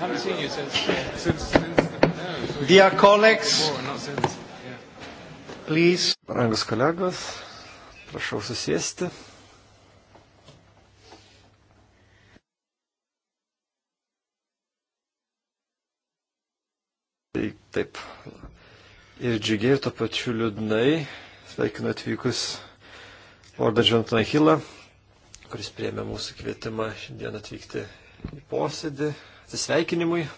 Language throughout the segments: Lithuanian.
haven't seen you since. since, since no, Dear colleagues, please. Brangus kolegos, prašau susėsti. Tai taip. Ir džiugiai, to pačiu liūdnai sveikinu atvykus Lordą Džonataną Hilą, kuris priemė mūsų kvietimą šiandien atvykti į posėdį atsisveikinimui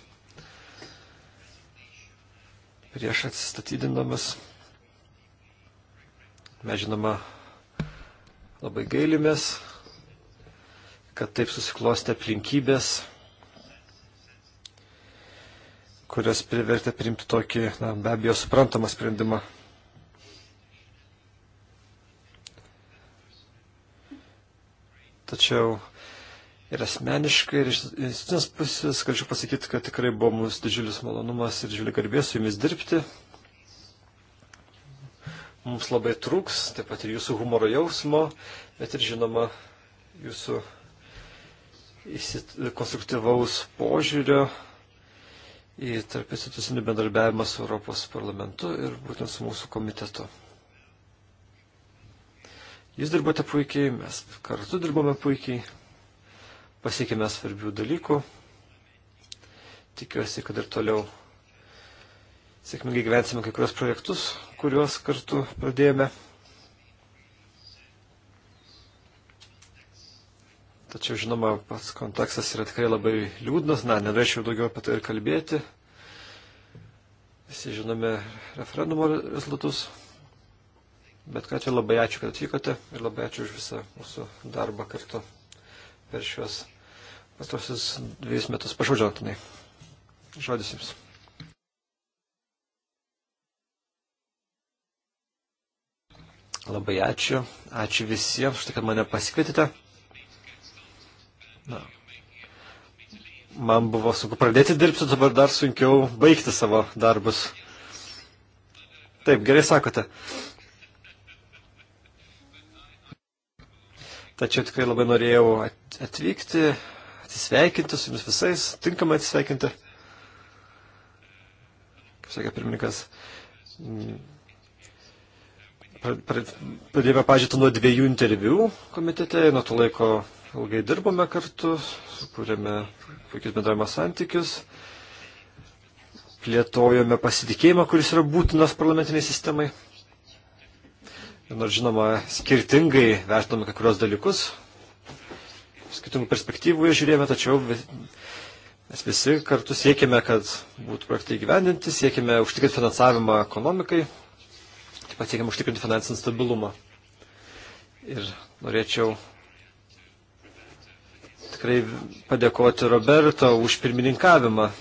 prieš atsistatydindamas. Mes žinoma labai gailimės, kad taip susiklosti aplinkybės, kurios privertė priimti tokį, na, be abejo, suprantamą sprendimą. Tačiau ir asmeniškai, ir iš institucinės pusės galčiau pasakyti, kad tikrai buvo mums didžiulis malonumas ir didžiulį garbė su jumis dirbti. Mums labai trūks, taip pat ir jūsų humoro jausmo, bet ir žinoma jūsų konstruktyvaus požiūrio į tarp institucinį bendarbiavimą su Europos parlamentu ir būtent su mūsų komitetu. Jūs dirbote puikiai, mes kartu dirbome puikiai pasiekėme svarbių dalykų. Tikiuosi, kad ir toliau sėkmingai gyvensime kai kurios projektus, kuriuos kartu pradėjome. Tačiau, žinoma, pats kontekstas yra tikrai labai liūdnas, na, nenorėčiau daugiau apie tai ir kalbėti. Visi žinome referendumo rezultatus. Bet ką čia labai ačiū, kad atvykote ir labai ačiū už visą mūsų darbą kartu per šios pastosius dviejus metus. Prašau, Džontanai. Žodis jums. Labai ačiū. Ačiū visiems, štai kad mane pasikvietėte. Na. Man buvo sunku pradėti dirbti, dabar dar sunkiau baigti savo darbus. Taip, gerai sakote. Tačiau tikrai labai norėjau atvykti, atsisveikinti su jumis visais, tinkamai atsisveikinti. Kaip sakė pirmininkas, pradėjome pažiūrėti nuo dviejų interviu komitete, nuo to laiko ilgai dirbome kartu, sukūrėme puikius bendravimo santykius, plėtojome pasitikėjimą, kuris yra būtinas parlamentiniai sistemai. Nors žinoma, skirtingai vertiname kai kurios dalykus, skirtingų perspektyvų ir žiūrėjome, tačiau mes visi kartu siekime, kad būtų projektai gyvendinti, siekime užtikrinti finansavimą ekonomikai, taip pat siekime užtikrinti finansinį stabilumą. Ir norėčiau tikrai padėkoti Roberto už pirmininkavimą.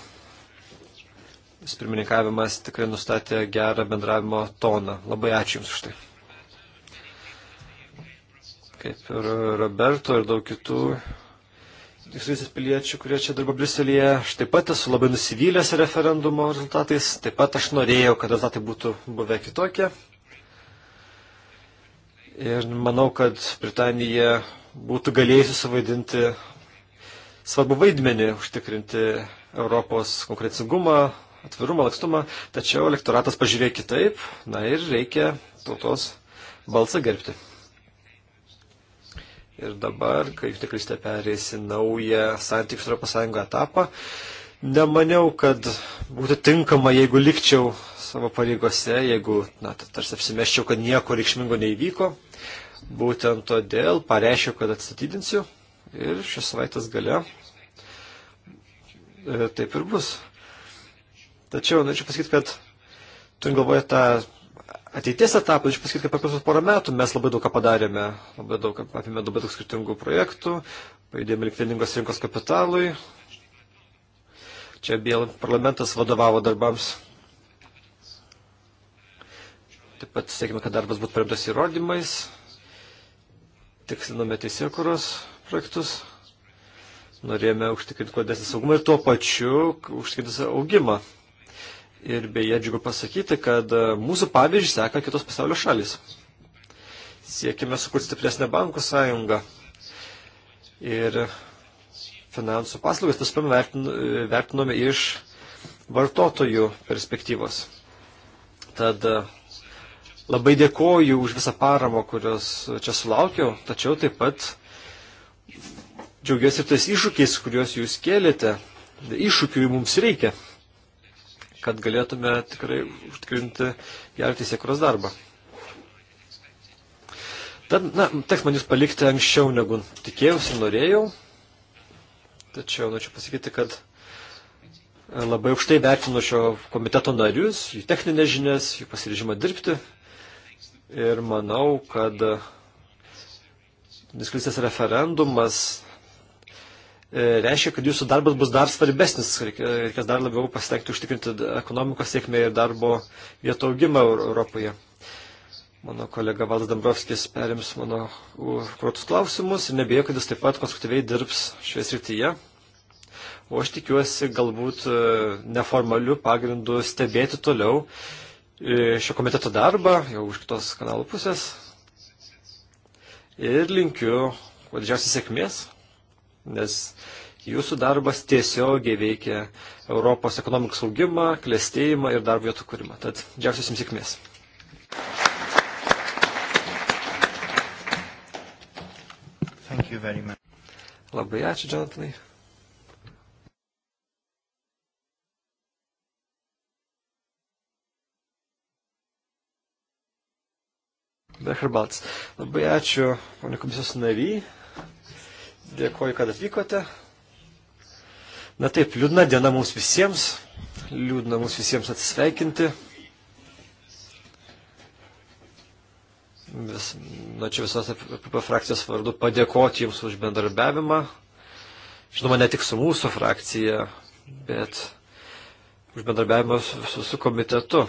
Jis pirmininkavimas tikrai nustatė gerą bendravimo toną. Labai ačiū Jums už tai kaip ir Roberto ir daug kitų tiksliaisiais piliečių, kurie čia dirba Briuselėje. Aš taip pat esu labai nusivylęs referendumo rezultatais, taip pat aš norėjau, kad rezultatai būtų buvę kitokie. Ir manau, kad Britanija būtų galėjusi suvaidinti svarbu vaidmenį, užtikrinti Europos konkurencingumą, atvirumą, lakstumą, tačiau elektoratas pažiūrėjo kitaip, na ir reikia tautos balsą gerbti. Ir dabar, kai jūs tikristė perėsi naują santykių su Europos Sąjunga etapą, nemaniau, kad būtų tinkama, jeigu likčiau savo pareigose, jeigu, na, tarsi apsimeščiau, kad nieko reikšmingo neįvyko. Būtent todėl pareiškiau, kad atstatydinsiu ir šios savaitės gale e, taip ir bus. Tačiau norėčiau pasakyti, kad turint galvoje tą ateities etapą, aš pasakysiu, kad per pasus porą metų mes labai daug ką padarėme, labai daug apimė labai daug skirtingų projektų, pajudėjome link vieningos rinkos kapitalui. Čia BL parlamentas vadovavo darbams. Taip pat siekime, kad darbas būtų paremtas įrodymais, tikslinome teisėkuros projektus, norėjome užtikrinti kuo desnį saugumą ir tuo pačiu užtikrinti augimą. Ir beje, džiugu pasakyti, kad e, mūsų pavyzdžių seka kitos pasaulio šalis. Siekime sukurti stipresnę bankų sąjungą. Ir finansų paslaugas tas pirmą e, vertinome iš vartotojų perspektyvos. Tad e, labai dėkoju už visą paramą, kurios čia sulaukiau, tačiau taip pat džiaugiuosi ir tais iššūkiais, kuriuos jūs kėlėte. Iššūkių mums reikia kad galėtume tikrai užtikrinti gerą teisėkuros darbą. Tad, na, teks man jūs palikti anksčiau negu tikėjausi ir norėjau. Tačiau norėčiau nu, pasakyti, kad e, labai aukštai vertinu šio komiteto narius, jų techninės žinias, jų pasiryžimą dirbti. Ir manau, kad e, diskusijas referendumas E, reiškia, kad jūsų darbas bus dar svarbesnis, reikės dar labiau pasitekti užtikrinti ekonomikos sėkmę ir darbo vietų augimą Europoje. Mano kolega Valdas Dambrovskis perims mano kruotus klausimus ir nebijau, kad jis taip pat konstruktyviai dirbs šioje srityje. O aš tikiuosi galbūt e, neformaliu pagrindu stebėti toliau e, šio komiteto darbą, jau už kitos kanalų pusės. Ir linkiu kuo didžiausios sėkmės nes jūsų darbas tiesiogiai veikia Europos ekonomikos augimą, klėstėjimą ir darbo vietų kūrimą. Tad džiausios jums sėkmės. Labai ačiū, Jonathanai. Becherbalts. Labai ačiū, ponė komisijos nariai. Dėkuoju, kad atvykote. Na taip, liūdna diena mums visiems. Liūdna mums visiems atsisveikinti. Vis, na čia visos APP frakcijos vardu padėkoti Jums už bendarbiavimą. Žinoma, ne tik su mūsų frakcija, bet už bendarbiavimą su, su komitetu.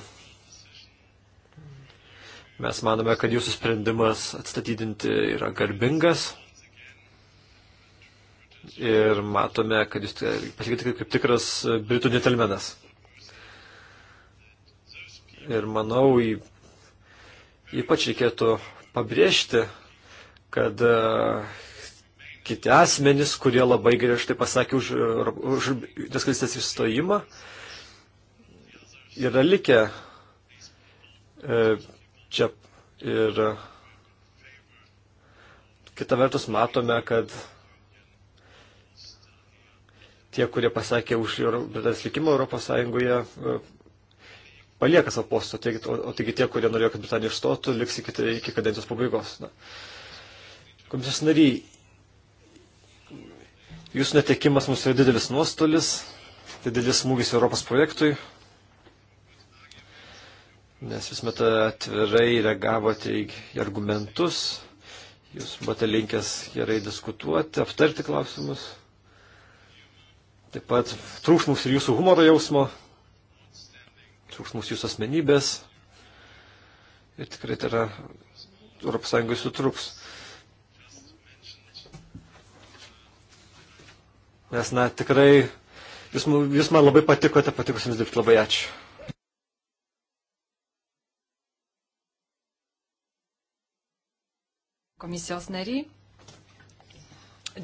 Mes manome, kad Jūsų sprendimas atstatydinti yra garbingas ir matome, kad jūs pasikeitėte kaip tikras britų džentelmenas. Ir manau, ypač reikėtų pabrėžti, kad e, kiti asmenys, kurie labai griežtai pasakė už, už neskalistės išstojimą, yra likę e, čia ir kita vertus matome, kad tie, kurie pasakė už Britanijos likimą Europos Sąjungoje, e, palieka savo postą, taigi, o, o taigi tie, kurie norėjo, kad Britanija išstotų, liks iki, tai, iki kadencijos pabaigos. Na. Komisijos nariai, jūsų netekimas mums yra didelis nuostolis, didelis smūgis Europos projektui, nes vis metą atvirai reagavote į argumentus, jūs buvote linkęs gerai diskutuoti, aptarti klausimus. Taip pat trūks mums ir jūsų humoro jausmo, trūks mums jūsų asmenybės. Ir tikrai tai yra Europos Sąjungai sutruks. Nes, na, tikrai, jūs, jūs man labai patikote, patikus jums dirbti labai ačiū. Komisijos nariai,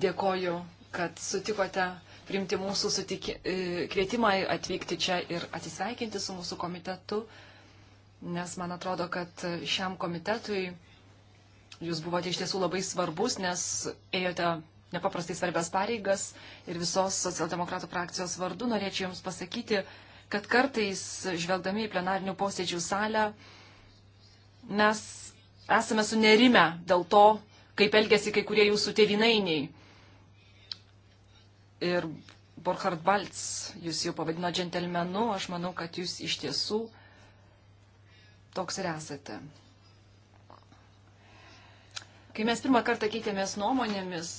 dėkoju, kad sutikote priimti mūsų sutiki, e, kvietimą atvykti čia ir atsisveikinti su mūsų komitetu, nes man atrodo, kad šiam komitetui jūs buvote iš tiesų labai svarbus, nes ėjote nepaprastai svarbias pareigas ir visos socialdemokratų frakcijos vardu norėčiau Jums pasakyti, kad kartais, žvelgdami į plenarnių posėdžių salę, mes esame sunerime dėl to, kaip elgesi kai kurie jūsų tėvinainiai ir Borchard Balts jūs jau pavadino džentelmenu, aš manau, kad jūs iš tiesų toks ir esate. Kai mes pirmą kartą keitėmės nuomonėmis,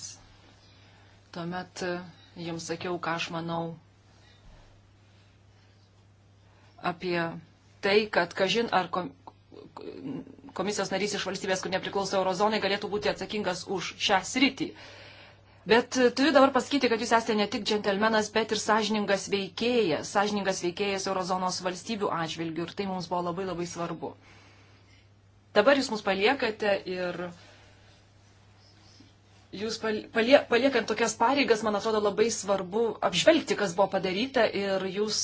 tuomet e, jums sakiau, ką aš manau apie tai, kad kažin ar komisijos narys iš valstybės, kur nepriklauso eurozonai, galėtų būti atsakingas už šią sritį. Bet e, turiu dabar pasakyti, kad jūs esate ne tik džentelmenas, bet ir sąžiningas veikėjas, sąžiningas veikėjas Eurozonos valstybių atžvilgių ir tai mums buvo labai labai svarbu. Dabar jūs mus paliekate ir jūs palie, paliekant tokias pareigas, man atrodo, labai svarbu apžvelgti, kas buvo padaryta ir jūs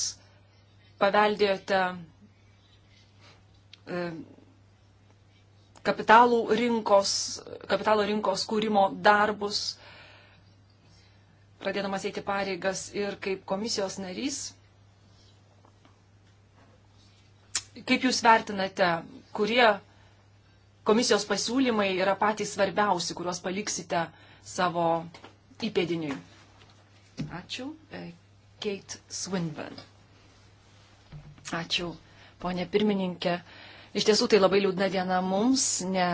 paveldėjote e, kapitalų rinkos, kapitalo rinkos kūrimo darbus pradėdamas eiti pareigas ir kaip komisijos narys. Kaip Jūs vertinate, kurie komisijos pasiūlymai yra patys svarbiausi, kuriuos paliksite savo įpėdiniui? Ačiū. E, Kate Swinburne. Ačiū, ponė pirmininkė. Iš tiesų tai labai liūdna diena mums, ne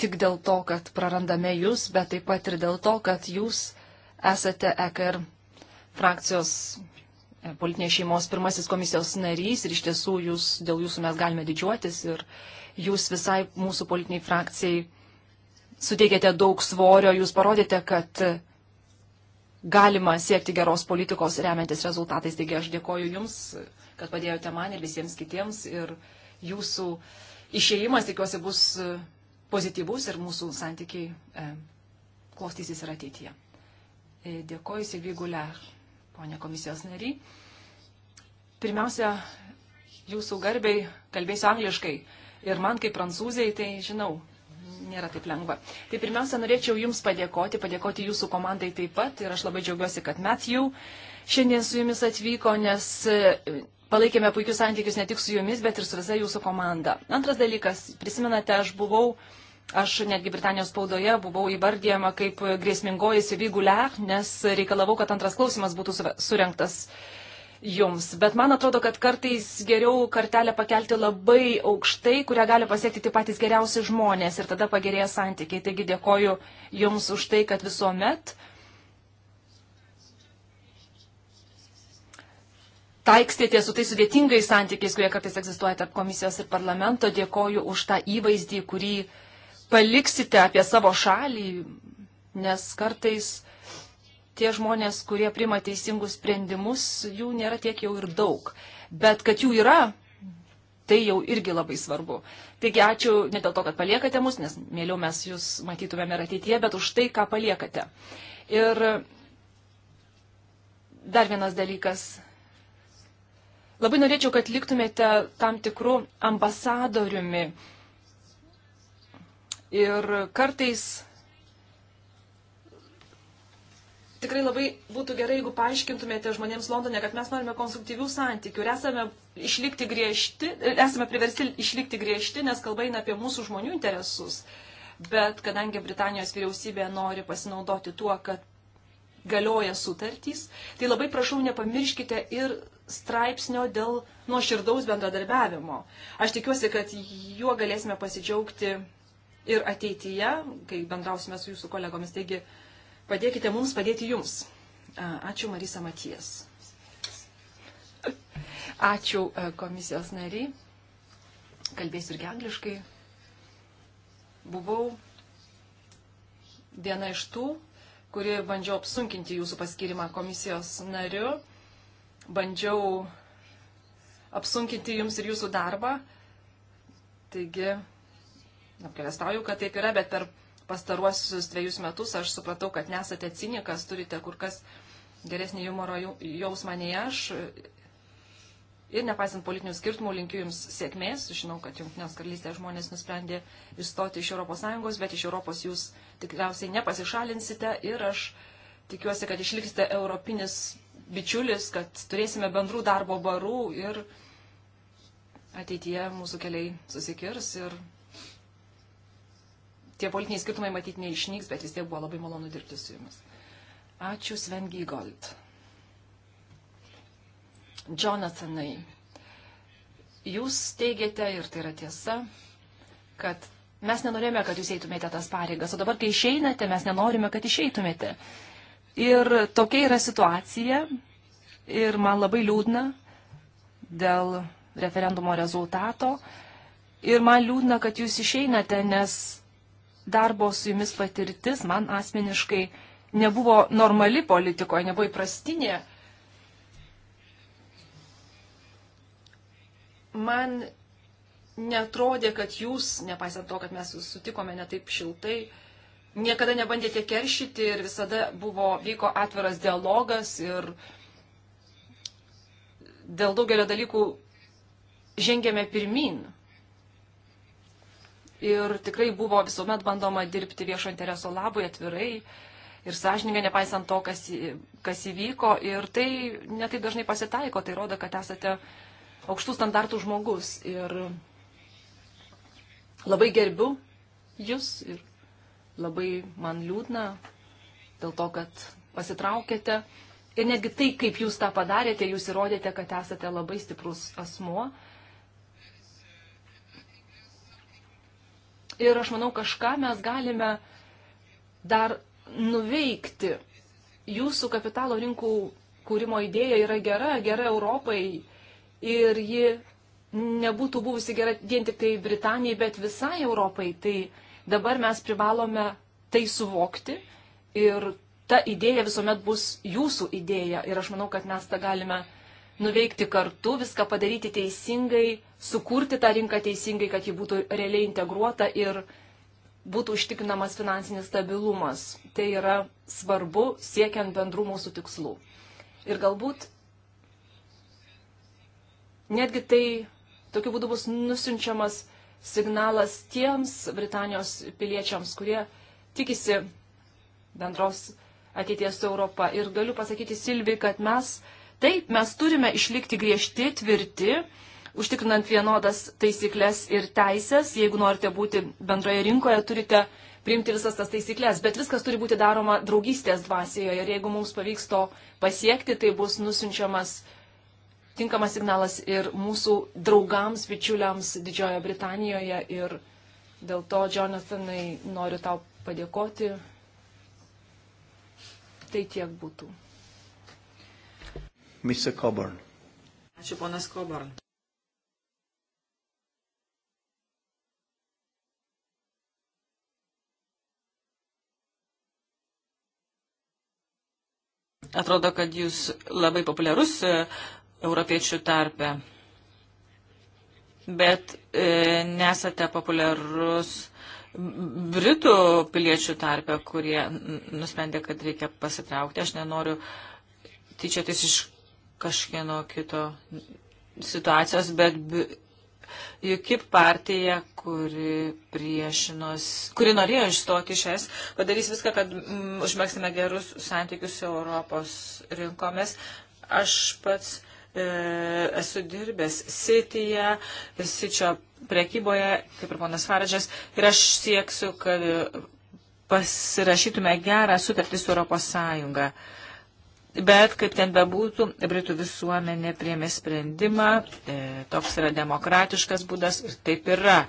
tik dėl to, kad prarandame jūs, bet taip pat ir dėl to, kad jūs esate EKR frakcijos e, politinės šeimos pirmasis komisijos narys ir iš tiesų jūs, dėl jūsų mes galime didžiuotis ir jūs visai mūsų politiniai frakcijai suteikėte daug svorio, jūs parodėte, kad galima siekti geros politikos remiantis rezultatais. Taigi aš dėkoju Jums, kad padėjote man ir visiems kitiems ir jūsų išėjimas, tikiuosi, bus pozityvus ir mūsų santykiai e, klostysis ir ateityje. E, dėkoju Silvigulė, ponė komisijos nariai. Pirmiausia, jūsų garbiai kalbėsiu angliškai. Ir man kaip prancūzijai, tai žinau, nėra taip lengva. Tai pirmiausia, norėčiau Jums padėkoti, padėkoti Jūsų komandai taip pat. Ir aš labai džiaugiuosi, kad Matthew šiandien su Jumis atvyko, nes e, palaikėme puikius santykius ne tik su Jumis, bet ir su visa Jūsų komanda. Antras dalykas, prisimenate, aš buvau Aš netgi Britanijos spaudoje buvau įvardyjama kaip grėsmingoji Siviguler, nes reikalavau, kad antras klausimas būtų surinktas jums. Bet man atrodo, kad kartais geriau kartelę pakelti labai aukštai, kurią gali pasiekti tik patys geriausi žmonės ir tada pagerėja santykiai. Taigi dėkoju jums už tai, kad visuomet taikstėtės su tais sudėtingais santykiais, kurie kartais egzistuoja tarp komisijos ir parlamento. Dėkoju už tą įvaizdį, kurį paliksite apie savo šalį, nes kartais tie žmonės, kurie prima teisingus sprendimus, jų nėra tiek jau ir daug. Bet kad jų yra, tai jau irgi labai svarbu. Taigi ačiū ne dėl to, kad paliekate mus, nes mėliau mes jūs matytumėme ir ateityje, bet už tai, ką paliekate. Ir dar vienas dalykas. Labai norėčiau, kad liktumėte tam tikrų ambasadoriumi Ir kartais tikrai labai būtų gerai, jeigu paaiškintumėte žmonėms Londone, kad mes norime konstruktyvių santykių ir esame, išlikti griežti, esame priversti išlikti griežti, nes kalba eina apie mūsų žmonių interesus. Bet kadangi Britanijos vyriausybė nori pasinaudoti tuo, kad galioja sutartys, tai labai prašau nepamirškite ir straipsnio dėl nuoširdaus bendradarbiavimo. Aš tikiuosi, kad juo galėsime pasidžiaugti ir ateityje, kai bendrausime su jūsų kolegomis. Taigi padėkite mums padėti jums. Ačiū Marisa Matijas. Ačiū komisijos nariai. Kalbėsiu irgi angliškai. Buvau viena iš tų, kuri bandžiau apsunkinti jūsų paskirimą komisijos nariu. Bandžiau apsunkinti jums ir jūsų darbą. Taigi apgalėstauju, kad taip yra, bet per pastaruosius dviejus metus aš supratau, kad nesate cinikas, turite kur kas geresnį humoro jausmą nei aš. Ir nepaisant politinių skirtumų, linkiu Jums sėkmės. Žinau, kad Junktinės karalystės žmonės nusprendė išstoti iš ES, bet iš Europos Jūs tikriausiai nepasišalinsite. Ir aš tikiuosi, kad išliksite europinis bičiulis, kad turėsime bendrų darbo barų ir ateityje mūsų keliai susikirs ir tie politiniai skirtumai matyti neišnyks, bet vis tiek buvo labai malonu dirbti su jumis. Ačiū Sven Gygold. Jonathanai, jūs teigiate, ir tai yra tiesa, kad mes nenorėjome, kad jūs eitumėte tas pareigas, o dabar, kai išeinate, mes nenorime, kad išeitumėte. Ir tokia yra situacija, ir man labai liūdna dėl referendumo rezultato. Ir man liūdna, kad jūs išeinate, nes darbo su jumis patirtis man asmeniškai nebuvo normali politikoje, nebuvo įprastinė. Man netrodė, kad jūs, nepaisant to, kad mes jūs sutikome netaip šiltai, niekada nebandėte keršyti ir visada buvo, vyko atviras dialogas ir dėl daugelio dalykų žengėme pirmin ir tikrai buvo visuomet bandoma dirbti viešo intereso labai atvirai ir sąžininkai, nepaisant to, kas, kas įvyko. Ir tai netai dažnai pasitaiko, tai rodo, kad esate aukštų standartų žmogus. Ir labai gerbiu jūs ir labai man liūdna dėl to, kad pasitraukėte. Ir netgi tai, kaip jūs tą padarėte, jūs įrodėte, kad esate labai stiprus asmuo. ir aš manau, kažką mes galime dar nuveikti. Jūsų kapitalo rinkų kūrimo idėja yra gera, gera Europai ir ji nebūtų buvusi gera vien tik tai Britanijai, bet visai Europai. Tai dabar mes privalome tai suvokti ir ta idėja visuomet bus jūsų idėja ir aš manau, kad mes tą galime nuveikti kartu, viską padaryti teisingai, sukurti tą rinką teisingai, kad ji būtų realiai integruota ir būtų užtikrinamas finansinis stabilumas. Tai yra svarbu siekiant bendrų mūsų tikslų. Ir galbūt netgi tai tokiu būdu bus nusinčiamas signalas tiems Britanijos piliečiams, kurie tikisi bendros ateities su Europa. Ir galiu pasakyti Silvi, kad mes Taip, mes turime išlikti griežti, tvirti, užtikrinant vienodas taisyklės ir teisės. Jeigu norite būti bendroje rinkoje, turite priimti visas tas taisyklės, bet viskas turi būti daroma draugystės dvasioje ir jeigu mums pavyks to pasiekti, tai bus nusinčiamas tinkamas signalas ir mūsų draugams, bičiuliams Didžiojo Britanijoje ir dėl to, Jonathanai, noriu tau padėkoti. Tai tiek būtų. Mr. Coburn. Ačiū, ponas Coburn. Atrodo, kad jūs labai populiarus e, europiečių tarpe, bet e, nesate populiarus Britų piliečių tarpe, kurie nusprendė, kad reikia pasitraukti. Aš nenoriu tyčiotis iš kažkieno kito situacijos, bet JUKIP partija, kuri priešinos, kuri norėjo išstoti iš es, padarys viską, kad mm, užmėgsime gerus santykius su Europos rinkomis. Aš pats e, esu dirbęs Sityje, Sičio prekyboje, kaip ir ponas Faradžas, ir aš sieksiu, kad pasirašytume gerą sutartį su Europos Sąjunga. E, Bet, kaip ten bebūtų, Britų visuomenė priemė sprendimą, e, toks yra demokratiškas būdas ir taip yra.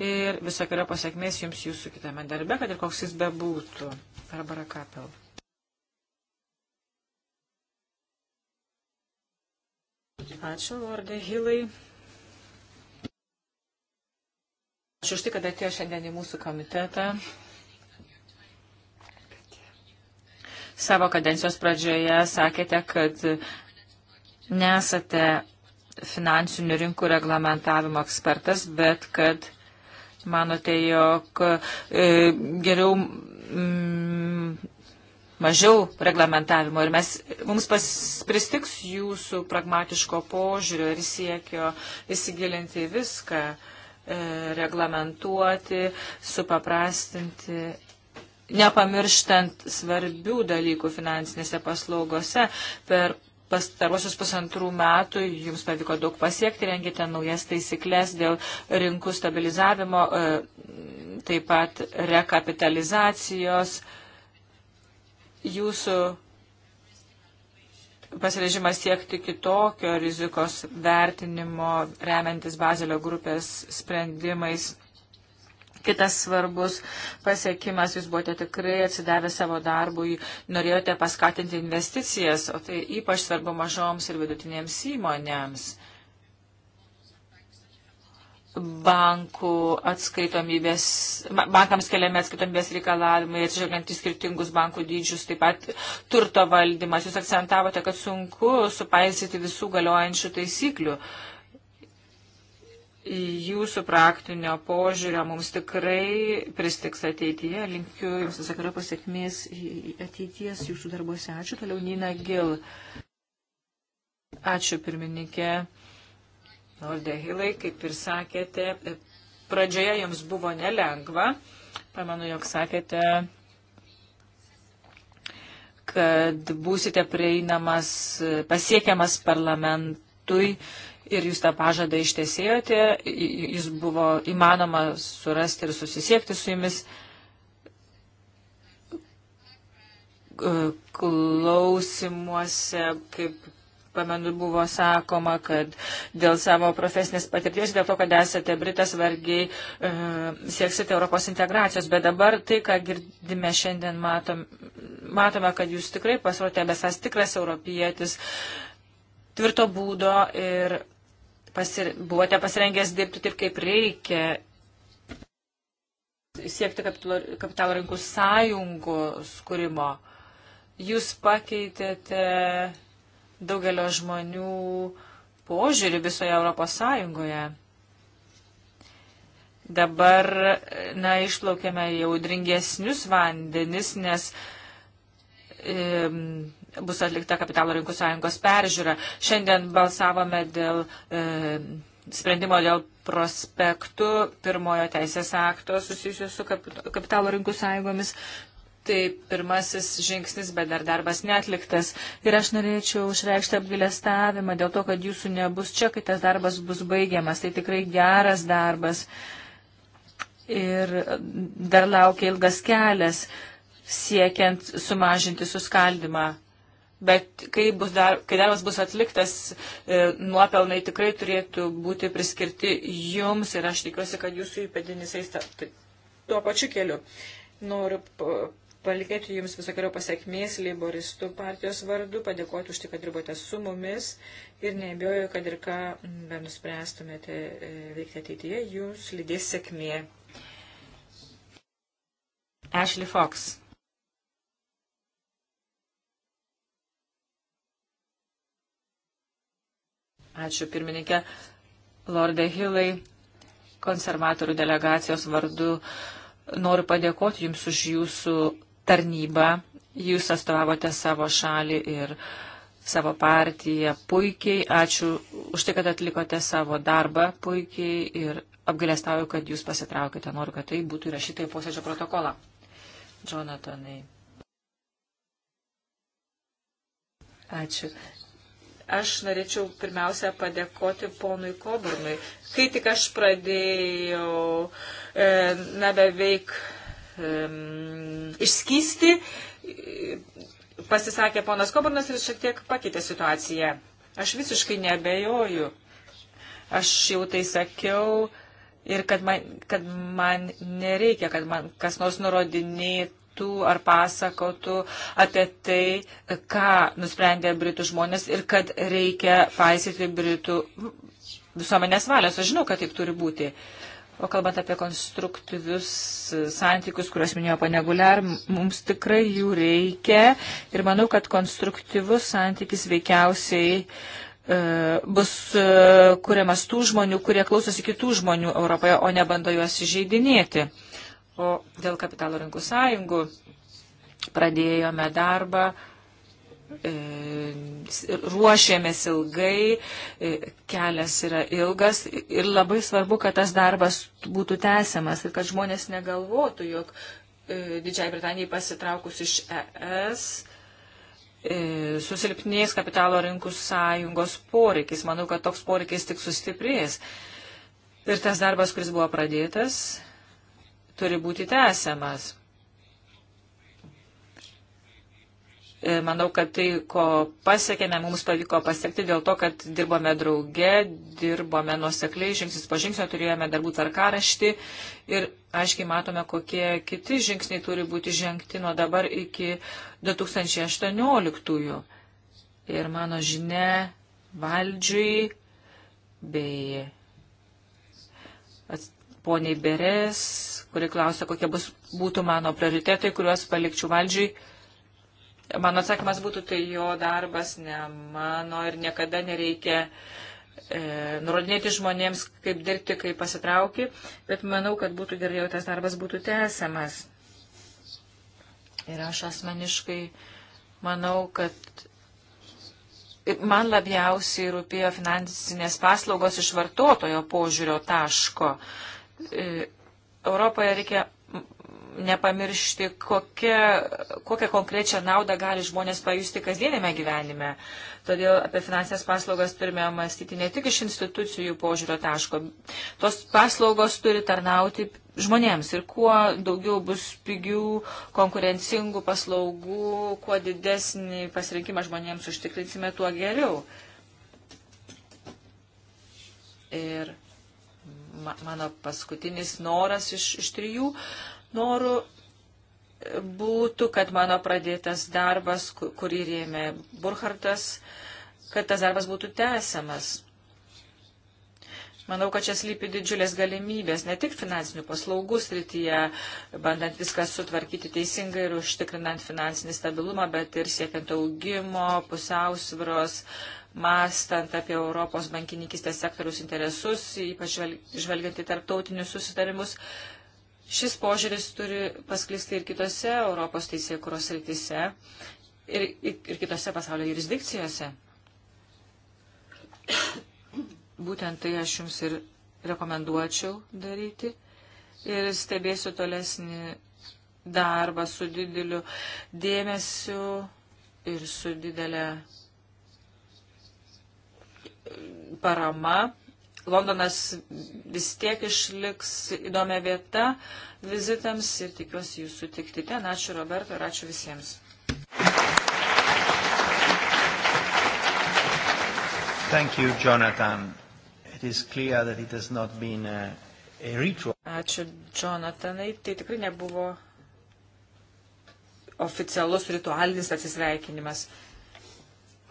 Ir visokio pasiekmės jums jūsų kitame darbe, kad ir koks jis bebūtų. Barbara Kapel. Ačiū, Lorde Hilai. Ačiū už tai, kad atėjo šiandien į mūsų komitetą. Savo kadencijos pradžioje sakėte, kad nesate finansinių rinkų reglamentavimo ekspertas, bet kad manote, jog e, geriau mm, mažiau reglamentavimo ir mes, mums pas, pristiks jūsų pragmatiško požiūrio ir siekio įsigilinti viską, e, reglamentuoti, supaprastinti nepamirštant svarbių dalykų finansinėse paslaugose. Per pastaruosius pusantrų metų jums pavyko daug pasiekti, rengite naujas taisyklės dėl rinkų stabilizavimo, e, taip pat rekapitalizacijos. Jūsų pasirežimas siekti kitokio rizikos vertinimo, remiantis Bazelio grupės sprendimais, Kitas svarbus pasiekimas, jūs buvote tikrai atsidavę savo darbui, norėjote paskatinti investicijas, o tai ypač svarbu mažoms ir vidutinėms įmonėms. Bankų atskaitomybės, bankams keliami atskaitomybės reikalavimai, atsižvelgiant į skirtingus bankų dydžius, taip pat turto valdymas. Jūs akcentavote, kad sunku supaisyti visų galiojančių taisyklių. Uh, jūsų praktinio požiūrio mums tikrai pristiks ateityje. Linkiu Jums visokio pasiekmės ateities Jūsų darbuose. Ačiū toliau, Nina Gil. Ačiū pirmininkė Nordė Hilai, kaip ir sakėte, pradžioje Jums buvo nelengva. Pamenu, jog sakėte, kad būsite prieinamas, pasiekiamas parlamentui ir jūs tą pažadą ištesėjote, jis buvo įmanoma surasti ir susisiekti su jumis. Klausimuose, kaip pamenu, buvo sakoma, kad dėl savo profesinės patirties, dėl to, kad esate Britas, vargiai e, sieksite Europos integracijos. Bet dabar tai, ką girdime šiandien, matom, matome, kad jūs tikrai pasirodėte besas tikras europietis, tvirto būdo ir pasir, buvote pasirengęs dirbti taip, kaip reikia, siekti kapitalo rinkų sąjungų skūrimo. Jūs pakeitėte daugelio žmonių požiūrį visoje Europos Sąjungoje. Dabar, na, išplaukėme jau dringesnius vandenis, nes e, bus atlikta kapitalo rinkų sąjungos peržiūra. Šiandien balsavome dėl e, sprendimo dėl prospektų pirmojo teisės akto susijusio su kapitalo rinkų sąjungomis. Tai pirmasis žingsnis, bet dar darbas netliktas. Ir aš norėčiau išreikšti apgailestavimą dėl to, kad jūsų nebus čia, kai tas darbas bus baigiamas. Tai tikrai geras darbas. Ir dar laukia ilgas kelias siekiant sumažinti suskaldimą bet kai, bus dar, kai darbas bus atliktas, e, nuopelnai tikrai turėtų būti priskirti jums ir aš tikiuosi, kad jūsų įpėdinis eis tai, tuo pačiu keliu. Noriu palikėti jums visokio pasiekmės leiboristų partijos vardu, padėkoti už tai, kad dirbote su mumis ir neabijoju, kad ir ką nuspręstumėte e, veikti ateityje, jūs lydės sėkmė. Ashley Fox. Ačiū pirmininkė. Lorde Hilai, konservatorių delegacijos vardu noriu padėkoti Jums už Jūsų tarnybą. Jūs atstovavote savo šalį ir savo partiją puikiai. Ačiū už tai, kad atlikote savo darbą puikiai ir apgalėstauju, kad Jūs pasitraukite. Noriu, kad tai būtų įrašyta į posėdžio protokolą. Jonathanai. Ačiū. Aš norėčiau pirmiausia padėkoti ponui Koburnui. Kai tik aš pradėjau, e, na beveik e, išskysti, pasisakė ponas Koburnas ir šiek tiek pakeitė situaciją. Aš visiškai nebejoju. Aš jau tai sakiau ir kad man, kad man nereikia, kad man kas nors nurodinėtų daiktų ar pasakotų apie tai, ką nusprendė Britų žmonės ir kad reikia paisyti Britų visuomenės valios. Aš žinau, kad taip turi būti. O kalbant apie konstruktyvius santykius, kuriuos minėjo paneguliar, mums tikrai jų reikia ir manau, kad konstruktyvus santykis veikiausiai e, bus e, kuriamas tų žmonių, kurie klausosi kitų žmonių Europoje, o ne bando juos įžeidinėti. O dėl kapitalo rinkų sąjungų pradėjome darbą, e, ruošėmės ilgai, e, kelias yra ilgas ir labai svarbu, kad tas darbas būtų tęsiamas ir kad žmonės negalvotų, jog e, Didžiai Britanijai pasitraukus iš ES susilpnės kapitalo rinkų sąjungos poreikis. Manau, kad toks poreikis tik sustiprės. Ir tas darbas, kuris buvo pradėtas, turi būti tęsiamas. E, manau, kad tai, ko pasiekėme, mums pavyko pasiekti dėl to, kad dirbome drauge, dirbome nuosekliai, žingsnis po žingsnio turėjome darbų tvarkaraštį ir aiškiai matome, kokie kiti žingsniai turi būti žengti nuo dabar iki 2018. -ųjų. Ir mano žinia valdžiui bei poniai Beres, kuri klausia, kokie bus, būtų mano prioritetai, kuriuos palikčiau valdžiai. Mano atsakymas būtų, tai jo darbas, ne mano ir niekada nereikia e, nurodinėti žmonėms, kaip dirbti, kaip pasitraukti, bet manau, kad būtų gerai, jeigu tas darbas būtų tęsiamas. Ir aš asmeniškai manau, kad man labiausiai rūpėjo finansinės paslaugos iš vartotojo požiūrio taško. E, Europoje reikia nepamiršti, kokią, kokią konkrečią naudą gali žmonės pajusti kasdienėme gyvenime. Todėl apie finansinės paslaugas turime mąstyti ne tik iš institucijų požiūrio taško. Tos paslaugos turi tarnauti žmonėms ir kuo daugiau bus pigių, konkurencingų paslaugų, kuo didesnį pasirinkimą žmonėms užtikrinsime, tuo geriau. Ir ma, mano paskutinis noras iš, iš trijų norų būtų, kad mano pradėtas darbas, kurį rėmė Burkhartas, kad tas darbas būtų tęsiamas. Manau, kad čia slypi didžiulės galimybės, ne tik finansinių paslaugų srityje, bandant viską sutvarkyti teisingai ir užtikrinant finansinį stabilumą, bet ir siekiant augimo, pusiausvros, uh, mastant apie Europos bankininkistės sektoriaus interesus, ypač žvelgiant į tarptautinius susitarimus. Šis požiūris turi pasklisti ir kitose Europos teisėkuros rytise ir, ir, ir kitose pasaulio jurisdikcijose. Būtent tai aš jums ir rekomenduočiau daryti ir stebėsiu tolesnį darbą su dideliu dėmesiu ir su didelė parama. Londonas vis tiek išliks įdomia vieta vizitams ir tikiuosi jūs sutikti ten. Ačiū Roberto ir ačiū visiems. Thank you, Jonathan. It is clear that it has not been a, a ritual. Ačiū, Jonathanai. Tai tikrai nebuvo oficialus ritualinis atsisveikinimas.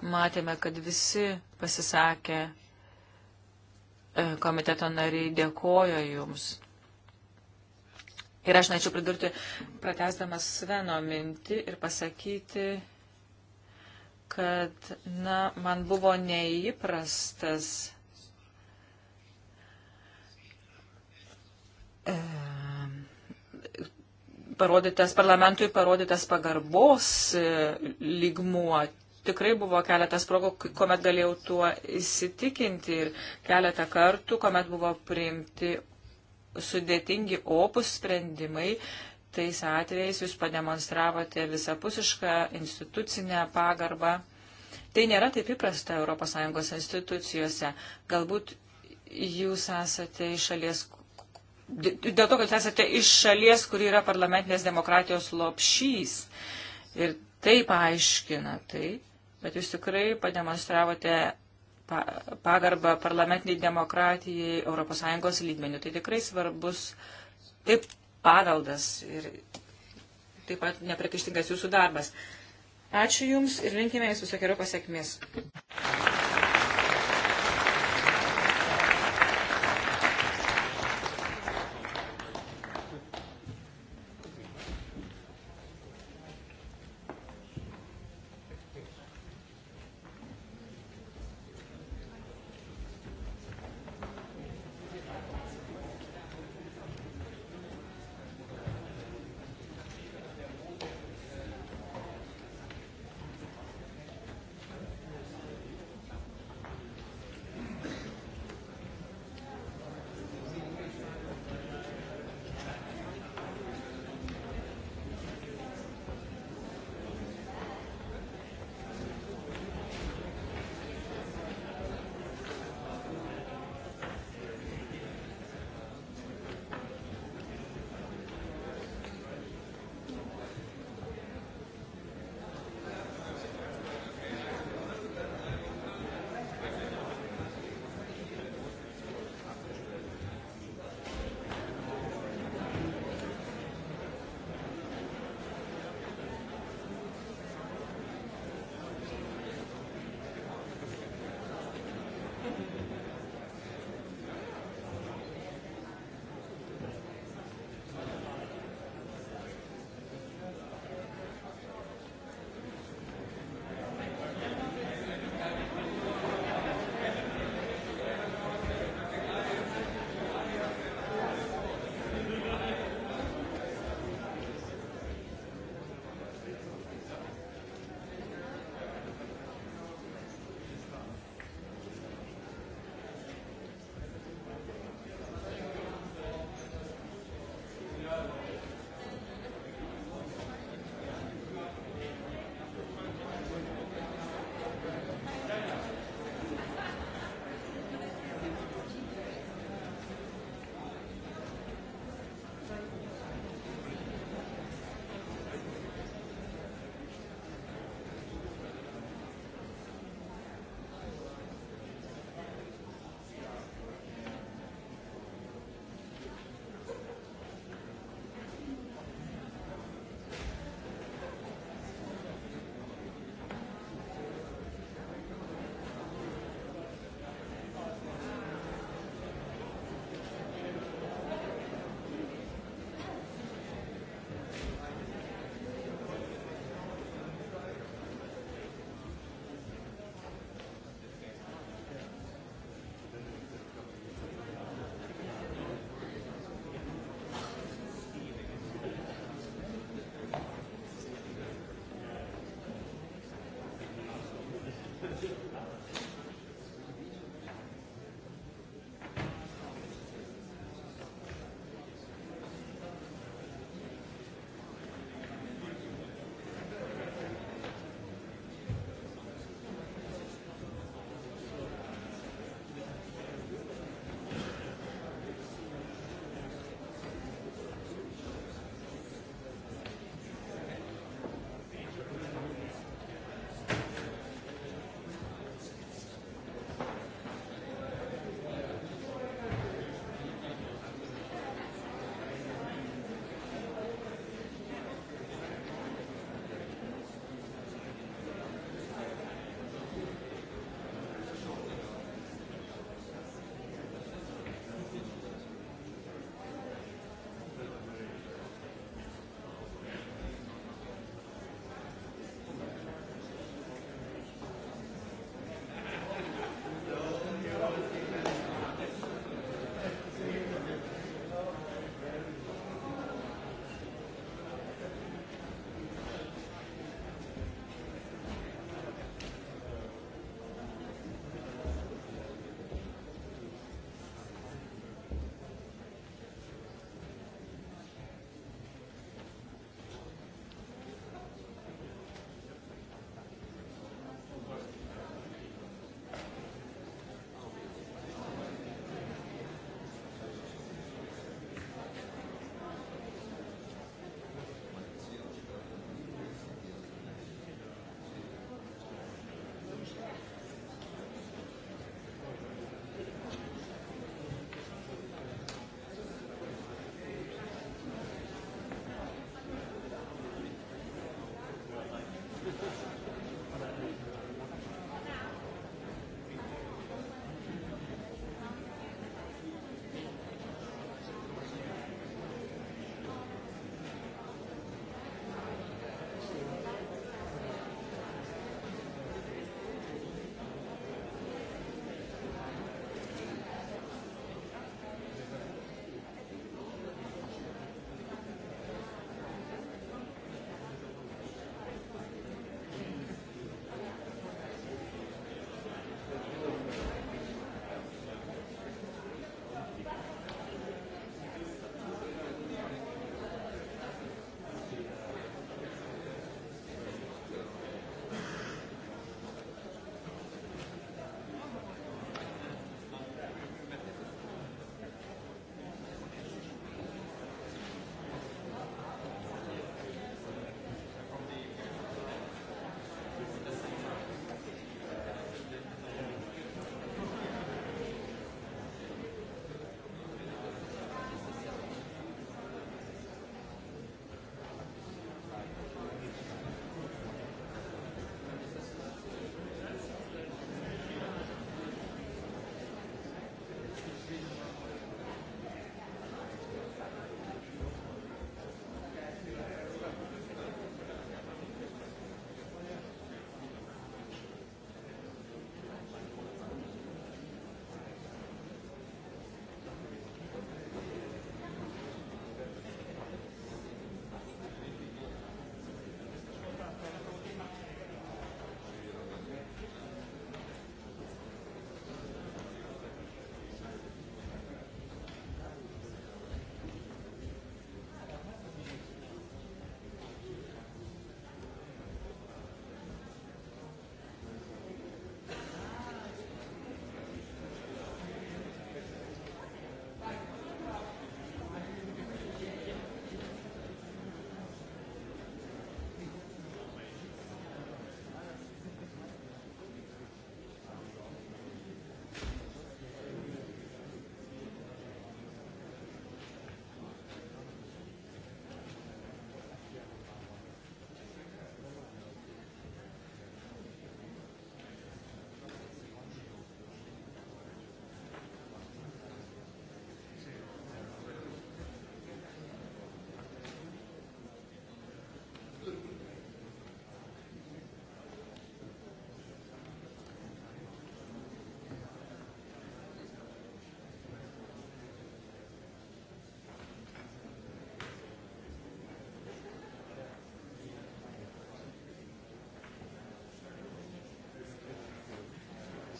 Matėme, kad visi pasisakė E, komiteto nariai dėkojo jums. Ir aš norėčiau pridurti, pratesdamas Sveno mintį ir pasakyti, kad, na, man buvo neįprastas e, parodytas, parlamentui parodytas pagarbos e, lygmuo tikrai buvo keletas progų, kuomet galėjau tuo įsitikinti ir keletą kartų, kuomet buvo priimti sudėtingi opus sprendimai, tais atvejais jūs pademonstravote visapusišką institucinę pagarbą. Tai nėra taip įprasta ES institucijose. Galbūt jūs esate iš šalies, dėl to, kad jūs esate iš šalies, kur yra parlamentinės demokratijos lopšys. Ir tai paaiškina tai, bet jūs tikrai pademonstravote pagarbą parlamentiniai demokratijai ES lygmenių. Tai tikrai svarbus taip paveldas ir taip pat nepriekaištingas jūsų darbas. Ačiū Jums ir linkime Jūsų visokiojo pasiekmės.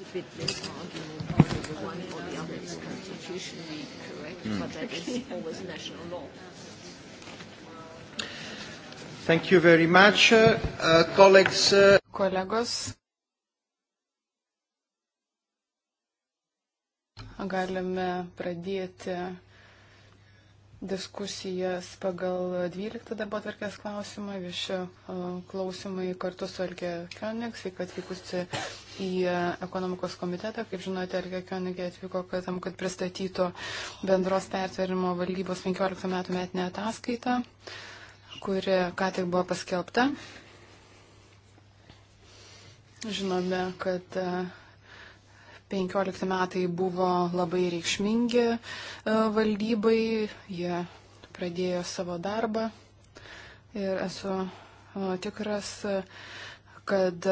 a bit this argument whether the one or the other is constitutionally correct, mm. but that is always national law. Thank you very much, uh, colleagues. Uh... Kolegos. Galime pradėti diskusijas pagal 12 darbo atverkės klausimą, viešio uh, klausimai kartu su Algė Kionik, sveika atvykusi į ekonomikos komitetą. Kaip žinote, Elke Kionigė atvyko, kad tam, kad pristatytų bendros pertverimo valdybos 15 metų metinę ataskaitą, kuri ką tik buvo paskelbta. Žinome, kad 15 e, metai buvo labai reikšmingi e, valdybai, jie pradėjo savo darbą ir esu e, tikras, kad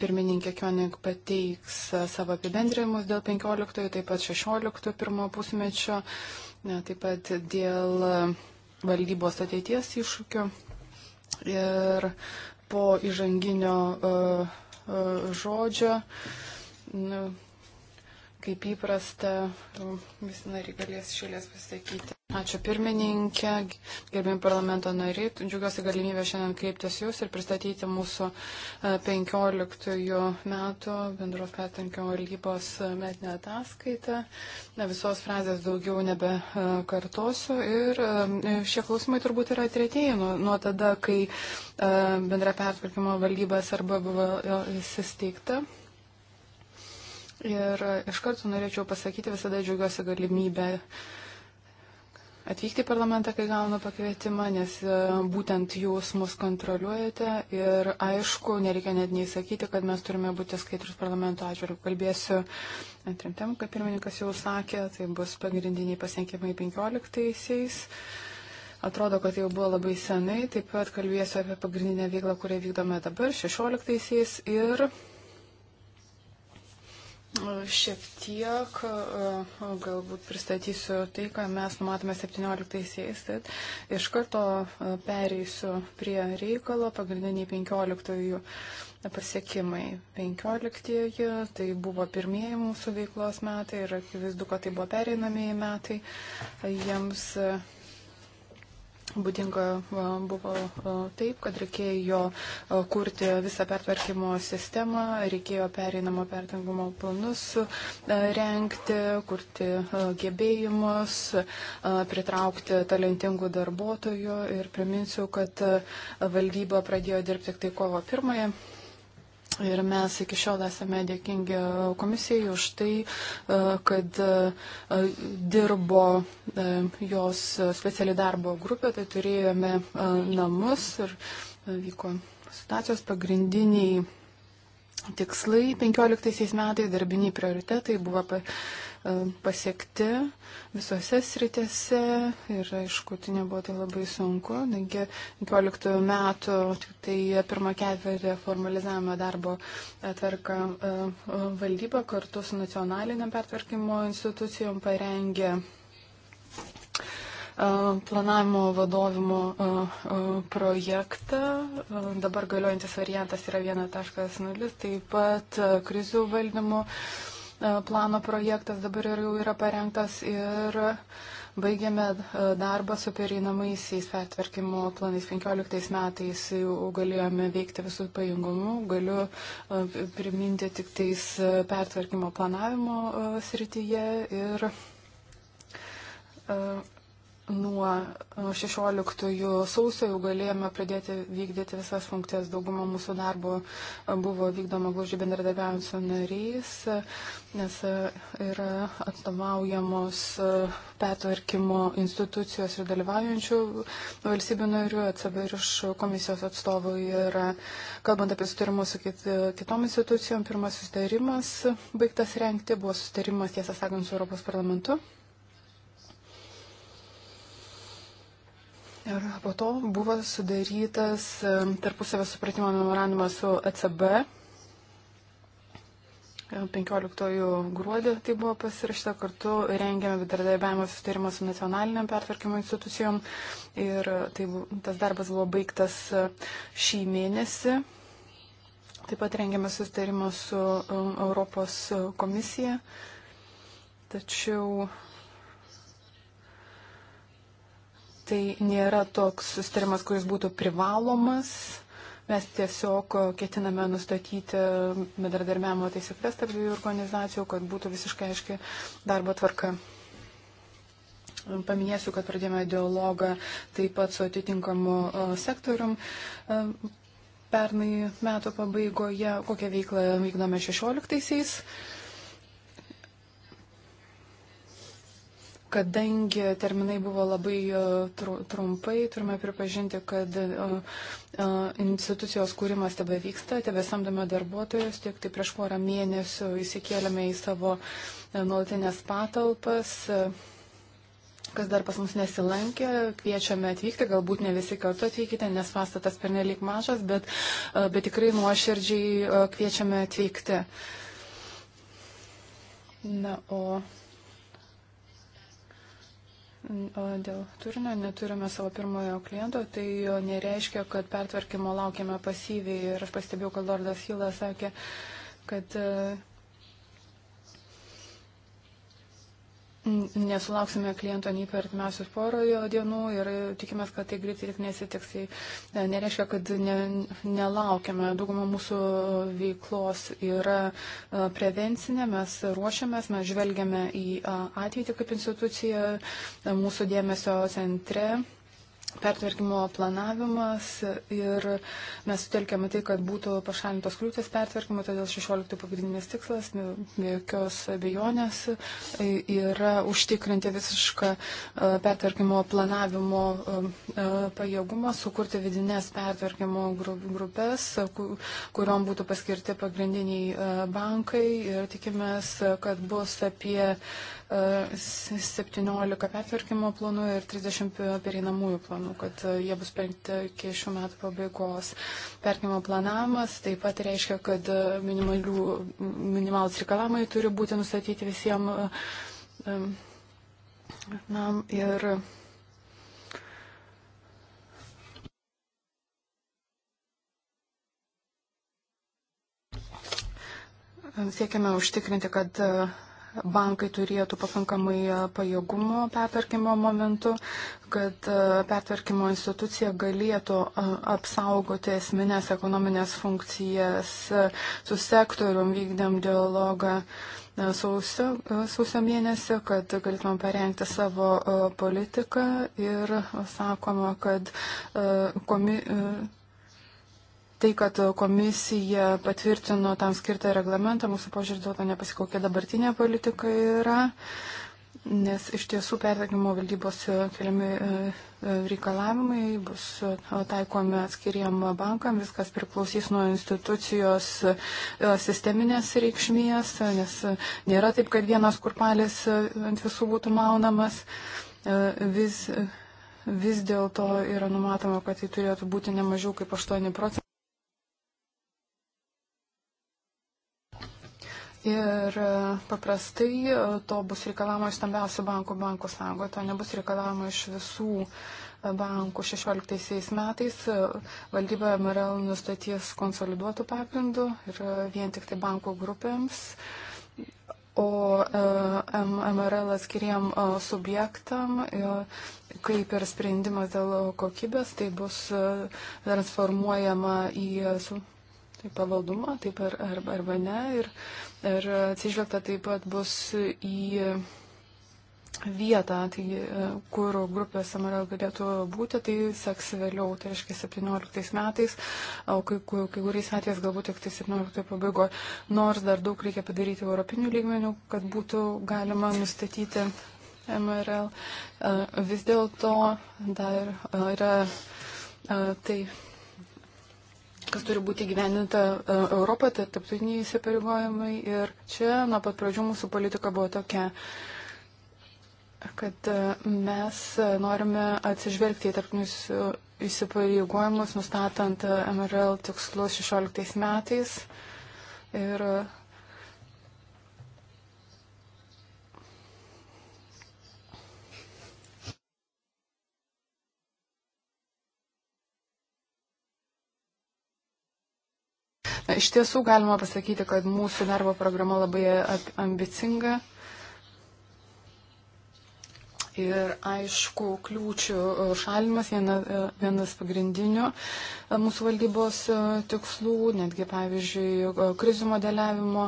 pirmininkė Kionik pateiks e, savo apibendrimus dėl 15, taip pat 16 pirmo pusmečio, e, taip pat dėl e, valdybos ateities iššūkių. Ir po įžanginio uh, uh, žodžio, nu, kaip įprasta, visi nariai galės šilės pasakyti. Ačiū pirmininkė, gerbim parlamento nariai. Džiugiuosi galimybę šiandien kreiptis jūs ir pristatyti mūsų 15 e, metų bendros pertankio lygybos e, metinę ataskaitą. Visos frazės daugiau nebekartosiu. E, ir šie klausimai turbūt yra tretieji nuo, nuo tada, kai bendra pertvarkymo valdybas arba buvo įsisteigta. Ir iš karto norėčiau pasakyti, visada džiugiuosi galimybę atvykti į parlamentą, kai gaunu pakvietimą, nes e, būtent jūs mus kontroliuojate ir aišku, nereikia net neįsakyti, kad mes turime būti skaitrus parlamento atžvilgiu. Kalbėsiu antrimtem, kaip pirmininkas jau sakė, tai bus pagrindiniai pasiekimai 15-aisiais. Atrodo, kad jau buvo labai senai, taip pat kalbėsiu apie pagrindinę veiklą, kurią vykdome dabar, 16-aisiais ir Šiek tiek e, galbūt pristatysiu tai, ką mes numatome 17-aisiais. Iš karto e, pereisiu prie reikalo pagrindiniai 15-ųjų pasiekimai. 15-ieji tai buvo pirmieji mūsų veiklos metai ir akivaizdu, kad tai buvo pereinamieji metai. Jiems būdinga buvo taip, kad reikėjo kurti visą pertvarkymo sistemą, reikėjo pereinamo pertvarkymo planus renkti, kurti gebėjimus, pritraukti talentingų darbuotojų ir priminsiu, kad valdyba pradėjo dirbti tik tai kovo pirmąją. Ir mes iki šiol esame dėkingi komisijai už tai, e, kad e, dirbo e, jos speciali darbo grupė, tai turėjome namus ir vyko situacijos pagrindiniai tikslai 15 metais, darbiniai prioritetai buvo E, pasiekti visose sritėse ir, aišku, tai nebuvo tai labai sunku. Taigi, 15 metų tik tai pirmą ketvirtį formalizavome darbo tvarką e, valdybą kartu su nacionaliniam pertvarkymo institucijom parengė e, planavimo vadovimo projektą. Dabar galiojantis variantas yra 1.0, taip pat krizių valdymo E, plano projektas dabar jau yra parengtas ir baigėme e, darbą su pereinamaisiais pertvarkymo planais 15 metais, jau galėjome veikti visų pajėgumų, galiu e, priminti tik tais pertvarkymo planavimo srityje ir Nuo 16 sausio jau galėjome pradėti vykdyti visas funkcijas. Dauguma mūsų darbo e, buvo vykdoma glaudžiai bendradarbiaujant su nariais, e, nes e, yra atstovaujamos pertvarkymo institucijos ir dalyvaujančių valstybių narių, ECB ir iš komisijos atstovų. Ir kalbant apie sutarimus su kit, kitom institucijom, pirmas sutarimas baigtas renkti buvo sutarimas, tiesą sakant, su Europos parlamentu Ir po to buvo sudarytas tarpusavio supratimo memorandumas su ECB. 15 gruodį tai buvo pasirašyta, kartu rengėme bendradarbiavimo sustarimą su nacionaliniam pertvarkymo institucijom ir tai, tas darbas buvo baigtas e, šį mėnesį. Taip pat rengėme sustarimą su Europos e, komisija. Tačiau tai nėra toks sustarimas, kuris būtų privalomas. Mes tiesiog ketiname nustatyti bendradarbiavimo taisyklės tarp dviejų organizacijų, kad būtų visiškai aiški darbo tvarka. Paminėsiu, kad pradėjome dialogą taip pat su atitinkamu e, sektorium. E, pernai metų pabaigoje, kokią veiklą vykdome 16-aisiais. Kadangi terminai buvo labai e, trumpai, turime pripažinti, kad e, e, institucijos kūrimas tebe vyksta, tebe samdome darbuotojus, tiek tai prieš porą mėnesių įsikėlėme į savo nuolatinės patalpas. Kas dar pas mus nesilankė, kviečiame atvykti, galbūt ne visi kartu atvykite, nes pastatas pernelyg mažas, bet, bet tikrai nuoširdžiai kviečiame atvykti. Na, o O dėl turinio neturime savo pirmojo kliento, tai nereiškia, kad pertvarkymo laukiame pasyviai. Ir aš pastebėjau, kad Lordas Hilas sakė, kad uh, nesulauksime kliento nei per artimiausius porą dienų ir tikimės, kad tai greitai tik nesitiks. Tai e, nereiškia, kad ne, nelaukime. Dauguma mūsų veiklos yra e, prevencinė, mes ruošiamės, mes žvelgiame į ateitį kaip instituciją, e, mūsų dėmesio centre pertvarkymo planavimas ir mes sutelkėme tai, kad būtų pašalintos kliūtis pertvarkymo, todėl 16 pagrindinis tikslas, jokios abejonės, e, yra užtikrinti visišką e, pertvarkymo planavimo e, pajėgumą, sukurti vidinės pertvarkymo grupės, kuriuom būtų paskirti pagrindiniai bankai ir tikimės, kad bus apie 17 pertvarkymo planų ir 30 pereinamųjų planų, kad e, jie bus parengti iki šių metų pabaigos. Pertvarkymo planavimas taip pat reiškia, kad e, minimalus reikalavimai turi būti nustatyti visiems. E, Na, ir siekiame užtikrinti, kad bankai turėtų pakankamai e, pajėgumo pertvarkymo momentu, kad e, pertvarkymo institucija galėtų e, apsaugoti esminės ekonominės funkcijas su sektorium, vykdėm dialogą sausio, sausio mėnesį, kad galėtumėm parengti savo politiką ir sakoma, kad komi, tai, kad komisija patvirtino tam skirtą reglamentą, mūsų požiūrį dėl to nepasikokia dabartinė politika yra, nes iš tiesų pertekimo valdybos keliami e, reikalavimai bus taikomi atskiriem bankam, viskas priklausys nuo institucijos e, sisteminės reikšmės, nes nėra taip, kad vienas kurpalis ant visų būtų maunamas. E, vis, vis dėlto yra numatoma, kad tai turėtų būti ne mažiau kaip 8 procentai. Ir e, paprastai e, to bus reikalavimo iš stambiausių bankų bankų sąjungoje, to nebus reikalavimo iš visų e, bankų 16 metais. Valdyba MRL nustatys konsoliduotų pagrindų ir vien tik tai bankų grupėms, o MRL atskiriem subjektam, kaip ir sprendimas dėl kokybės, tai bus transformuojama į tai pavaldumą, taip ar, arba, arba ne. Ir, ir atsižvelgta taip pat bus į vietą, tai, e, kur grupė Samarel galėtų būti, tai seks vėliau, tai reiškia 17 metais, o kai, kai, kai kuriais metais galbūt tik tai 17 pabaigoje. Nors dar daug reikia padaryti europinių lygmenių, kad būtų galima nustatyti MRL. E, vis dėlto dar e, yra tai kas turi būti gyveninta e, Europoje, tai taptautiniai įsipareigojimai. Ir čia nuo pat pradžių mūsų politika buvo tokia kad e, mes norime atsižvelgti į tarpinius e, įsipareigojimus, nustatant MRL tikslus 16 metais. Ir Iš tiesų galima pasakyti, kad mūsų darbo programa labai ambicinga. Ir aišku, kliūčių e, šalimas viena, e, vienas pagrindinių e, mūsų valdybos tikslų, netgi pavyzdžiui, krizių modeliavimo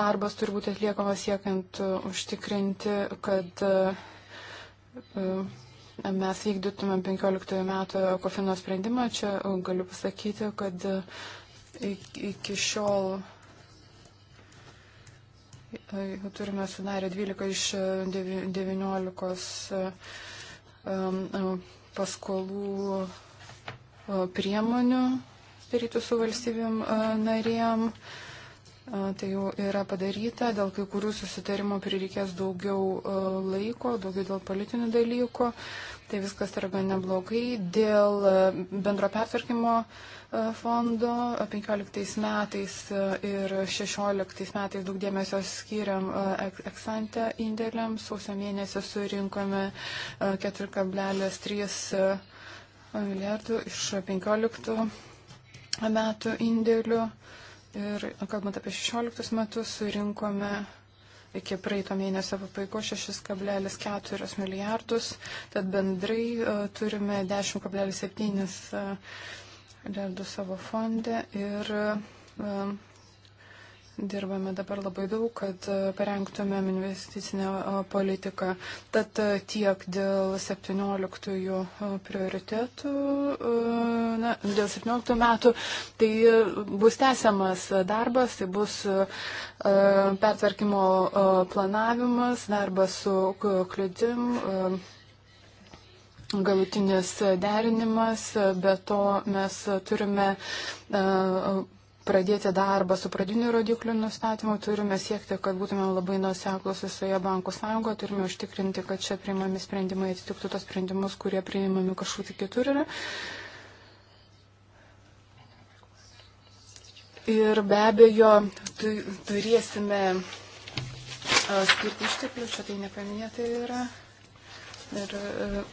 darbas turi būti atliekamas siekiant užtikrinti, kad mes vykdytumėm 15 metų kofino sprendimą. Čia galiu pasakyti, kad iki šiol e, turime sudarę 12 iš 19 e, e, paskolų priemonių darytų su valstybėm narėm. Tai jau yra padaryta, dėl kai kurių susitarimų prireikės daugiau laiko, daugiau dėl politinių dalykų. Tai viskas yra gan neblogai. Dėl e, bendro pertvarkymo e, fondo 15 e, metais ir 16 metais daug dėmesio skiriam eksantę indėliams. Sausio mėnesį surinkome 4,3 milijardų iš 15 metų indėlių. Ir kalbant apie 16 metus, surinkome iki praeito mėnesio pabaigos 6,4 milijardus, tad bendrai e, turime 10,7 e, milijardus savo fonde ir e, Dirbame dabar labai daug, kad e, parengtumėm investicinę e, politiką. Tad e, tiek dėl 17 prioritetų, na, dėl 17 metų, tai bus tęsiamas darbas, tai bus pertvarkymo planavimas, darbas su kliūtim galutinis derinimas, be to mes turime pradėti darbą su pradiniu rodikliu nustatymu, turime siekti, kad būtume labai nuseklus visoje bankų sąjungoje, turime užtikrinti, kad čia priimami sprendimai atitiktų tos sprendimus, kurie priimami kažkur tik kitur yra. Ir be abejo, tu, turėsime skirti išteklių, čia tai nepaminėta yra. Ir e,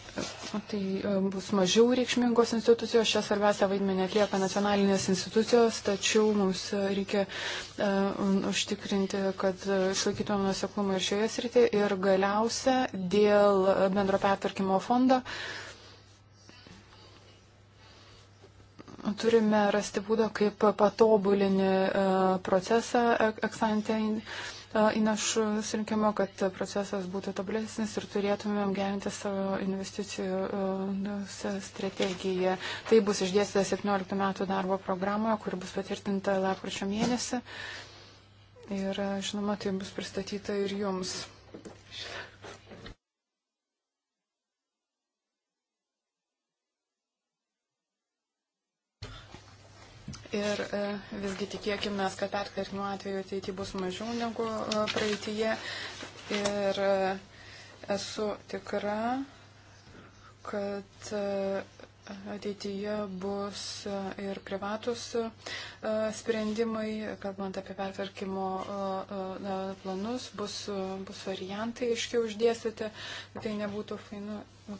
e, tai e, bus mažiau reikšmingos institucijos, šią svarbiausią vaidmenį atlieka nacionalinės institucijos, tačiau mums reikia uh, užtikrinti, kad išlaikytume nuoseklumą ir šioje srityje. Ir galiausia, dėl bendro pertvarkymo fondo. Turime rasti būdą, kaip patobulinį procesą eksantę. Ek įnašų surinkimo, kad procesas būtų tobulesnis ir turėtumėm gerinti savo investicijų nu, strategiją. Tai bus išdėstyta 17 metų darbo programoje, kuri bus patvirtinta lapkričio mėnesį. Ir, žinoma, tai bus pristatyta ir jums. Šitą. Ir e, visgi tikėkime, kad perkartinių atveju ateityje bus mažiau negu e, praeitie. Ir e, esu tikra, kad ateityje bus ir privatus sprendimai, kalbant apie pertvarkymo planus, bus, bus variantai aiškiai uždėstyti, tai nebūtų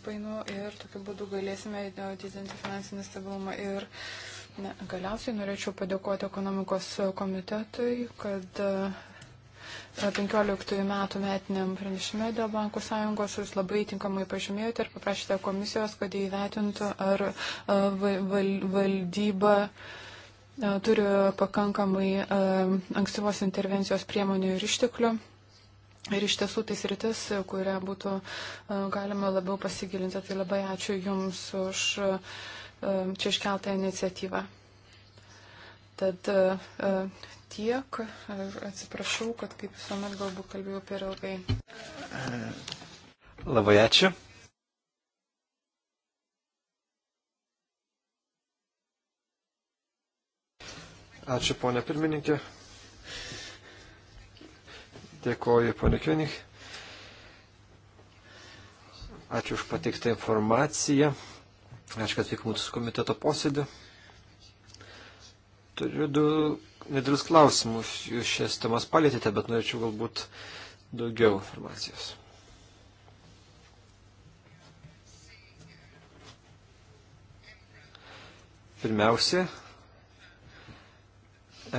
painu ir tokiu būdu galėsime didinti finansinį stabilumą. Ir uh, Ne, galiausiai norėčiau padėkoti ekonomikos komitetui, kad 15 e, metų metiniam pranešime dėl Bankų sąjungos jūs labai tinkamai pažymėjote ir paprašėte komisijos, kad įvertintų, ar e, valdyba e, turi pakankamai ankstyvos intervencijos priemonių ir išteklių. Ir iš tiesų tai sritis, kurią būtų galima labiau pasigilinti, tai labai ačiū Jums už. Uh, čia iškeltą iniciatyvą. Tad e, e, tiek. Atsiprašau, kad kaip visuomet galbūt kalbėjau per ilgai. Labai ačiū. Ačiū, ponė pirmininkė. Dėkoju, ponė Kvinich. Ačiū už pateiktą informaciją. Ačiū, kad atvyko mūsų komiteto posėdį. Turiu du nedėlis klausimus. Jūs šias temas palėtėte, bet norėčiau galbūt daugiau informacijos. Pirmiausia,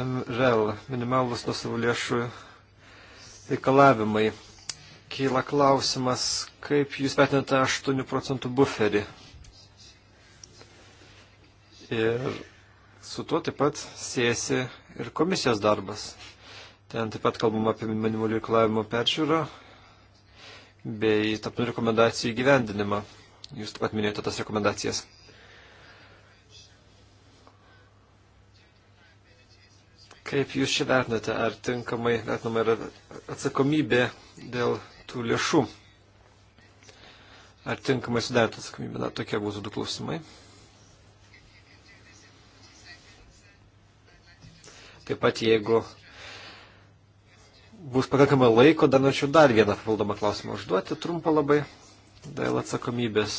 MRL, minimalus nuosavų lėšų reikalavimai. Kyla klausimas, kaip jūs vertinate 8 procentų buferį Ir su tuo taip pat siejasi ir komisijos darbas. Ten taip pat kalbam apie minimalių reikalavimų peržiūrą bei tapnų rekomendacijų įgyvendinimą. Jūs taip pat minėjote tas rekomendacijas. Kaip jūs čia vertinate, ar tinkamai vertinama yra atsakomybė dėl tų lėšų? Ar tinkamai sudarėte atsakomybę? Na, tokie būtų du klausimai. Taip pat jeigu bus pakankamai laiko, dar norėčiau dar vieną papildomą klausimą užduoti, trumpą labai, dėl atsakomybės.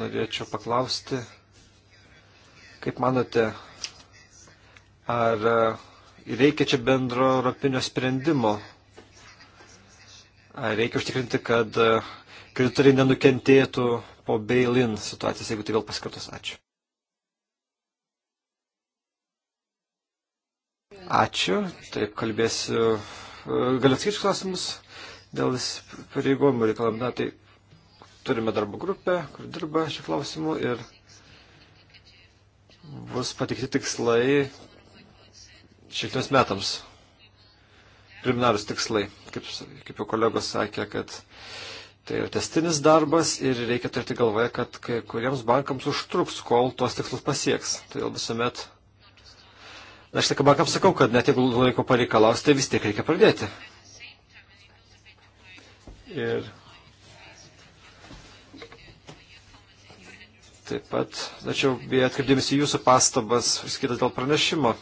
Norėčiau paklausti, kaip manote, ar e, reikia čia bendro europinio sprendimo? Ar reikia užtikrinti, kad e, kreditoriai nenukentėtų po bail-in situacijos, jeigu tai vėl pasikartos. Ačiū. Ačiū. Taip kalbėsiu. Galiu atsakyti klausimus dėl pareigojimų reikalavimų. Na, tai turime darbo grupę, kur dirba šį klausimų ir bus patikti tikslai šiltiems metams. Preliminarus tikslai, kaip, kaip jau kolegos sakė, kad Tai yra testinis darbas ir reikia turėti galvoje, kad kai kuriems bankams užtruks, kol tuos tikslus pasieks. Todėl visuomet, na aš tik bankams sakau, kad net jeigu laiko pareikalaus, tai vis tiek reikia pradėti. Ir taip pat, tačiau, beje, atkreipdėmės į jūsų pastabas, skirtas dėl pranešimo.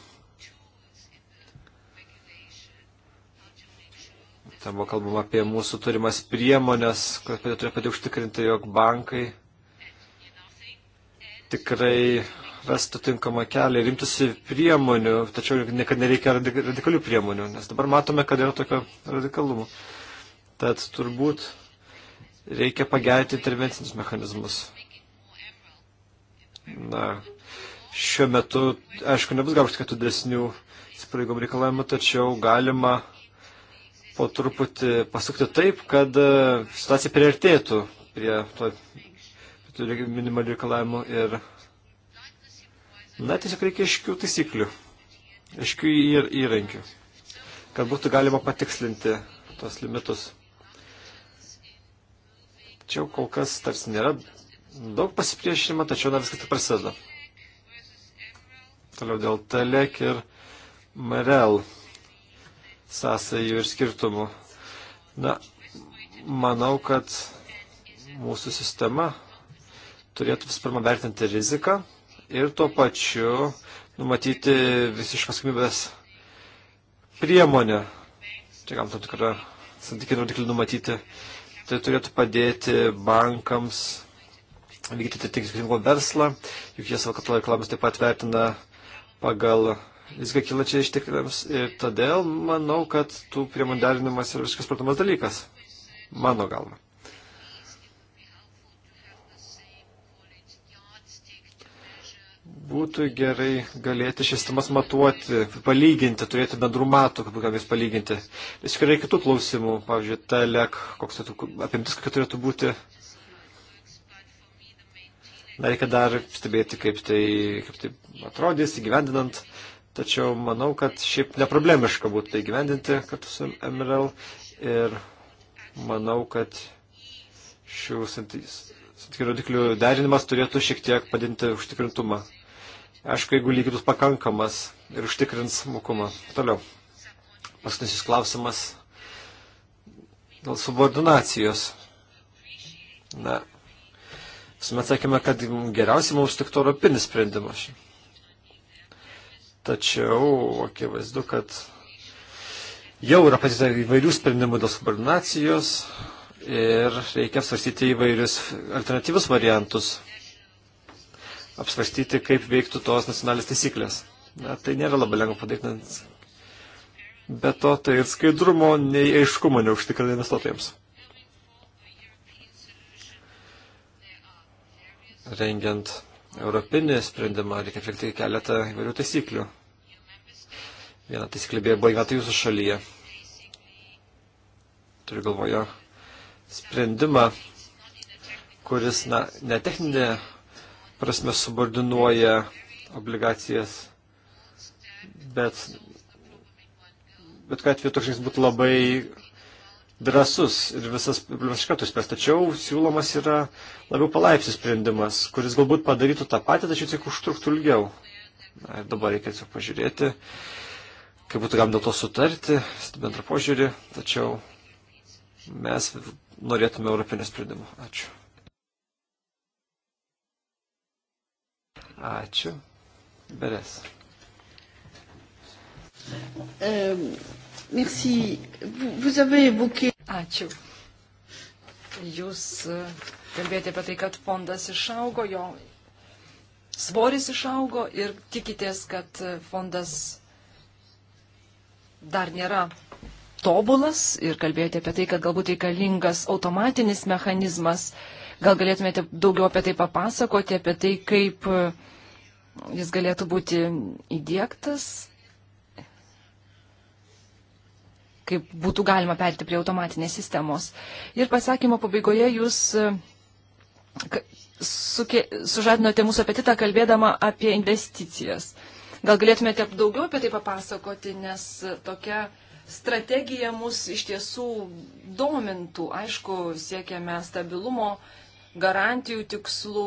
Ten buvo kalbama apie mūsų turimas priemonės, kad turėtų padėti užtikrinti, jog bankai tikrai vestų tinkamą kelią ir imtųsi priemonių, tačiau niekada nereikia radikalių priemonių, nes dabar matome, kad yra tokio radikalumo. Tad turbūt reikia pagerinti intervencinius mechanizmus. Na, šiuo metu, aišku, nebus galbūt kitų desnių įsipareigom reikalavimų, tačiau galima po truputį pasukti taip, kad e, situacija priartėtų prie to minimalių reikalavimų ir, na, tiesiog reikia iškių taisyklių, iškių įr, įrankių, kad būtų galima patikslinti tos limitus. Čia kol kas tarsi nėra daug pasipriešinimo, tačiau dar viskas tik prasideda. Toliau dėl Telek ir Merel sąsajų ir skirtumų. Na, manau, kad mūsų sistema turėtų vis pirma vertinti riziką ir tuo pačiu numatyti visiškas galimybės priemonę, čia kam tam tikrą santykinį rodiklį numatyti, tai turėtų padėti bankams vykdyti tinklų verslą, juk jie savo katalą reklamas taip pat vertina pagal viską kilačiai ištikliams ir todėl manau, kad tų priemonių derinimas yra viskas pratamas dalykas. Mano galva. Būtų gerai galėti šias temas matuoti, palyginti, turėti bendrų matų, kaip galime jas palyginti. Visiškai yra kitų klausimų, pavyzdžiui, telek, koks tai apimtis, kokia turėtų būti. Dar reikia dar stebėti, kaip tai, kaip tai atrodys, įgyvendinant. Uh, tačiau manau, kad šiaip neproblemiška būtų tai gyvendinti kartu su MRL ir manau, kad šių santykių rodiklių derinimas turėtų šiek tiek padinti užtikrintumą. Aišku, jeigu lygitus pakankamas ir užtikrins mokumą. Toliau. Paskutinis klausimas dėl subordinacijos. Na, visuomet sakėme, kad geriausiai mums tiktų europinis sprendimas. Šiaip. Tačiau akivaizdu, kad jau yra patyta įvairių sprendimų dėl subordinacijos ir reikia apsvarstyti įvairius alternatyvus variantus, apsvarstyti, kaip veiktų tos nacionalinės taisyklės. Na, tai nėra labai lengva padaryti, nes be to tai ir skaidrumo, nei aiškumo neužtikrina investuotojams. Rengiant europinį sprendimą, reikia atlikti keletą įvairių taisyklių. Viena taisyklė beje buvo įvata jūsų šalyje. Turiu galvoje sprendimą, kuris na, ne techninė prasme subordinuoja obligacijas, bet, bet kad atveju toks žingsnis būtų labai drasus ir visas problemas iš karto spręs. Tačiau siūlomas yra labiau palaipsis sprendimas, kuris galbūt padarytų tą patį, tačiau tik užtruktų ilgiau. Na ir dabar reikia tiesiog pažiūrėti, kaip būtų galima dėl to sutarti, bendrą požiūrį, tačiau mes norėtume europinio sprendimo. Ačiū. Ačiū. Beres. Um. Merci. Vous avez évoqué. Ačiū. Jūs e, kalbėjote apie tai, kad fondas išaugo, jo svoris išaugo ir tikitės, kad e, fondas dar nėra tobulas ir kalbėjote apie tai, kad galbūt reikalingas automatinis mechanizmas. Gal galėtumėte daugiau apie tai papasakoti, apie tai, kaip e, jis galėtų būti įdėktas, kaip būtų galima perti prie automatinės sistemos. Ir pasakymo pabaigoje jūs e, suke, sužadinote mūsų apetitą kalbėdama apie investicijas. Gal galėtumėte daugiau apie tai papasakoti, nes tokia strategija mus iš tiesų domintų. Aišku, siekiame stabilumo, garantijų tikslų,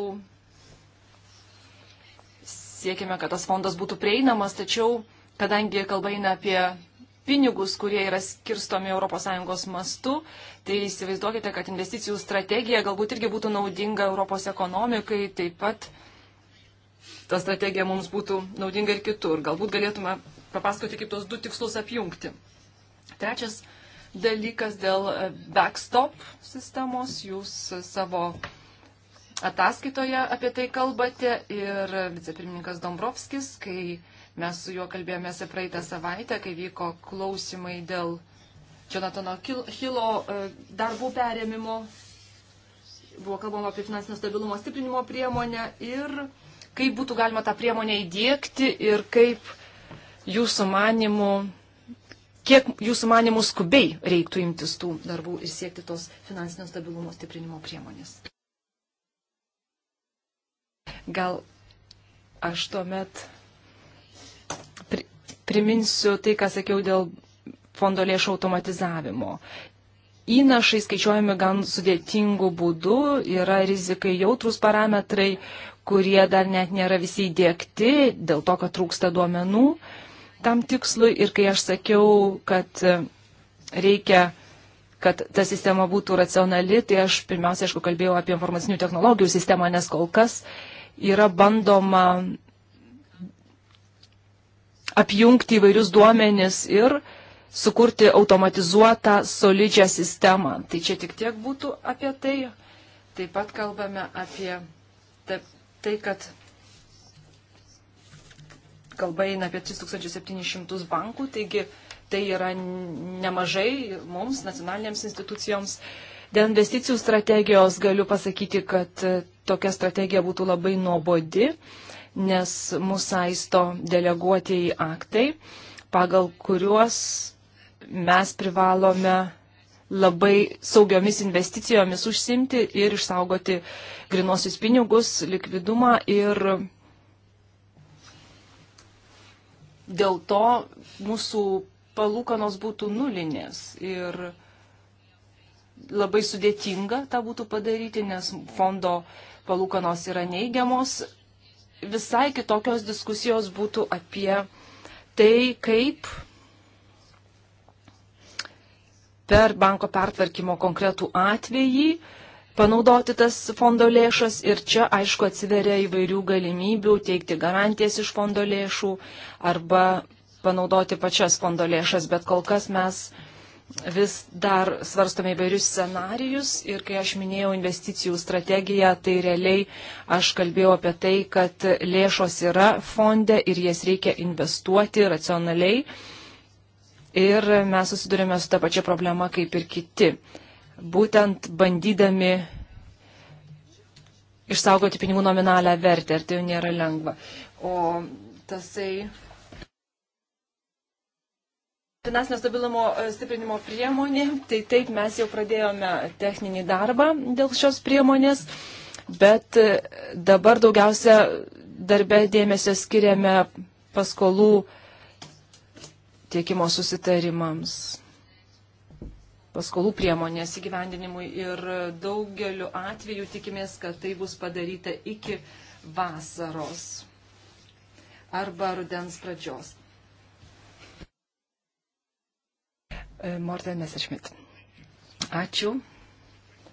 siekiame, kad tas fondas būtų prieinamas, tačiau kadangi kalba eina apie pinigus, kurie yra skirstomi ES mastu, tai įsivaizduokite, kad investicijų strategija galbūt irgi būtų naudinga Europos ekonomikai, taip pat ta strategija mums būtų naudinga ir kitur. Galbūt galėtume papasakoti, kaip tos du tikslus apjungti. Trečias dalykas dėl e, backstop sistemos. Jūs e, savo ataskaitoje apie tai kalbate ir e, vicepirmininkas Dombrovskis, kai Mes su juo kalbėjomės praeitą savaitę, kai vyko klausimai dėl Jonatano Hilo e, darbų perėmimo. Buvo kalbama apie finansinio stabilumo stiprinimo priemonę ir kaip būtų galima tą priemonę įdėkti ir kaip jūsų manimų, kiek jūsų manimų skubiai reiktų imtis tų darbų ir siekti tos finansinio stabilumo stiprinimo priemonės. Gal aš tuomet priminsiu tai, ką sakiau dėl fondo lėšų automatizavimo. Įnašai skaičiuojami gan sudėtingų būdų, yra rizikai jautrus parametrai, kurie dar net nėra visi įdėkti dėl to, kad trūksta duomenų tam tikslui. Ir kai aš sakiau, kad reikia kad ta sistema būtų racionali, tai aš pirmiausia, aišku, kalbėjau apie informacinių technologijų sistemą, nes kol kas yra bandoma apjungti įvairius duomenis ir sukurti automatizuotą solidžią sistemą. Tai čia tik tiek būtų apie tai. Taip pat kalbame apie tai, kad kalba eina apie 3700 bankų, taigi tai yra nemažai mums, nacionalinėms institucijoms. Dėl investicijų strategijos galiu pasakyti, kad tokia strategija būtų labai nuobodi. Uh, nes mūsų saisto deleguotieji aktai, pagal kuriuos mes privalome labai saugiomis investicijomis užsimti ir išsaugoti grinuosius pinigus, likvidumą ir dėl to mūsų palūkanos būtų nulinės ir labai sudėtinga tą būtų padaryti, nes fondo palūkanos yra neigiamos, visai kitokios diskusijos būtų apie tai, kaip per banko pertvarkymo konkretų atvejį panaudoti tas fondo lėšas ir čia, aišku, atsiveria įvairių galimybių teikti garantijas iš fondo lėšų arba panaudoti pačias fondo lėšas, bet kol kas mes vis dar svarstome įvairius scenarius ir kai aš minėjau investicijų strategiją, tai realiai aš kalbėjau apie tai, kad lėšos yra fonde ir jas reikia investuoti racionaliai. Ir mes susidurime su ta pačia problema kaip ir kiti. Būtent bandydami išsaugoti pinigų nominalią vertę, ir tai jau nėra lengva. O tasai finansinio stabilumo e, stiprinimo priemonė. Tai taip mes jau pradėjome techninį darbą dėl šios priemonės, bet e, dabar daugiausia darbę dėmesio skiriame paskolų tiekimo susitarimams, paskolų priemonės įgyvendinimui ir daugeliu atveju tikimės, kad tai bus padaryta iki vasaros arba rudens pradžios. E, Morten Messerschmidt. Ačiū.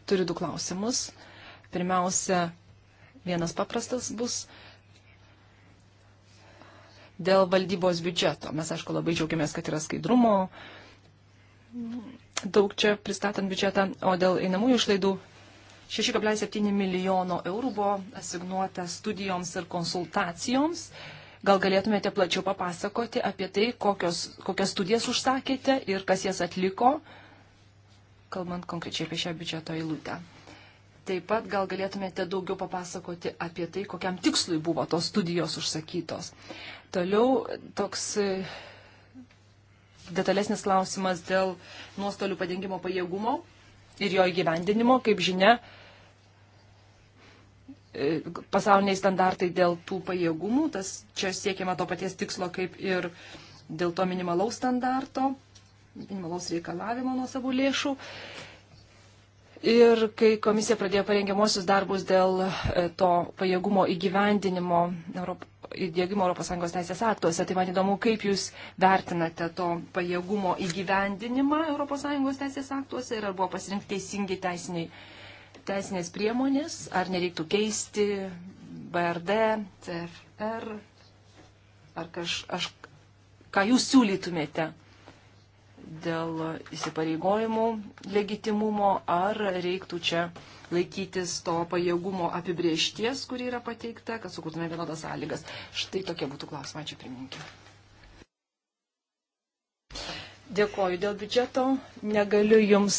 Turiu du klausimus. Pirmiausia, vienas paprastas bus dėl valdybos biudžeto. Mes, aišku, labai džiaugiamės, kad yra skaidrumo daug čia pristatant biudžetą, o dėl einamųjų išlaidų 6,7 milijono eurų buvo asignuota studijoms ir konsultacijoms. Uh, Gal galėtumėte plačiau papasakoti apie tai, kokios, kokias studijas užsakėte ir kas jas atliko, kalbant konkrečiai apie šią biudžeto eilutę. Taip pat gal galėtumėte daugiau papasakoti apie tai, kokiam tikslui buvo tos studijos užsakytos. Toliau toks e, detalesnis klausimas dėl nuostolių padengimo pajėgumo ir jo įgyvendinimo. Kaip žinia, E, pasauliniai standartai dėl tų pajėgumų, tas čia siekiama to paties tikslo kaip ir dėl to minimalaus standarto, minimalaus reikalavimo nuo savų lėšų. Ir kai komisija pradėjo parengiamuosius darbus dėl e, to pajėgumo įgyvendinimo Europ... įdėgymo ES teisės aktuose, tai man įdomu, kaip jūs vertinate to pajėgumo įgyvendinimą ES teisės aktuose ir ar buvo pasirinkti teisingi teisiniai teisinės priemonės, ar nereiktų keisti BRD, CFR, ar kaž, aš, ką jūs siūlytumėte dėl įsipareigojimų legitimumo, ar reiktų čia laikytis to pajėgumo apibriešties, kuri yra pateikta, kad sukurtume vienodas sąlygas. Štai tokie būtų klausimai, ačiū pirmininkė. Dėkoju dėl biudžeto. Negaliu Jums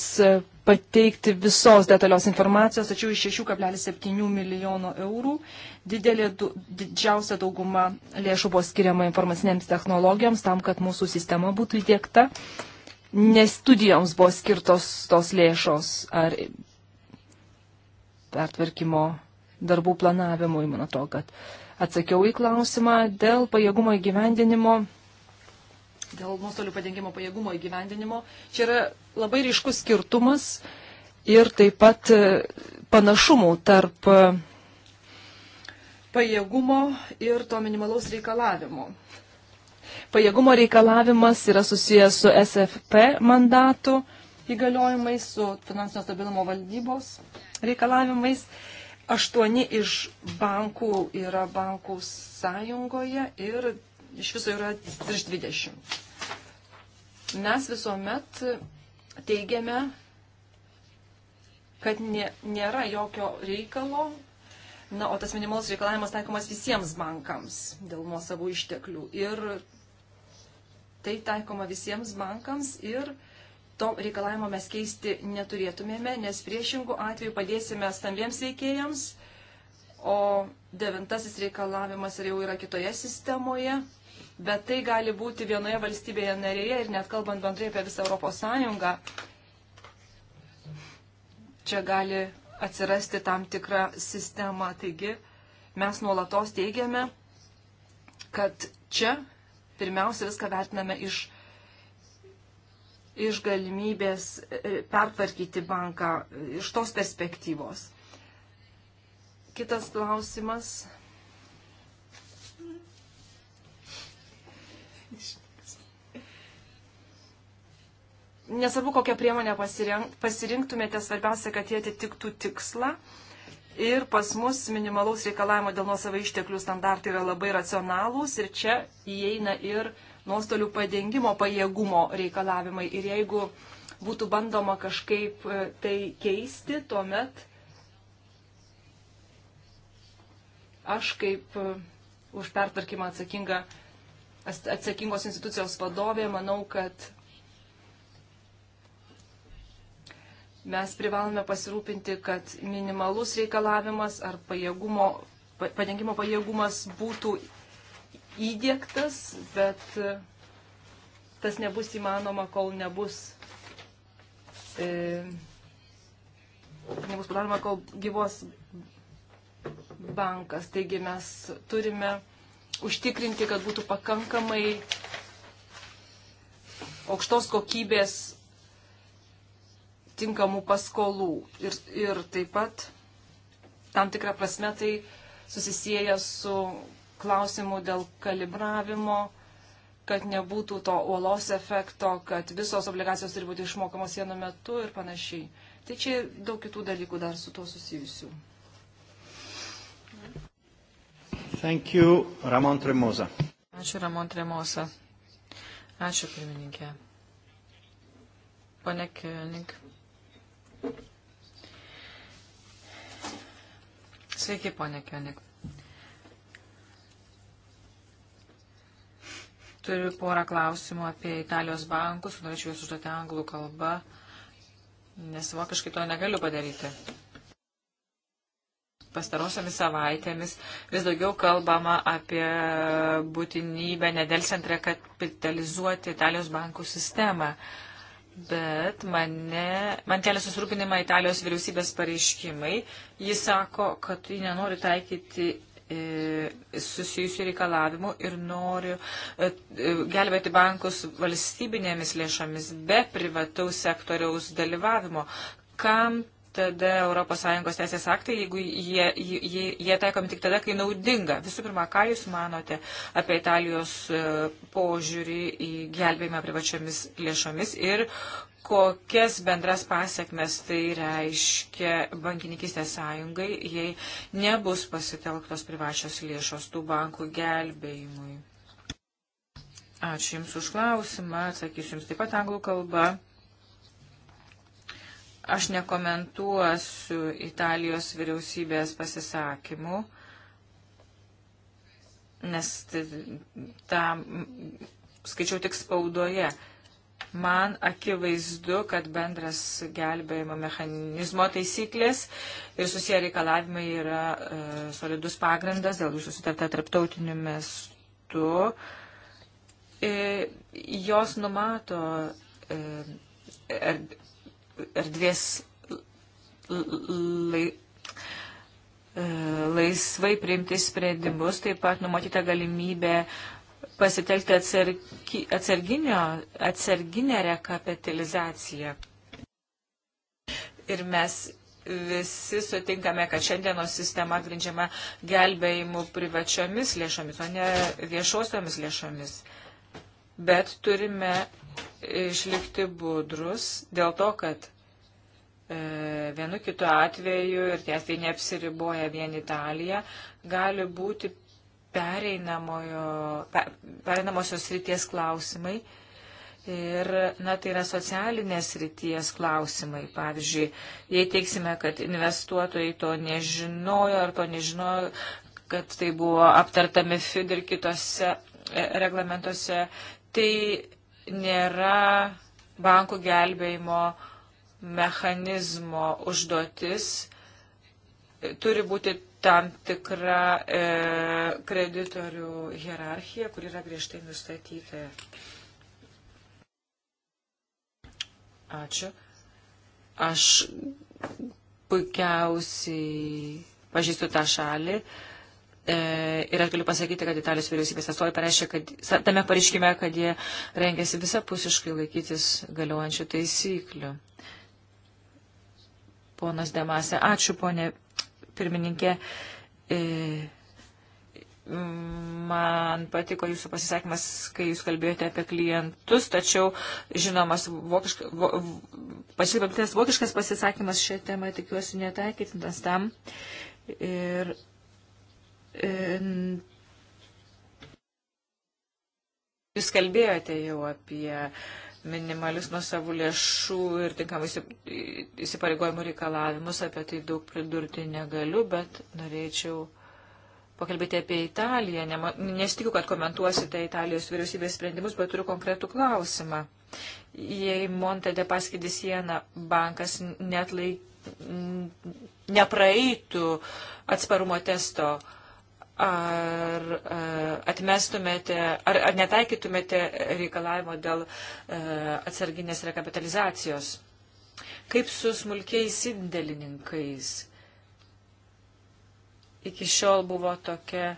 pateikti visos detalios informacijos, tačiau iš 6,7 milijono eurų didelė, didžiausia dauguma lėšų buvo skiriama informacinėms technologijoms tam, kad mūsų sistema būtų įdėkta, nes studijoms buvo skirtos tos lėšos ar pertvarkymo darbų planavimui, man atrodo, kad atsakiau į klausimą dėl pajėgumo įgyvendinimo dėl nuostolių padengimo pajėgumo įgyvendinimo. Čia yra labai ryškus skirtumas ir taip pat e, panašumų tarp e, pajėgumo ir to minimalaus reikalavimo. Pajėgumo reikalavimas yra susijęs su SFP mandatu įgaliojimais, su finansinio stabilumo valdybos reikalavimais. Aštuoni iš bankų yra bankų sąjungoje ir iš viso yra virš 20. Mes visuomet teigiame, kad nė, nėra jokio reikalo, na, o tas minimalus reikalavimas taikomas visiems bankams dėl nuosavų išteklių. Ir tai taikoma visiems bankams ir to reikalavimo mes keisti neturėtumėme, nes priešingų atveju padėsime stambiems veikėjams, o devintasis reikalavimas jau yra kitoje sistemoje, bet tai gali būti vienoje valstybėje narėje ir net kalbant bendrai apie visą Europos Sąjungą, čia gali atsirasti tam tikrą sistemą. Taigi mes nuolatos teigiame, kad čia pirmiausia viską vertiname iš, iš galimybės e, pertvarkyti banką, iš tos perspektyvos. Kitas klausimas nesvarbu, kokią priemonę pasirinktumėte, svarbiausia, kad jie atitiktų tikslą. Ir pas mus minimalaus reikalavimo dėl nuosavai išteklių standartai yra labai racionalūs ir čia įeina ir nuostolių padengimo pajėgumo reikalavimai. Ir jeigu būtų bandoma kažkaip e, tai keisti, tuomet aš kaip e, už pertvarkymą atsakinga, atsakingos institucijos vadovė manau, kad mes privalome pasirūpinti, kad minimalus reikalavimas ar pajėgumo, padengimo pajėgumas būtų įdėktas, bet e, tas nebus įmanoma, kol nebus, e, nebus padaroma, kol gyvos bankas. Taigi mes turime užtikrinti, kad būtų pakankamai aukštos kokybės tinkamų paskolų. Ir, ir taip pat tam tikrą prasme tai susisieja su klausimu dėl kalibravimo, kad nebūtų to uolos efekto, kad visos obligacijos turi būti išmokamos vienu metu ir panašiai. Tai čia daug kitų dalykų dar su tuo susijusių. Thank you, Ramon Tremosa. Ačiū, Ramon Tremosa. Ačiū, pirmininkė. Pane Kionik, Sveiki, ponė Kionik. Turiu porą klausimų apie Italijos bankus, norėčiau juos užduoti anglų kalbą, nes vokiškai to negaliu padaryti. Pastarosiamis savaitėmis vis daugiau kalbama apie būtinybę nedelsiant rekapitalizuoti Italijos bankų sistemą. Uh, bet mane, man kelia susirūpinimą Italijos vyriausybės pareiškimai. Jis sako, kad ji nenori taikyti e, susijusių reikalavimų ir noriu e, e, gelbėti bankus valstybinėmis lėšomis be privataus sektoriaus dalyvavimo. Kam tada ES teisės aktai, jeigu jie, jie, jie taikomi tik tada, kai naudinga. Visų pirma, ką Jūs manote apie Italijos e, požiūrį į gelbėjimą privačiomis lėšomis ir kokias bendras pasiekmes tai reiškia bankininkistės sąjungai, jei nebus pasitelktos privačios lėšos tų bankų gelbėjimui. Ačiū Jums už klausimą, atsakysiu Jums taip pat anglų kalba. Aš nekomentuosiu Italijos vyriausybės pasisakymų, nes tą skaičiau tik spaudoje. Man akivaizdu, kad bendras gelbėjimo mechanizmo taisyklės ir susiję reikalavimai yra e, solidus pagrindas, dėl jų susitarta tarptautiniu mestu. E, jos numato e, er, erdvės lai, e, laisvai priimti sprendimus, taip pat numatyta galimybė pasitelkti atsargi, atsarginę rekapitalizaciją. Ir mes visi sutinkame, kad šiandienos sistema grindžiama gelbėjimu privačiomis lėšomis, o ne viešosiomis lėšomis. Bet turime išlikti budrus dėl to, kad e, vienu kitu atveju, ir ties tai neapsiriboja vien Italija, gali būti pereinamosios ryties klausimai. Ir, na, tai yra socialinės ryties klausimai. Pavyzdžiui, jei teiksime, kad investuotojai to nežinojo ar to nežinojo, kad tai buvo aptartami FID ir kitose e, reglamentuose, tai nėra bankų gelbėjimo mechanizmo užduotis. Turi būti tam tikra e, kreditorių hierarchija, kur yra griežtai nustatyta. Ačiū. Aš puikiausiai pažįstu tą šalį. E, E, ir aš galiu pasakyti, kad Italijos vyriausybės atstovai pareiškė, kad tame pareiškime, kad jie rengiasi visapusiškai laikytis galiojančių taisyklių. Ponas Demasė, ačiū ponė pirmininkė. E, man patiko jūsų pasisakymas, kai jūs kalbėjote apie klientus, tačiau žinomas vokiška, vo, vokiškas pasisakymas šią temą tikiuosi netaikytinas tam. Ir Jūs kalbėjote jau apie minimalius nusavų lėšų ir tinkamai įsipareigojimų reikalavimus, apie tai daug pridurti negaliu, bet norėčiau pakalbėti apie Italiją. Nesitikiu, kad komentuosite Italijos vyriausybės sprendimus, bet turiu konkretų klausimą. Jei Monte de Paschi di Siena bankas net laik nepraeitų atsparumo testo, uh, ar e, atmestumėte, ar, ar netaikytumėte reikalavimo dėl e, atsarginės rekapitalizacijos? Kaip su smulkiais indėlininkais? Iki šiol buvo tokia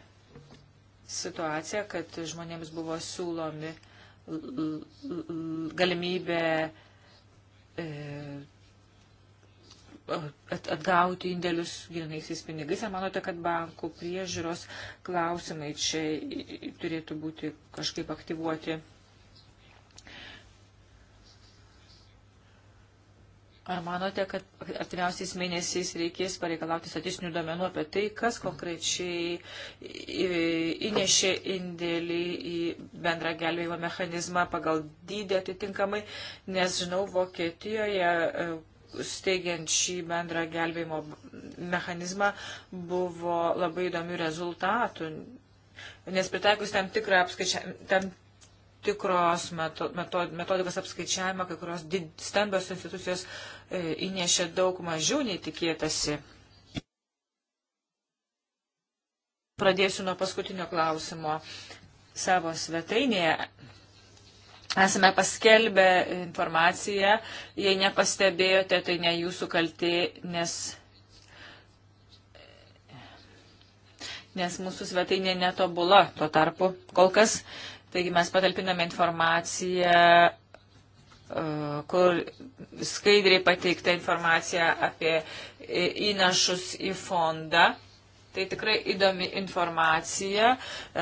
situacija, kad žmonėms buvo siūlomi galimybė e, atgauti indėlius grinaisiais pinigais. Ar manote, kad bankų priežiūros klausimai čia turėtų būti kažkaip aktyvuoti? Ar manote, kad artimiausiais mėnesiais reikės pareikalauti statistinių duomenų apie tai, kas konkrečiai įnešė indėlį į bendrą gelbėjimo mechanizmą pagal dydį atitinkamai, nes žinau, Vokietijoje steigiant šį bendrą gelbėjimo mechanizmą buvo labai įdomių rezultatų, nes pritaikus tam tikrą apskaičiavimą, tam tikros metod, metodikos apskaičiavimą, kai kurios did, stambios institucijos e, įnešė daug mažiau nei tikėtasi. Pradėsiu nuo paskutinio klausimo. Savo svetainėje Esame paskelbę informaciją, jei nepastebėjote, tai ne jūsų kaltė, nes, nes mūsų svetainė netobula tuo tarpu kol kas. Taigi mes patalpiname informaciją, e, kur skaidriai pateikta informacija apie e, įnašus į fondą Tai tikrai įdomi informacija.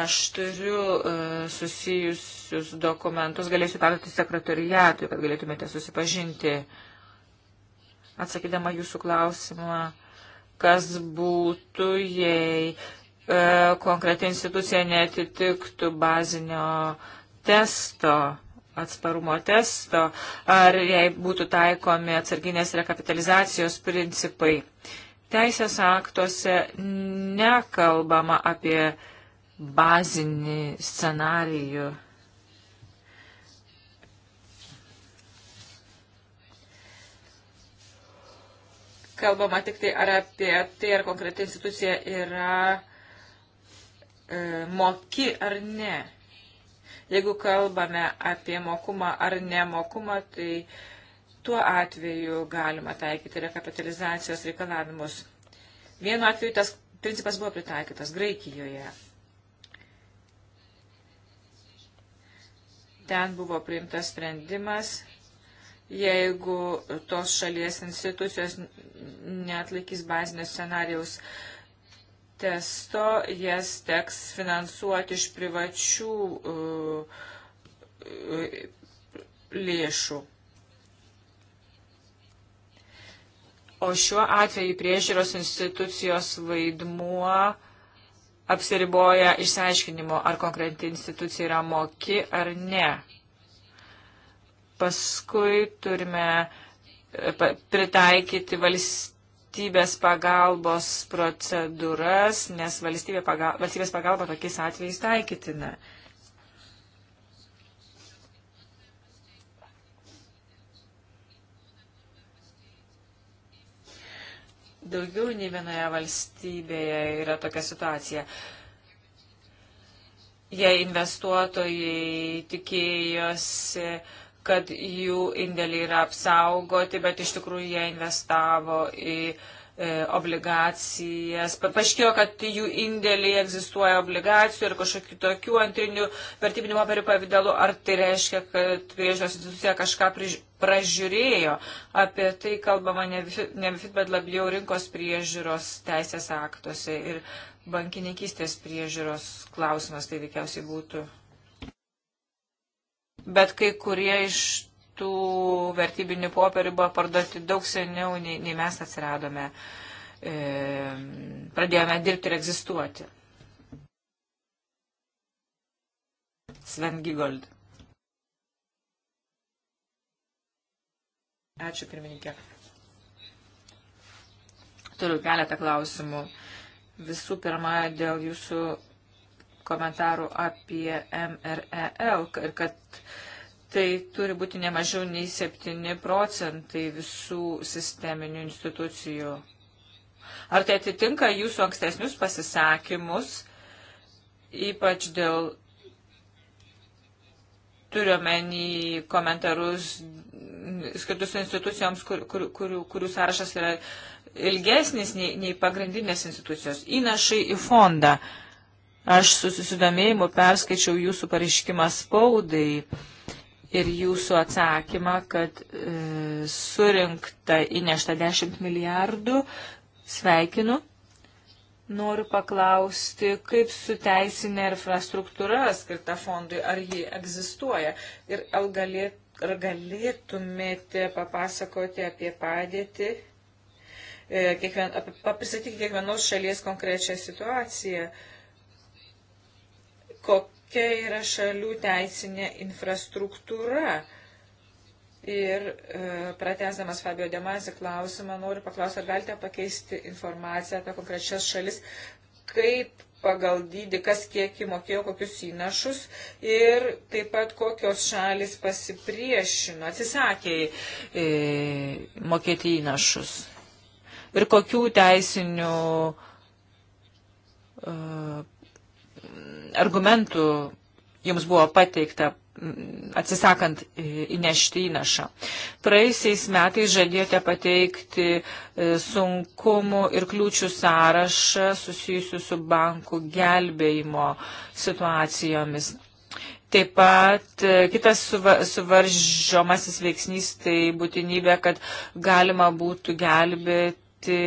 Aš turiu uh, susijusius dokumentus, galėsiu perduoti sekretoriatui, kad galėtumėte susipažinti. Atsakydama jūsų klausimą, kas būtų, jei uh, konkreti institucija netitiktų bazinio testo atsparumo testo, ar jei būtų taikomi atsarginės rekapitalizacijos principai. Uh, teisės aktuose nekalbama apie bazinį scenarijų. Kalbama tik tai ar apie tai, ar konkreti institucija yra e, moki ar ne. Jeigu kalbame apie mokumą ar nemokumą, tai e, Tuo atveju galima taikyti rekapitalizacijos reikalavimus. Vienu atveju tas principas buvo pritaikytas Graikijoje. Ten buvo priimtas sprendimas, jeigu tos šalies institucijos netlaikys bazinio scenarijaus testo, jas teks finansuoti iš privačių uh, uh lėšų. O šiuo atveju priežiūros institucijos vaidmuo apsiriboja išsiaiškinimo, ar konkreti institucija yra moki ar ne. Paskui turime e, pritaikyti valstybės pagalbos procedūras, nes valstybė pagal, valstybės pagalba tokiais atvejais taikytina. Daugiau nei vienoje valstybėje yra tokia situacija. Jei investuotojai tikėjosi, kad jų indėliai yra apsaugoti, bet iš tikrųjų jie investavo į uh, E, obligacijas. Paaiškėjo, kad jų indėliai egzistuoja obligacijų ir kažkokių tokių antrinių vertybinių popierių pavydalu. Ar tai reiškia, kad priežiūros institucija kažką pražiūrėjo? Apie tai kalbama ne MFIT, bet labiau rinkos priežiūros teisės aktuose ir bankininkystės priežiūros klausimas tai veikiausiai būtų. Bet kai kurie iš tų vertybinių popierių buvo parduoti daug seniau, nei, nei mes atsiradome, e, pradėjome dirbti ir egzistuoti. Sven Gigold. Ačiū pirmininkė. Turiu keletą klausimų. Visų pirma, dėl jūsų komentarų apie MREL ir kad Tai turi būti nemažiau nei 7 procentai visų sisteminių institucijų. Ar tai atitinka jūsų ankstesnius pasisakymus, ypač dėl turiuomenį komentarus skirtus institucijoms, kur, kur, kur, kurių sąrašas yra ilgesnis nei, nei pagrindinės institucijos. Įnašai į fondą. Aš su susidomėjimu perskaičiau jūsų pareiškimą spaudai ir jūsų atsakymą, kad e, surinkta įnešta 10 milijardų. Sveikinu. Noriu paklausti, kaip su teisinė infrastruktūra skirta fondui, ar ji egzistuoja ir ar, galėt, ar galėtumėte papasakoti apie padėtį, e, kiekvien, pristatyti kiekvienos šalies konkrečią situaciją, kok, kokia yra šalių teisinė infrastruktūra. Ir e, pratesdamas Fabio Demasi klausimą, noriu paklausti, ar galite pakeisti informaciją apie konkrečias šalis, kaip pagal dydį, kas kiek įmokėjo, kokius įnašus ir taip pat kokios šalis pasipriešino, atsisakė e, mokėti įnašus. Ir kokių teisinių e, argumentų jums buvo pateikta mm, atsisakant e, įnešti įnašą. Praeisiais metais žadėjote pateikti e, sunkumų ir kliūčių sąrašą susijusių su bankų gelbėjimo situacijomis. Taip pat e, kitas suvaržomasis veiksnys tai būtinybė, kad galima būtų gelbėti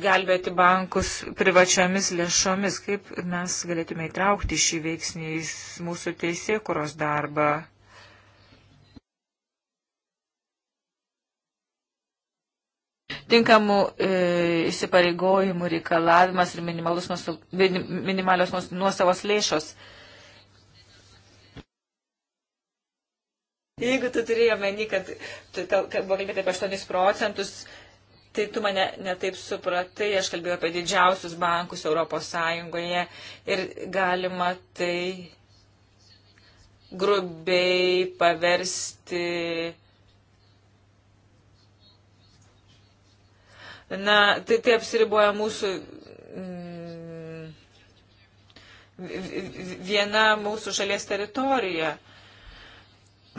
gelbėti bankus privačiomis lėšomis. Kaip mes galėtume įtraukti šį veiksnį į mūsų teisėkuros darbą? Tinkamų e, įsipareigojimų reikalavimas ir nuostav, minimalios nuosavos lėšos. Jeigu tu turėjai omeny, kad, kad buvo kalbėti apie 8 procentus tai tu mane netaip supratai, aš kalbėjau apie didžiausius bankus Europos Sąjungoje ir galima tai grubiai paversti. Na, tai, tai apsiriboja mūsų mm, viena mūsų šalies teritorija.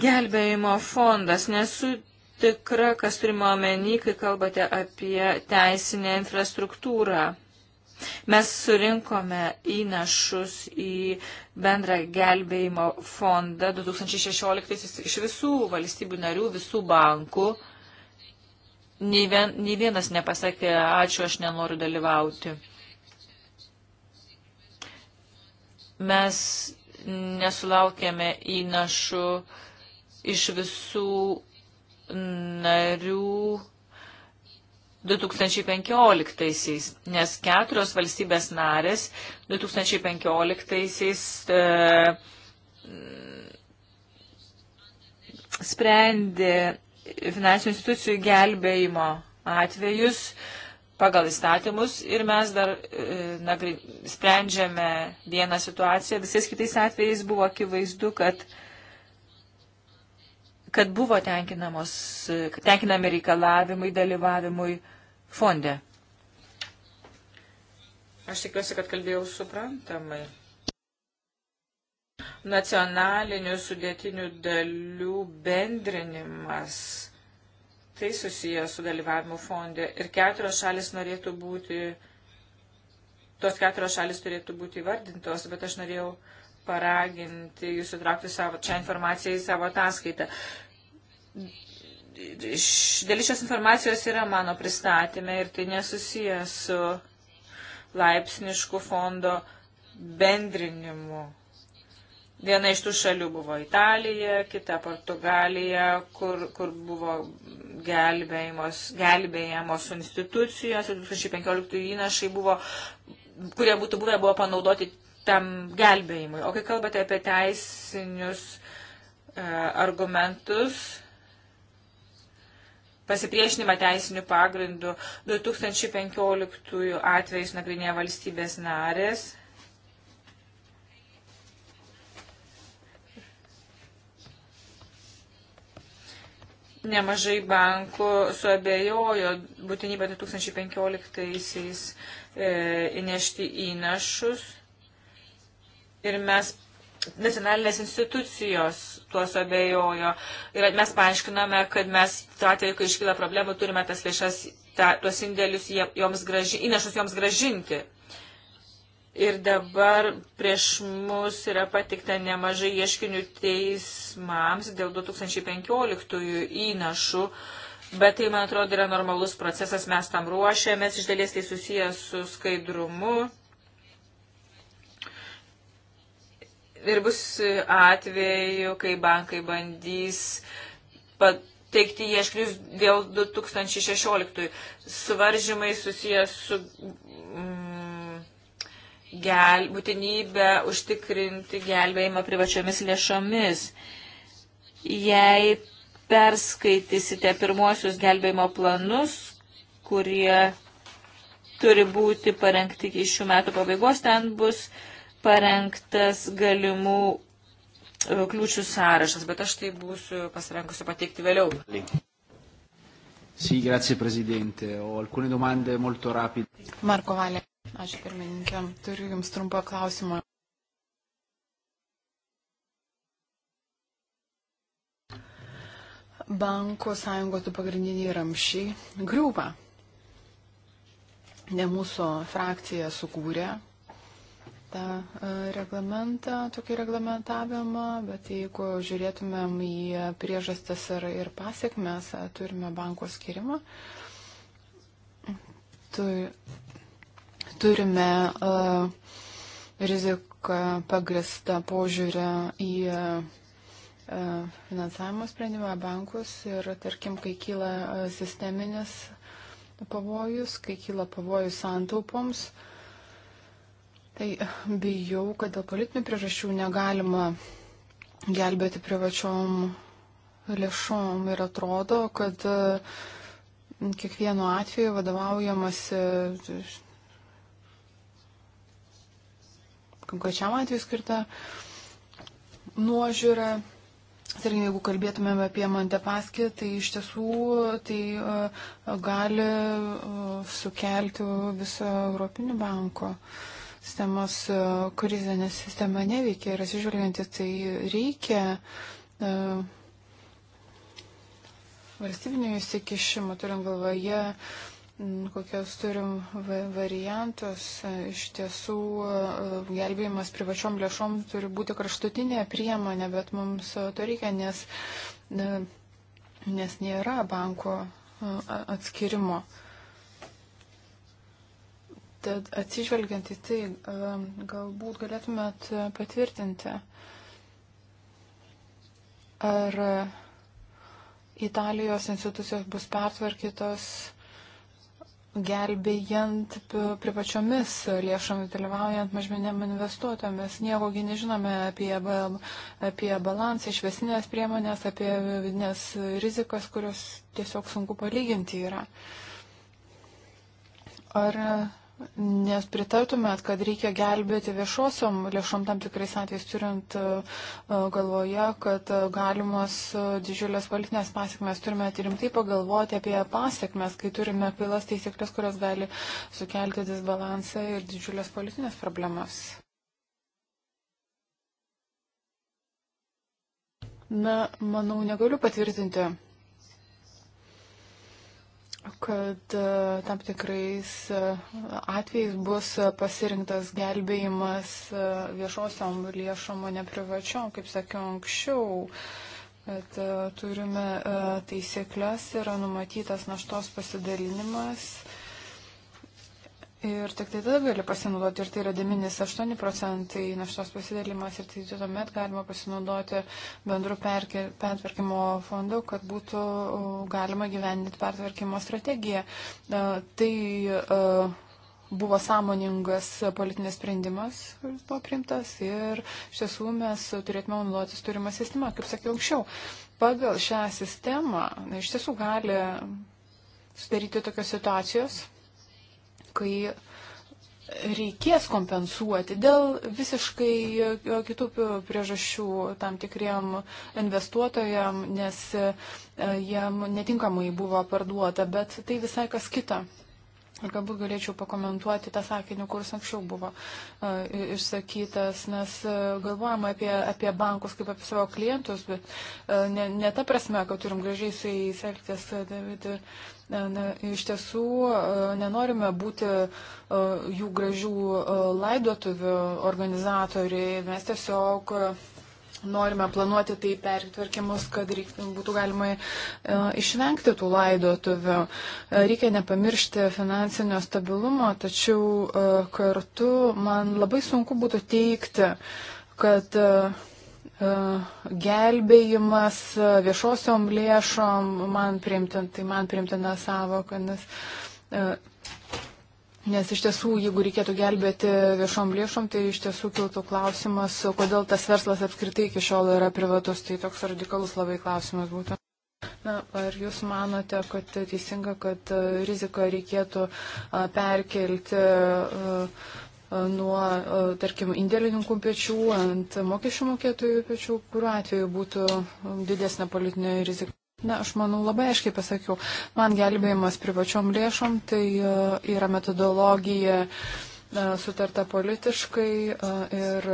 Gelbėjimo fondas. Nesu tikra, kas turima omeny, kai kalbate apie teisinę infrastruktūrą. Mes surinkome įnašus į bendrą gelbėjimo fondą 2016 iš visų valstybių narių, visų bankų. Nei, vien, nei vienas nepasakė, ačiū, aš nenoriu dalyvauti. Mes nesulaukėme įnašų iš visų narių 2015-aisiais, nes keturios valstybės narės 2015-aisiais e, sprendė finansinių institucijų gelbėjimo atvejus pagal įstatymus ir mes dar e, nagri, sprendžiame vieną situaciją. Visais kitais atvejais buvo akivaizdu, kad e, kad buvo tenkinami reikalavimai dalyvavimui fonde. Aš tikiuosi, kad kalbėjau suprantamai. Nacionalinių sudėtinių dalių bendrinimas. Tai susijęs su dalyvavimu fonde. Ir keturios šalis norėtų būti, tos keturios šalis turėtų būti įvardintos, bet aš norėjau paraginti jūs įtraukti savo, čia informaciją į savo ataskaitą. Dalis šios informacijos yra mano pristatymė ir tai nesusiję su laipsnišku fondo bendrinimu. Viena iš tų šalių buvo Italija, kita Portugalija, kur, kur buvo gelbėjamos, gelbėjamos institucijos ir 2015 įnašai buvo, kurie būtų buvę, buvo panaudoti tam gelbėjimui. O kai kalbate apie teisinius e, argumentus, pasipriešinimą teisinių pagrindų. 2015 atvejus nagrinėja valstybės narės. Nemažai bankų suabejojo būtinybę 2015-aisiais e, įnešti įnašus ir mes nacionalinės institucijos tuos abejojo. Ir mes paaiškiname, kad mes tuo atveju, kai iškyla problemų, turime tas lėšas, ta, tuos indėlius joms graži, įnešus joms gražinti. Ir dabar prieš mus yra patikta nemažai ieškinių teismams dėl 2015 įnašų, bet tai, man atrodo, yra normalus procesas, mes tam ruošiamės, iš dalies tai susijęs su skaidrumu ir bus atveju, kai bankai bandys pateikti ieškinius dėl 2016 suvaržymai susijęs su mm, gel, būtinybė užtikrinti gelbėjimą privačiomis lėšomis. Jei perskaitysite pirmosius gelbėjimo planus, kurie turi būti parengti iki šių metų pabaigos, ten bus uh, parengtas galimų e, kliūčių sąrašas, bet aš tai būsiu pasirenkusi pateikti vėliau. Sì, grazie Presidente. Ho alcune domande molto rapide. Marko Valė, ačiū pirmininkė. Turiu Jums trumpą klausimą. Bankų sąjungos du pagrindiniai ramšiai griūva. Ne mūsų frakcija sukūrė tą e, reglamentą, tokį reglamentavimą, bet jeigu žiūrėtumėm į priežastis ir, ir pasiekmes, e, turime banko skirimą, tu, turime uh, riziką pagristą požiūrę į uh, finansavimo sprendimą bankus ir, tarkim, kai kyla uh, sisteminis pavojus, kai kyla pavojus santaupoms, uh, Tai bijau, kad dėl politinių priežasčių negalima gelbėti privačiom lėšom ir atrodo, kad e, kiekvienu atveju vadovaujamasi konkrečiam atveju skirta nuožiūra. Ir jeigu kalbėtumėm apie Montepaskį, tai iš tiesų tai uh, gali uh, sukelti viso Europinio banko uh, sistemos, e, krizinė sistema neveikia ir atsižvelgianti tai reikia e, valstybinio įsikišimo, turim galvoje, kokios turim variantus. E, iš tiesų, gelbėjimas privačiom lėšom turi būti kraštutinė priemonė, bet mums to reikia, nes, nes nėra banko atskirimo. Tad atsižvelgiant į tai, um, galbūt galėtumėt uh, patvirtinti, ar uh, Italijos institucijos bus pertvarkytos gelbėjant privačiomis lėšomis, dalyvaujant mažmenėm investuotomis. Niekogi nežinome apie, apie balansą, išvesinės priemonės, apie vidinės rizikas, kurios tiesiog sunku palyginti yra. Ar Nes pritartumėt, kad reikia gelbėti viešosiom lėšom tam tikrais atvejais, turint e, e, galvoje, kad e, galimas didžiulės politinės pasiekmes turime tai rimtai pagalvoti apie pasiekmes, kai turime pilas teisiklės, kurios gali sukelti disbalansą ir didžiulės politinės problemas. Na, manau, negaliu patvirtinti kad e, tam tikrais e, atvejais bus pasirinktas gelbėjimas e, viešosiom lėšom, o ne privačiom, kaip sakiau anksčiau. Bet turime taisyklės, yra numatytas naštos pasidalinimas Ir tik tai tada gali pasinaudoti, ir tai yra 9-8 procentai naštos pasidalimas, ir tai tuomet galima pasinaudoti bendru pertvarkymo fondu, kad būtų galima gyvendinti pertvarkymo strategiją. Tai buvo sąmoningas politinis sprendimas, kuris buvo priimtas, ir iš tiesų mes turėtume naudotis turimą sistemą, kaip sakiau anksčiau. Pagal šią sistemą iš tiesų gali sudaryti tokios situacijos kai reikės kompensuoti dėl visiškai kitų priežasčių tam tikriem investuotojam, nes e, jam netinkamai buvo parduota, bet tai visai kas kita. Ir galbūt galėčiau pakomentuoti tą sakinį, kuris anksčiau buvo uh, išsakytas, nes uh, e, galvojam apie, apie bankus kaip apie savo klientus, bet uh, ne, ne ta prasme, kad turim gražiai su jais elgtis, bet, Na, iš tiesų e, nenorime būti e, jų gražių e, laidotuvių organizatoriai, mes tiesiog norime planuoti tai pertvarkymus, kad reik, būtų galima e, išvengti tų laidotuvių. Reikia nepamiršti finansinio stabilumo, tačiau e, kartu man labai sunku būtų teikti, kad e, E, gelbėjimas viešosiom lėšom, man primtin, tai man primtina savoka, nes, e, nes iš tiesų, jeigu reikėtų gelbėti viešom lėšom, tai iš tiesų kiltų klausimas, kodėl tas verslas apskritai iki šiol yra privatus, tai toks radikalus labai klausimas būtų. Na, ar jūs manote, kad teisinga, kad e, riziką reikėtų perkelti nuo, e, tarkim, indėlininkų pečių ant mokesčių mokėtojų pečių, kuriuo atveju būtų didesnė politinė rizika. Na, aš manau, labai aiškiai pasakiau, man gelbėjimas privačiom lėšom tai e, yra metodologija e, sutarta politiškai ir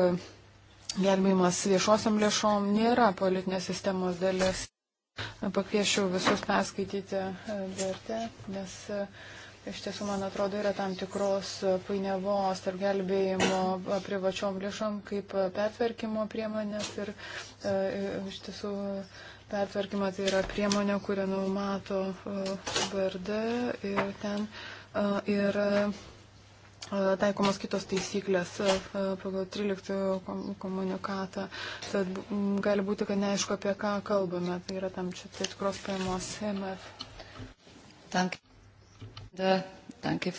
gelbėjimas viešosiam lėšom nėra politinės sistemos dalis. Pakviešiau visus perskaityti vertę, nes. Uh, Iš tiesų, man atrodo, yra tam tikros painiavos tarp gelbėjimo privačiom lėšom kaip pertvarkymo priemonės ir e, e, iš tiesų pertvarkymo tai yra priemonė, kurią numato e, BRD ir ten yra taikomos kitos taisyklės pagal 13 komunikatą. Tad gali būti, kad neaišku, apie ką kalbame. Tai yra tam čia tai tikros paėmos MF. Danke. Ačiū,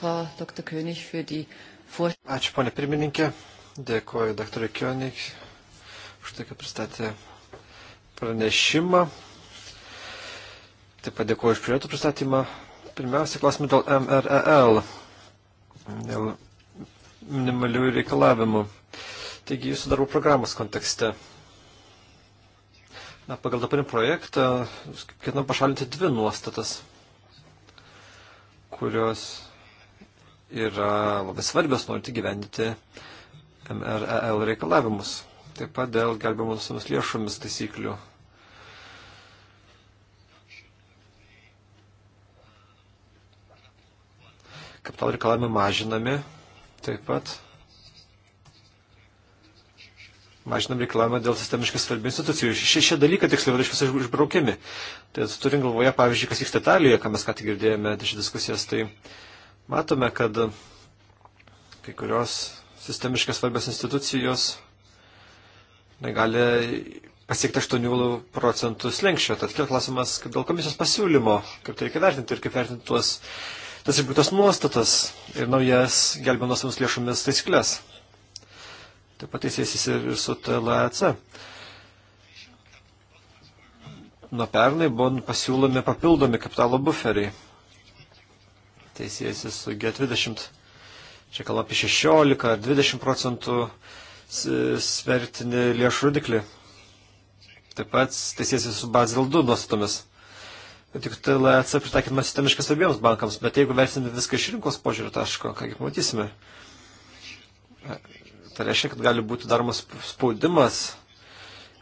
ponė pirmininkė. Dėkuoju daktarui Kionik už tai, kad pristatė pranešimą. Taip pat dėkuoju už priorėtų pristatymą. Pirmiausia, klausimai dėl MREL, dėl minimalių reikalavimų. Taigi, jūsų darbo programos kontekste. Na, pagal dabartinį projektą ketinam pašalinti dvi nuostatas kurios yra labai svarbios norint įgyvendinti MREL reikalavimus. Taip pat dėl gelbimusiams lėšomis taisyklių. Kapitalo reikalavimai mažinami taip pat mažinam reikalavimą dėl sistemiškai svarbių institucijų. Šie, šie dalykai tiksliau yra iš viso išbraukiami. Tai turint galvoje, pavyzdžiui, kas vyksta Italijoje, ką mes ką tik girdėjome iš diskusijos, tai matome, kad kai kurios sistemiškai svarbios institucijos negali pasiekti 8 procentų slengščio. Tad kiek klausimas dėl komisijos pasiūlymo, kaip tai reikia vertinti ir kaip vertinti tuos tas įbūtas nuostatas ir naujas gelbėnosiams lėšomis taisyklės. Taip pat jis eis ir su TLAC. Nuo pernai buvo pasiūlomi papildomi kapitalo buferiai. Tai siejasi su G20. Čia kalba apie 16 ar 20 procentų svertinį lėšų rodiklį. Taip pat tai siejasi su Basel 2 nuostatomis. Tik TLAC pritaikymas sistemiškas abiems bankams, bet jeigu vertinti viską iš rinkos požiūrio taško, kągi pamatysime. Tai reiškia, kad gali būti daromas spaudimas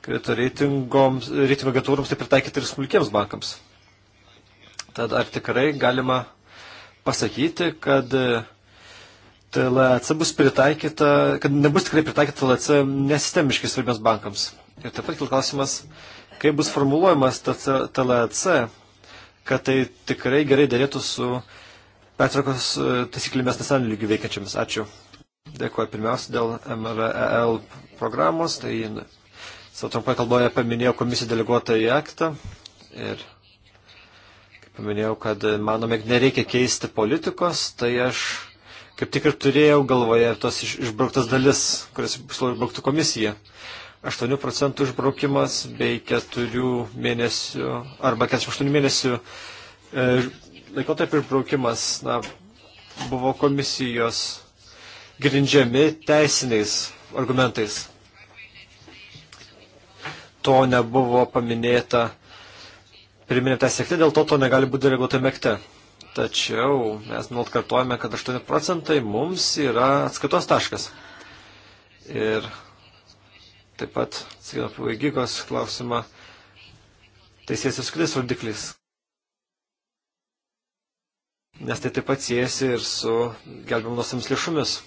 kredito reitingoms, reitingo agentūroms tai pritaikyti ir smulkiems bankams. Tad ar tikrai galima pasakyti, kad TLC bus pritaikyta, kad nebus tikrai pritaikyta TLC nesistemiškai svarbiems bankams. Ir taip pat kil klausimas, kaip bus formuluojamas TLC, kad tai tikrai gerai dėrėtų su pertvarkos e, taisyklėmis nacionaliniu lygiu veikiančiamis. Ačiū. Dėkuoju pirmiausia dėl MREL programos, tai savo trumpai kalboje paminėjau komisiją deleguotą į aktą ir paminėjau, kad manome, kad nereikia keisti politikos, tai aš kaip tik ir turėjau galvoje tos iš, išbrauktas dalis, kurias išbrauktų komisija. 8 procentų išbraukimas bei 4 mėnesių arba 48 mėnesių e, laikotarpio išbraukimas na, buvo komisijos grindžiami teisiniais argumentais. To nebuvo paminėta pirminė teisė akte, dėl to to negali būti reguliuotame akte. Tačiau mes nuolat kartuojame, kad 8 procentai mums yra atskaitos taškas. Ir taip pat, sakykime, vaigygos klausimą, teisės ir skris rodiklis. Nes tai taip pat siejasi ir su gelbimosiams lėšomis.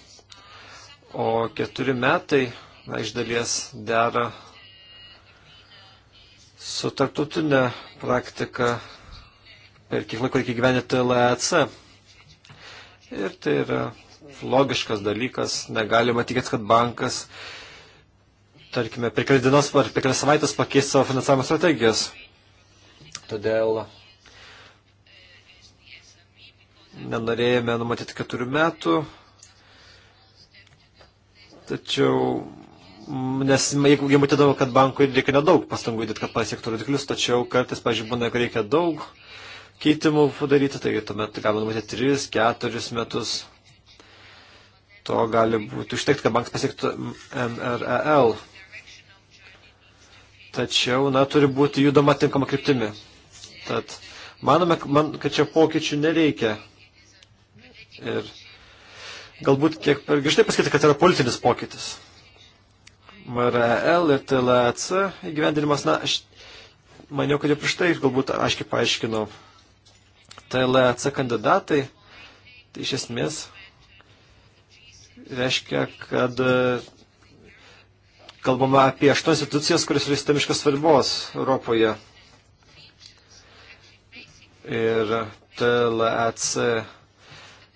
O keturi metai, na, iš dalies dera su tarptautinė praktika, per kiek laiko reikia gyventi LEC. Ir tai yra logiškas dalykas, negalima tikėtis, kad bankas, tarkime, per kelias dienas ar per kelias savaitės pakeis savo finansavimo strategijas. Todėl nenorėjome numatyti keturių metų, Tačiau, nes jeigu jie matydavo, kad bankui reikia nedaug pastangų įdėti, kad pasiektų rodiklius, tačiau kartais, pažiūrėjau, būna, kad reikia daug keitimų padaryti, taigi tuomet galima numatyti 3-4 metus. To gali būti užtekti, kad bankas pasiektų MREL. Tačiau, na, turi būti judama tinkama kryptimi. Tad manome, man, kad čia pokyčių nereikia. Ir galbūt kiek per grįžtai pasakyti, kad yra politinis pokytis. MRL e ir TLC e įgyvendinimas, na, aš maniau, kad jau prieš tai galbūt aiškiai paaiškinau. TLC e kandidatai, tai iš esmės reiškia, kad kalbama apie aštuon institucijas, kuris yra sistemiškas svarbos Europoje. Ir TLC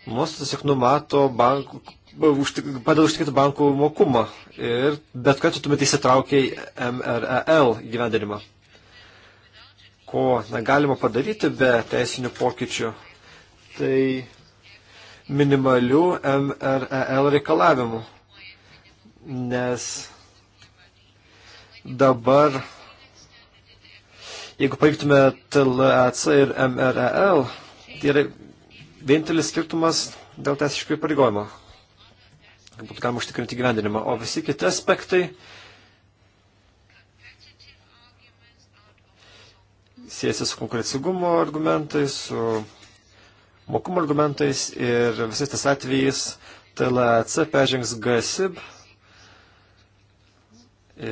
nuostatas, jog numato bankų, padeda užtikrinti bankų mokumą ir bet kad tu tuomet įsitraukia į MREL gyvendinimą. Ko negalima padaryti be teisinių pokyčių, tai minimalių MREL reikalavimų, nes dabar, jeigu paliktume TLAC e ir MREL, tai yra Vienintelis skirtumas dėl teisiškų įpareigojimo. Būtų galima užtikrinti gyvendinimą. O visi kiti aspektai siejasi su konkurencingumo argumentais, su mokumo argumentais ir visais tas atvejais TLAC peržengs GASIB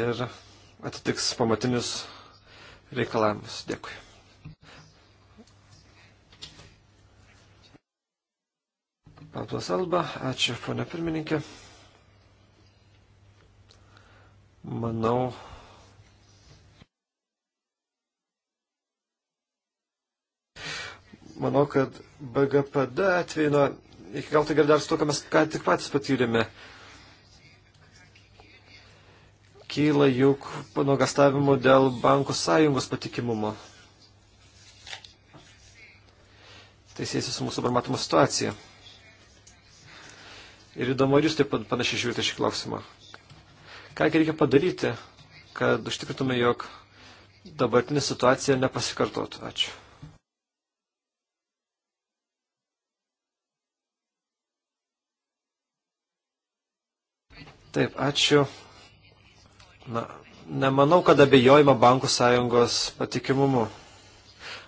ir atitiks pamatinius reikalavimus. Dėkui. Pablas Alba, ačiū, ponė pirmininkė. Manau, manau, kad BGPD atveju, na, iki gal tai gal dar su to, ką mes ką tik patys patyrėme, kyla juk nuogastavimų dėl bankų sąjungos patikimumo. Tai siejasi su mūsų dabar matoma situacija. Ir įdomu, ar jūs taip panašiai žiūrite šį klausimą. Ką reikia padaryti, kad užtikrintume, jog dabartinė situacija nepasikartotų? Ačiū. Taip, ačiū. Na, nemanau, kad abejojama bankų sąjungos patikimumu.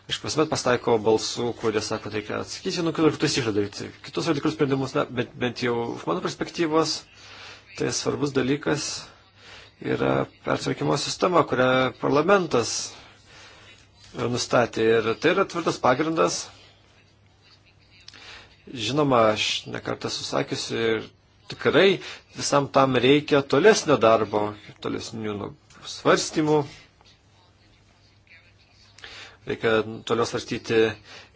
Aišku, visuomet pasitaiko balsų, kurie sako, tai reikia atsakyti nuo kitų ir kitus išdaryti. Kitus radikalius sprendimus, na, bet bent jau iš mano perspektyvos, tai svarbus dalykas yra persirinkimo sistema, kurią parlamentas e, nustatė. Ir tai yra tvirtas pagrindas. Žinoma, aš nekartą susakysiu ir tikrai visam tam reikia tolesnio darbo, tolesnių nu, svarstymų. Reikia toliau svarstyti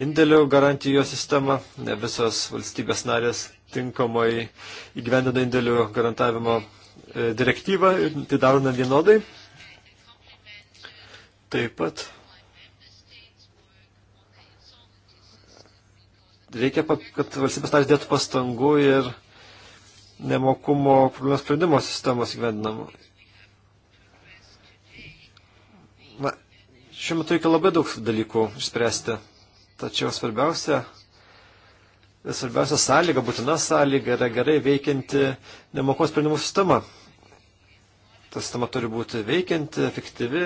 indėlių garantijų sistemą. Ne visos valstybės narės tinkamai įgyvendina indėlių garantavimo e, direktyvą ir tai darome vienodai. Taip pat reikia, kad valstybės narės dėtų pastangų ir nemokumo problemos sprendimo sistemos įgyvendinamų Šiuo metu reikia labai daug dalykų išspręsti. Tačiau svarbiausia, svarbiausia sąlyga, būtina sąlyga yra gerai veikianti nemokos sprendimų sistema. Ta sistema turi būti veikianti, efektyvi.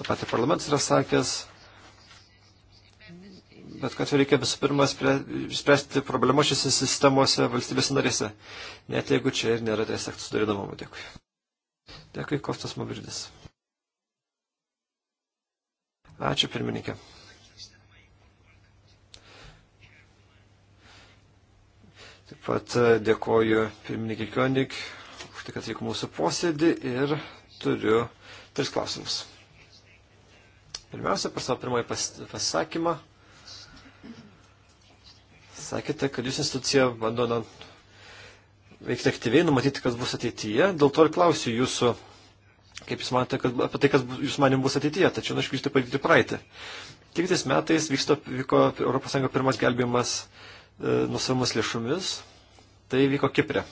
Ta pati parlamentas yra sakęs, bet kad reikia visų pirma spręsti problemas šiose sistemose valstybės narėse, net jeigu čia ir nėra teisės aktų sudarinamumo. Dėkui. Dėkui, Kostas Mavirdis. Ačiū, pirmininkė. Taip pat e, dėkoju pirmininkė Kionik už tai, kad atvyko mūsų posėdį ir turiu tris klausimus. Pirmiausia, per savo pirmąjį pasisakymą sakėte, kad jūs institucija bando veikti aktyviai, numatyti, kas bus ateityje. Dėl to ir klausiu jūsų, kaip jūs manote, kad, apie tai, kas bus, jūs manim bus ateityje, tačiau aš grįžtu pavyti praeitį. Tik tais metais vyksta, vyko ES pirmas gelbėjimas e, nusavimas lėšomis, tai vyko Kiprė.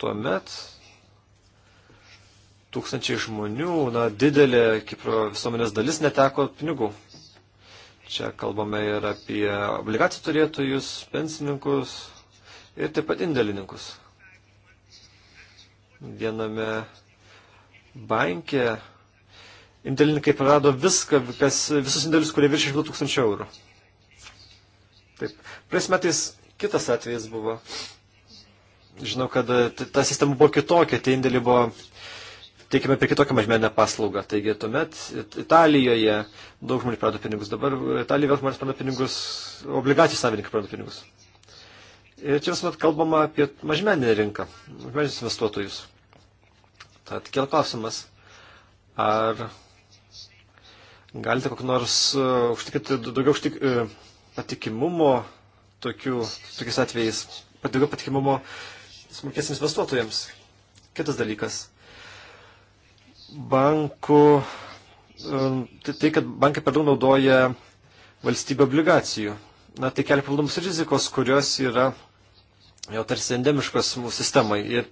Tuomet tūkstančiai žmonių, na, didelė Kipro visuomenės dalis neteko pinigų. Čia kalbame ir apie obligacijų turėtojus, pensininkus, ir taip pat indėlininkus. Viename banke indėlininkai prarado viską, kas, visus indėlius, kurie virš 100 tūkstančių eurų. Taip. Prais metais kitas atvejis buvo. Žinau, kad ta sistema buvo kitokia, tie indėliai buvo teikime per kitokią mažmeninę paslaugą. Taigi tuomet Italijoje daug žmonių prarado pinigus, dabar Italijoje vėl žmonės prarado pinigus, obligacijų savininkai prarado pinigus. Ir čia visuomet kalbama apie mažmeninę rinką, mažmeninius investuotojus. Tad kiel klausimas, ar galite kokį nors uh, užtikrinti daugiau užtik, uh, patikimumo tokių, tokiais atvejais, daugiau patikimumo smulkėsiams investuotojams. Kitas dalykas. Bankų, uh, tai, tai, kad bankai per daug naudoja valstybių obligacijų. Na, tai kelia papildomus rizikos, kurios yra jau tarsi endemiškos mūsų sistemai. Ir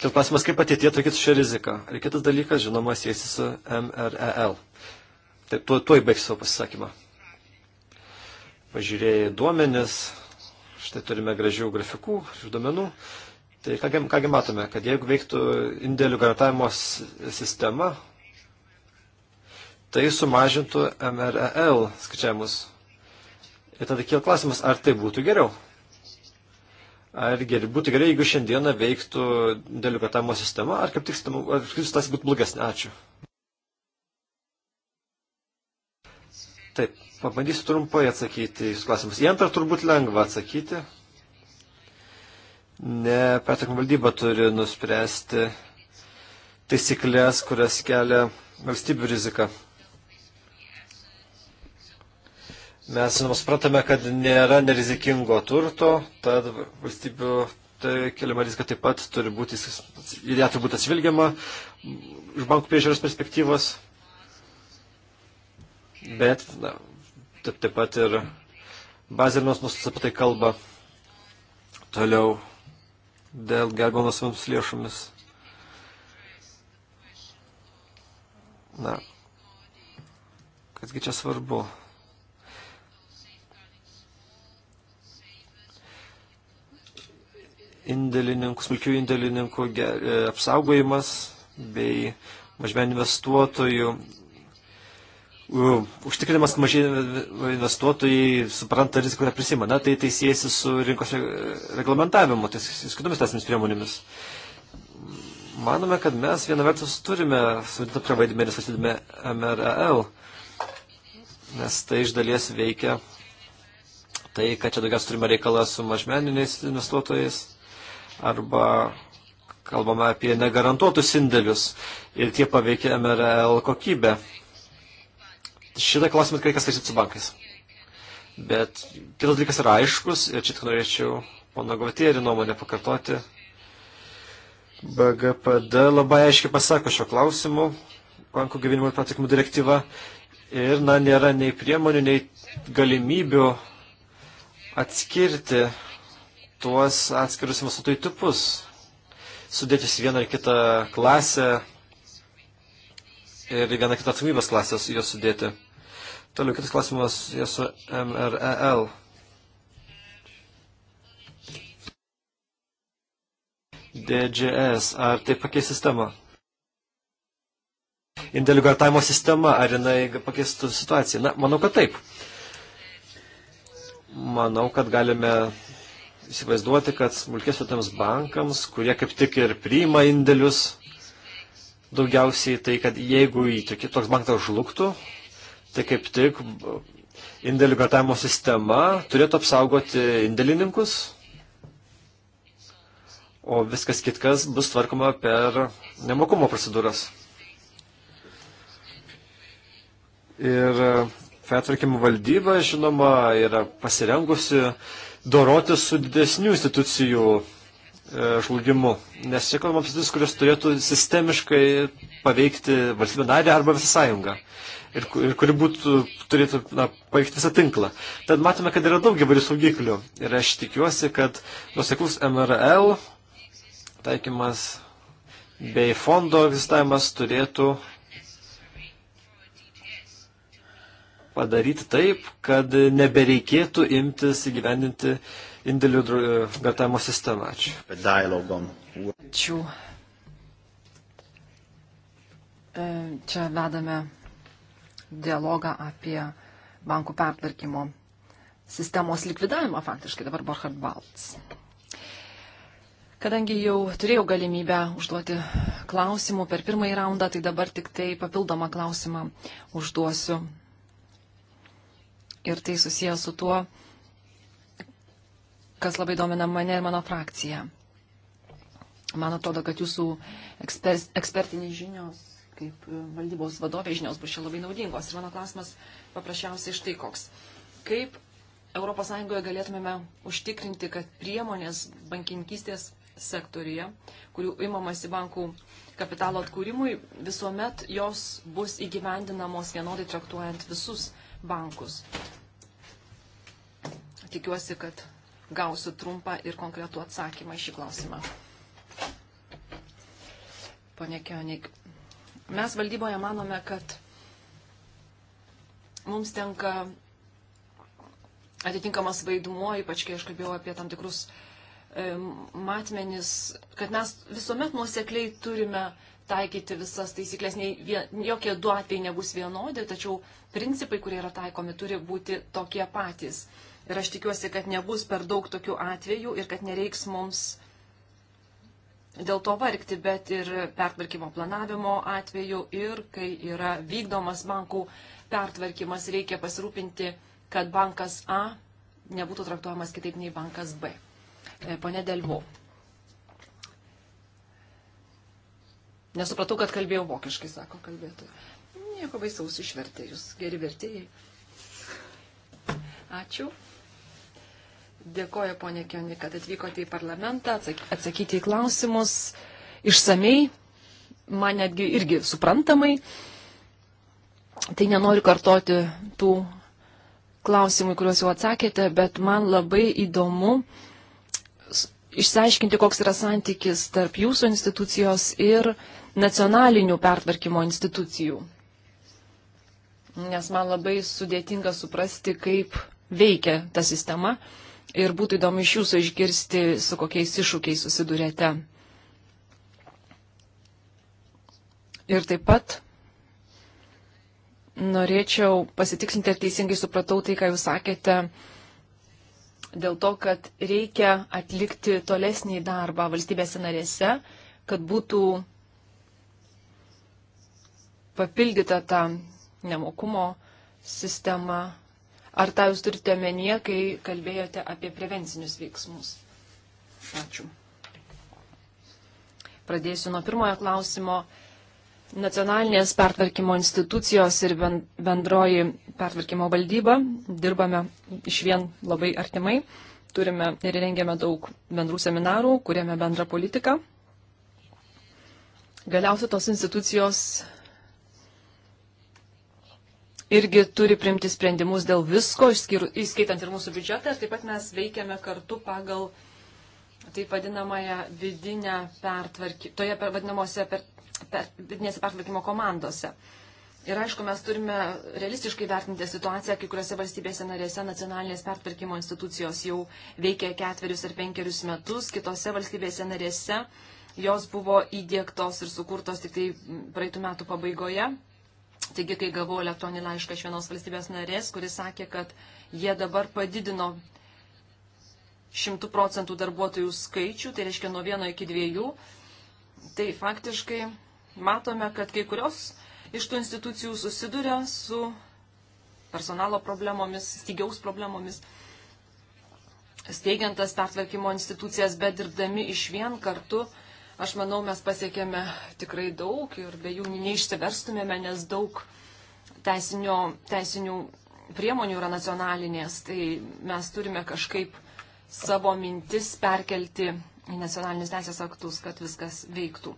kil klausimas, kaip ateitie tokia šią riziką. Ir kitas dalykas, žinoma, siejasi su MREL. Taip, tuo, tuo įbaigsiu savo pasisakymą. Pažiūrėjai duomenis, štai turime gražių grafikų iš duomenų. Tai kągi, kągi matome, kad jeigu veiktų indėlių garantavimo sistema, tai sumažintų MREL skaičiavimus. Ir tada kyla klausimas, ar tai būtų geriau. Ar geri, būtų gerai, jeigu šiandieną veiktų dėlių katavimo sistema, ar kaip tik situacija būtų blogesnė? Ačiū. Taip, pabandysiu trumpai atsakyti į jūsų klausimus. Į antrą turbūt lengva atsakyti. Ne, pertekmo valdyba turi nuspręsti taisyklės, kurias kelia valstybių rizika. Mes žinoma supratome, kad nėra nerizikingo turto, tad valstybių tai keliama rizika taip pat turi būti, į ją turi būti atsvilgiama iš bankų priežiūros perspektyvos. Bet na, taip, taip pat ir bazirnos nustatas apie tai kalba toliau dėl gerbonos mums lėšomis. Na, kasgi čia svarbu? indėlininkų, smulkių indėlininkų e, apsaugojimas bei mažmenį investuotojų. Užtikrinimas mažai investuotojai supranta riziką, kurią prisima. Na, tai tai siejasi su rinkos reglamentavimu, tai su kitomis teisinėmis priemonėmis. Manome, kad mes vieną vertus turime sudėtą pravaidmenį, sakydami MRL, nes tai iš dalies veikia tai, kad čia daugiausia turime reikalą su mažmeniniais investuotojais arba kalbame apie negarantuotus indėlius ir tie paveikia MRL kokybę. Šitą klausimą tikrai kas svarstyti su bankais. Bet kitas dalykas yra aiškus ir čia tik norėčiau pono Gautierį nuomonę pakartoti. BGPD labai aiškiai pasako šio klausimu, bankų gyvenimo ir patikimų direktyva ir na, nėra nei priemonių, nei galimybių atskirti tuos atskirus investuotojų tipus, sudėtis vieną ar kitą klasę ir vieną kitą atsakymybės klasę juos sudėti. Toliau kitas klausimas jie su MREL. DGS, ar tai pakeis sistemą? Indėlių garantavimo sistema, ar jinai pakeistų situaciją? Na, manau, kad taip. Manau, kad galime įsivaizduoti, kad smulkėsiotėms bankams, kurie kaip tik ir priima indėlius, daugiausiai tai, kad jeigu toks bankas žlugtų, tai kaip tik indėlių garantavimo sistema turėtų apsaugoti indėlininkus, o viskas kitkas bus tvarkoma per nemokumo procedūras. Ir pertvarkymų e, valdyba, žinoma, yra pasirengusi dorotis su didesnių institucijų e, žlugimu. Nes čia kalbam apie institucijas, kurios turėtų sistemiškai paveikti valstybę narę arba visą sąjungą. Ir, ir kuri būtų, turėtų na, paveikti visą tinklą. Tad matome, kad yra daug įvairių saugiklių. Ir aš tikiuosi, kad nuseklus MRL taikymas bei fondo egzistavimas turėtų padaryti taip, kad nebereikėtų imtis įgyvendinti indėlių gatavimo sistemą. Ačiū. Ačiū. E, čia vedame dialogą apie bankų pertvarkymo sistemos likvidavimą faktiškai dabar Borchard Balts. Kadangi jau turėjau galimybę užduoti klausimų per pirmąjį raundą, tai dabar tik tai papildomą klausimą užduosiu ir tai susijęs su tuo, kas labai domina mane ir mano frakciją. Man atrodo, kad jūsų eksper, ekspertinės žinios, kaip valdybos vadovės žinios, bus čia labai naudingos. Ir mano klausimas paprasčiausiai štai koks. Kaip ES galėtumėme užtikrinti, kad priemonės bankininkystės sektorija, kurių imamasi bankų kapitalo atkūrimui, visuomet jos bus įgyvendinamos vienodai traktuojant visus bankus. Tikiuosi, kad gausiu trumpą ir konkretų atsakymą į šį klausimą. Pone Kionik, mes valdyboje manome, kad mums tenka atitinkamas vaidmuo, ypač kai aš kalbėjau apie tam tikrus e, matmenis, kad mes visuomet nuosekliai turime uh, taikyti visas taisyklės, nei, jokie du atvejai nebus vienodi, tačiau principai, kurie yra taikomi, turi būti tokie patys. Ir aš tikiuosi, kad nebus per daug tokių atvejų ir kad nereiks mums dėl to vargti, bet ir pertvarkymo planavimo atveju ir kai yra vykdomas bankų pertvarkymas, reikia pasirūpinti, kad bankas A nebūtų traktuojamas kitaip nei bankas B. E, pone Delvo. Nesupratau, kad kalbėjau vokiškai, sako kalbėtoja. Nieko baisaus išvertė jūs, geri vertėjai. Ačiū. Dėkoju, ponė Kionė, kad atvykote į parlamentą atsakyti į klausimus išsamei, man netgi irgi suprantamai. Tai nenoriu kartoti tų klausimų, kuriuos jau atsakėte, bet man labai įdomu išsiaiškinti, koks yra santykis tarp jūsų institucijos ir uh, nacionalinių pertvarkymo institucijų. Nes man labai sudėtinga suprasti, kaip veikia ta sistema ir būtų įdomu iš jūsų išgirsti, su kokiais iššūkiais susidurėte. Ir taip pat norėčiau pasitikslinti, ar teisingai supratau tai, ką jūs sakėte, dėl to, kad reikia atlikti tolesnį darbą valstybėse narėse, kad būtų papildyta ta nemokumo sistema? Ar tą jūs turite menyje, kai kalbėjote apie prevencinius veiksmus? Ačiū. Pradėsiu nuo pirmojo klausimo. Nacionalinės pertvarkymo institucijos ir bendroji pertvarkymo valdyba dirbame iš vien labai artimai. Turime ir rengiame daug bendrų seminarų, kuriame bendrą politiką. Galiausiai tos institucijos irgi turi primti sprendimus dėl visko, įskaitant ir mūsų biudžetą. Ir taip pat mes veikiame kartu pagal taip vadinamąją vidinę pertvarkymą, toje per vadinamosi per, per, vidinėse pertvarkymo komandose. Ir aišku, mes turime realistiškai vertinti situaciją, kai kuriuose valstybėse narėse nacionalinės pertvarkymo institucijos jau veikia ketverius ar penkerius metus, kitose valstybėse narėse jos buvo įdėktos ir sukurtos tik tai praeitų metų pabaigoje. Taigi, kai gavau elektroninį laišką iš vienos valstybės narės, kuris sakė, kad jie dabar padidino 100 procentų darbuotojų skaičių, tai reiškia nuo vieno iki dviejų, tai faktiškai matome, kad kai kurios iš tų institucijų susiduria su personalo problemomis, stygiaus problemomis, steigiantas pertvarkymo institucijas, bet dirbdami iš vien kartu Aš manau, mes pasiekėme tikrai daug ir be jų neišsiverstumėme, nes daug teisinio, teisinių priemonių yra nacionalinės. Tai mes turime kažkaip savo mintis perkelti į nacionalinius teisės aktus, kad viskas veiktų.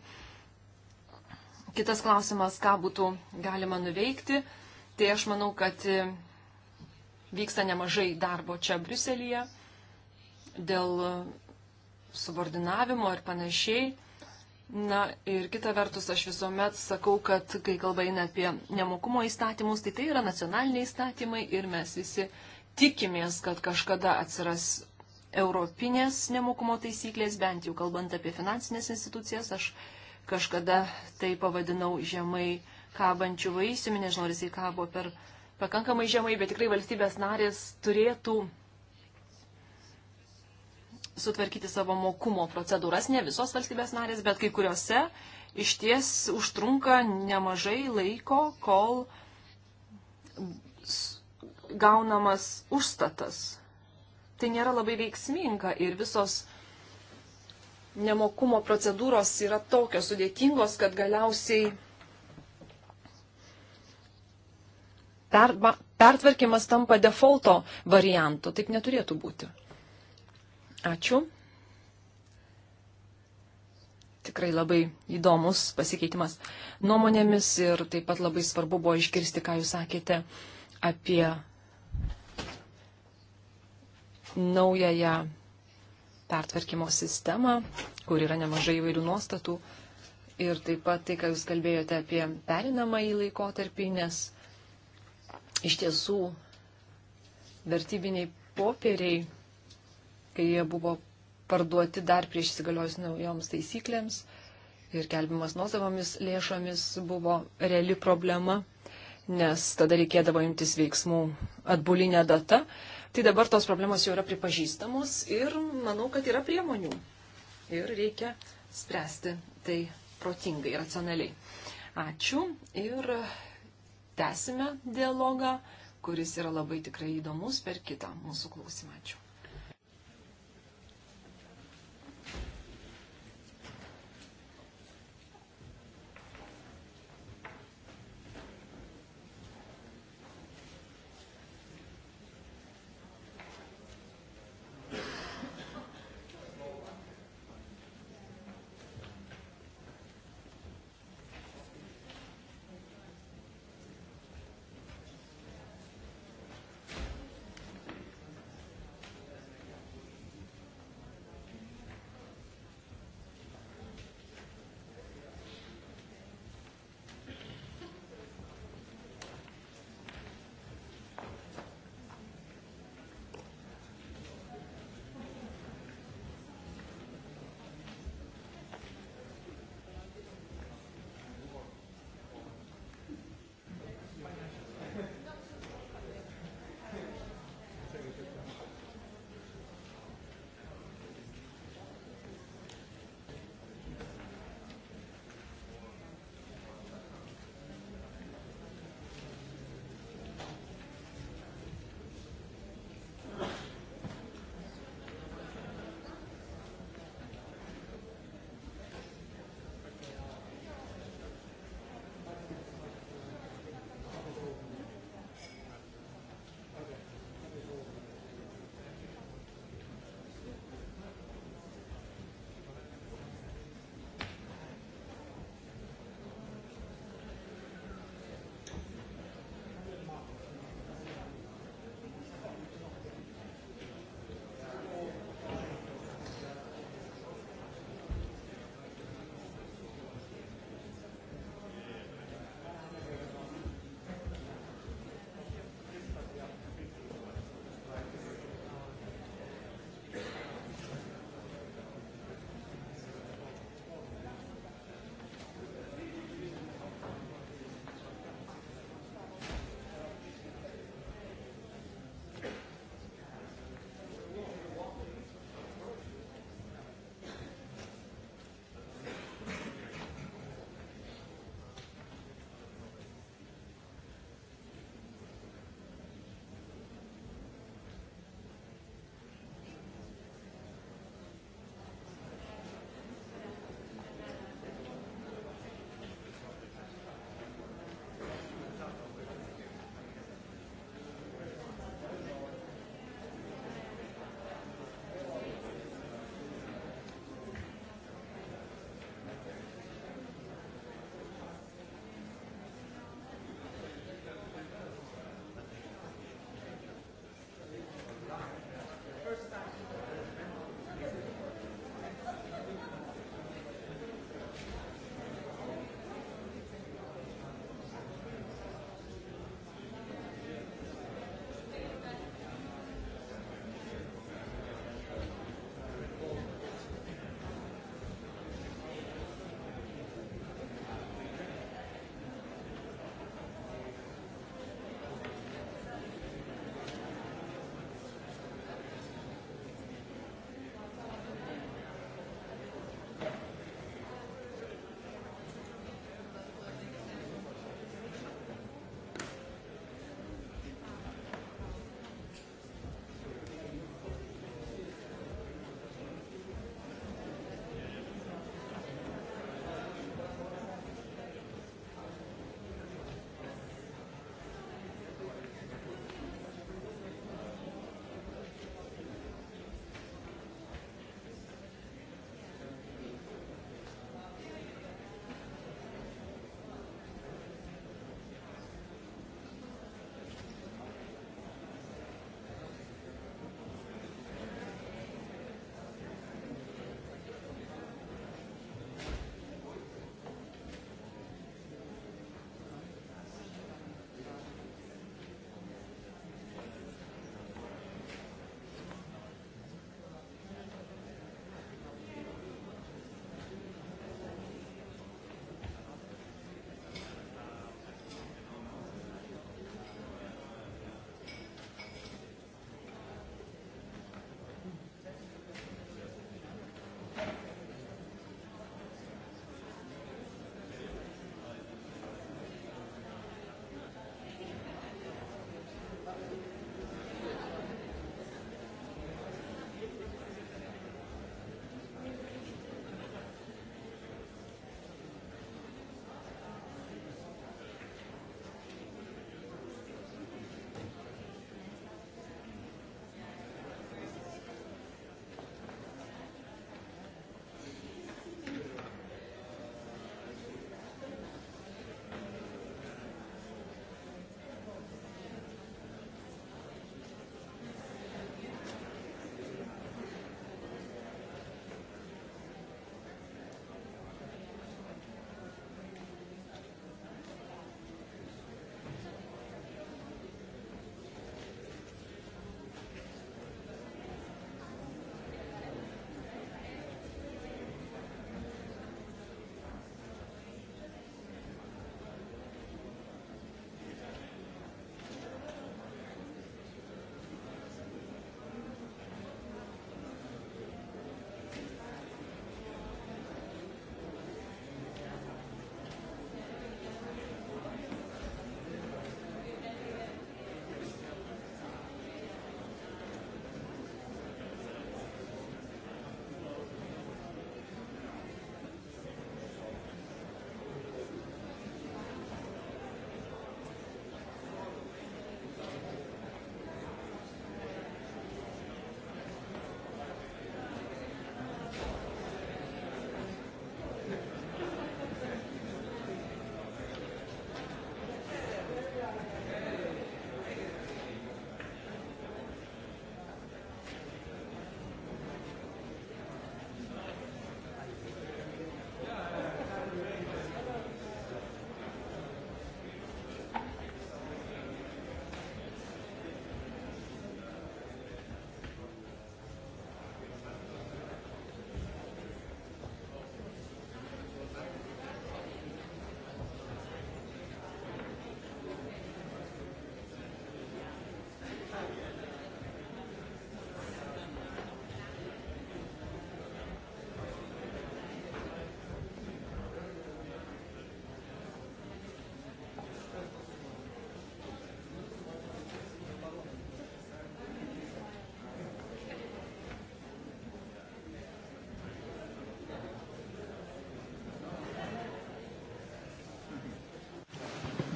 Kitas klausimas, ką būtų galima nuveikti, tai aš manau, kad vyksta nemažai darbo čia Briuselėje dėl subordinavimo ir panašiai. Na ir kita vertus, aš visuomet sakau, kad kai kalba eina apie nemokumo įstatymus, tai tai yra nacionaliniai įstatymai ir mes visi tikimės, kad kažkada atsiras europinės nemokumo taisyklės, bent jau kalbant apie finansinės institucijas. Aš kažkada tai pavadinau žemai kabančių vaisiumi, nežinau, ar jisai kabo per pakankamai žemai, bet tikrai valstybės narės turėtų sutvarkyti savo mokumo procedūras. Ne visos valstybės narės, bet kai kuriuose iš ties užtrunka nemažai laiko, kol gaunamas užstatas. Tai nėra labai veiksminga ir visos nemokumo procedūros yra tokios sudėtingos, kad galiausiai per, pertvarkymas tampa defaulto variantu. Taip neturėtų būti. Ačiū. Tikrai labai įdomus pasikeitimas nuomonėmis ir taip pat labai svarbu buvo išgirsti, ką jūs sakėte apie naująją pertvarkymo sistemą, kur yra nemažai įvairių nuostatų. Ir taip pat tai, ką Jūs kalbėjote apie perinamąjį laikotarpį, nes iš tiesų vertybiniai popieriai kai jie buvo parduoti dar prieš įsigaliojus naujoms taisyklėms ir kelbimas nuosavomis lėšomis buvo reali problema, nes tada reikėdavo imtis veiksmų atbulinę datą. Tai dabar tos problemos jau yra pripažįstamos ir manau, kad yra priemonių. Ir reikia spręsti tai protingai, racionaliai. Ačiū ir tęsime dialogą, kuris yra labai tikrai įdomus per kitą mūsų klausimą. Ačiū.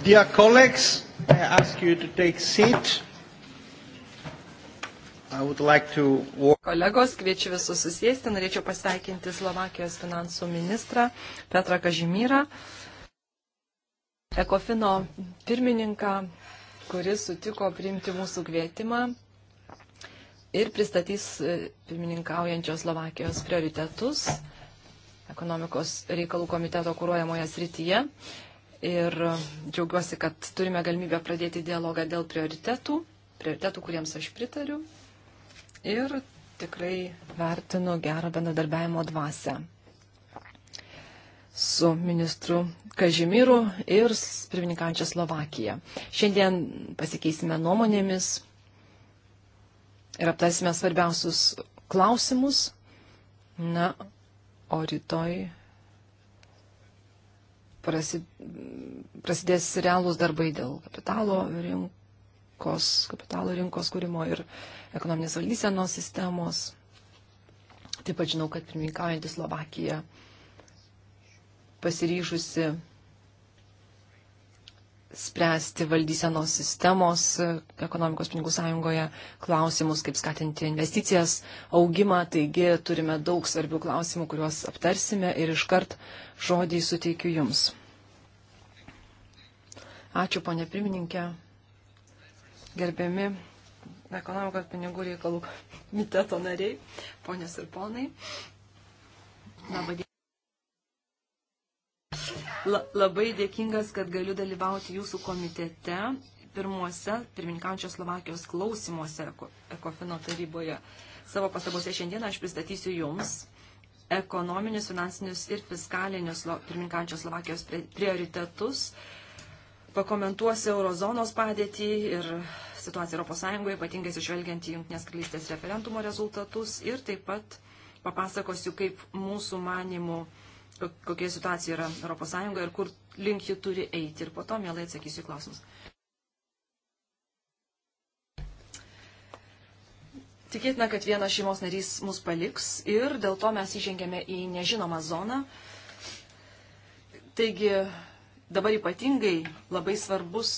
Dear colleagues, I ask you to take seat. I would like to... Kolegos, kviečiu visus susėsti. Norėčiau pasveikinti Slovakijos finansų ministrą Petrą Kažimyrą, Ekofino pirmininką, kuris sutiko priimti mūsų kvietimą ir pristatys e, pirmininkaujančios Slovakijos prioritetus ekonomikos reikalų komiteto kūruojamoje srityje ir džiaugiuosi, kad turime galimybę pradėti dialogą dėl prioritetų, prioritetų, kuriems aš pritariu. Ir tikrai vertinu gerą bendradarbiavimo dvasę su ministru Kažimiru ir pirmininkančia Slovakija. Šiandien pasikeisime nuomonėmis ir aptarsime svarbiausius klausimus. Na, o rytoj prasidės realūs darbai dėl kapitalo rinkos, kapitalo rinkos kūrimo ir ekonominės valdysenos sistemos. Taip pat žinau, kad pirmininkaujantis Slovakija pasiryžusi spręsti valdysenos sistemos e, ekonomikos pinigų sąjungoje klausimus, kaip skatinti investicijas, augimą. Taigi turime daug svarbių klausimų, kuriuos aptarsime ir iškart žodį suteikiu Jums. Ačiū, ponė pirmininkė. Gerbiami ekonomikos pinigų reikalų komiteto nariai, ponės ir ponai. Labą dieną la, labai dėkingas, kad galiu dalyvauti jūsų komitete pirmuose pirmininkančios Slovakijos klausimuose Ekofino taryboje. Savo pastabose šiandieną aš pristatysiu jums ekonominius, finansinius ir fiskalinius pirmininkančios Slovakijos prioritetus. Pakomentuosiu eurozonos padėtį ir situaciją ES, ypatingai išvelgiant į Junktinės karalystės referendumo rezultatus ir taip pat papasakosiu, kaip mūsų manimų kokia situacija yra ES ir kur link ji turi eiti. Ir po to mielai atsakysiu į klausimus. Tikėtina, kad vienas šeimos narys mus paliks ir dėl to mes įžengėme į nežinomą zoną. Taigi dabar ypatingai labai svarbus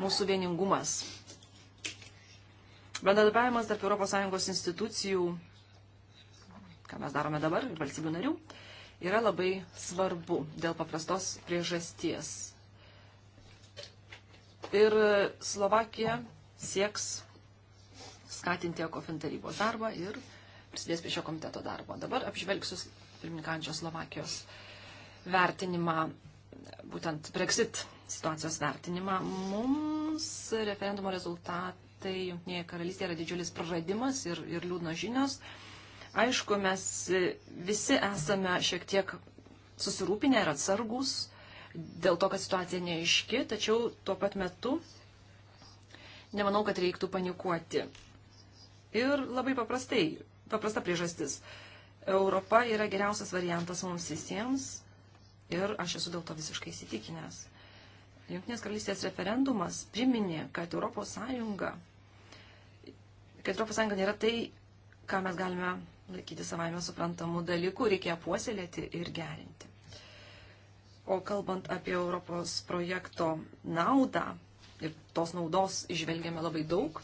mūsų vieningumas. Bendradarbiavimas tarp ES institucijų, ką mes darome dabar, valstybių narių, yra labai svarbu dėl paprastos priežasties. Ir Slovakija sieks skatinti ECOFIN tarybos darbą ir prisidės prie šio komiteto darbo. Dabar apžvelgsiu pirmininkančios Slovakijos vertinimą, būtent Brexit situacijos vertinimą. Mums referendumo rezultatai Junktinėje karalystėje yra didžiulis praradimas ir, ir liūdnos žinios. Uh, Aišku, mes visi esame šiek tiek susirūpinę ir atsargus dėl to, kad situacija neaiški, tačiau tuo pat metu nemanau, kad reiktų panikuoti. Ir labai paprastai, paprasta priežastis. Europa yra geriausias variantas mums visiems ir aš esu dėl to visiškai įsitikinęs. Junktinės karalystės referendumas priminė, kad Europos Sąjunga, kad Europos Sąjunga nėra tai, ką mes galime laikyti savaime suprantamų dalykų, reikia puoselėti ir gerinti. O kalbant apie Europos projekto naudą, ir tos naudos išvelgiame labai daug,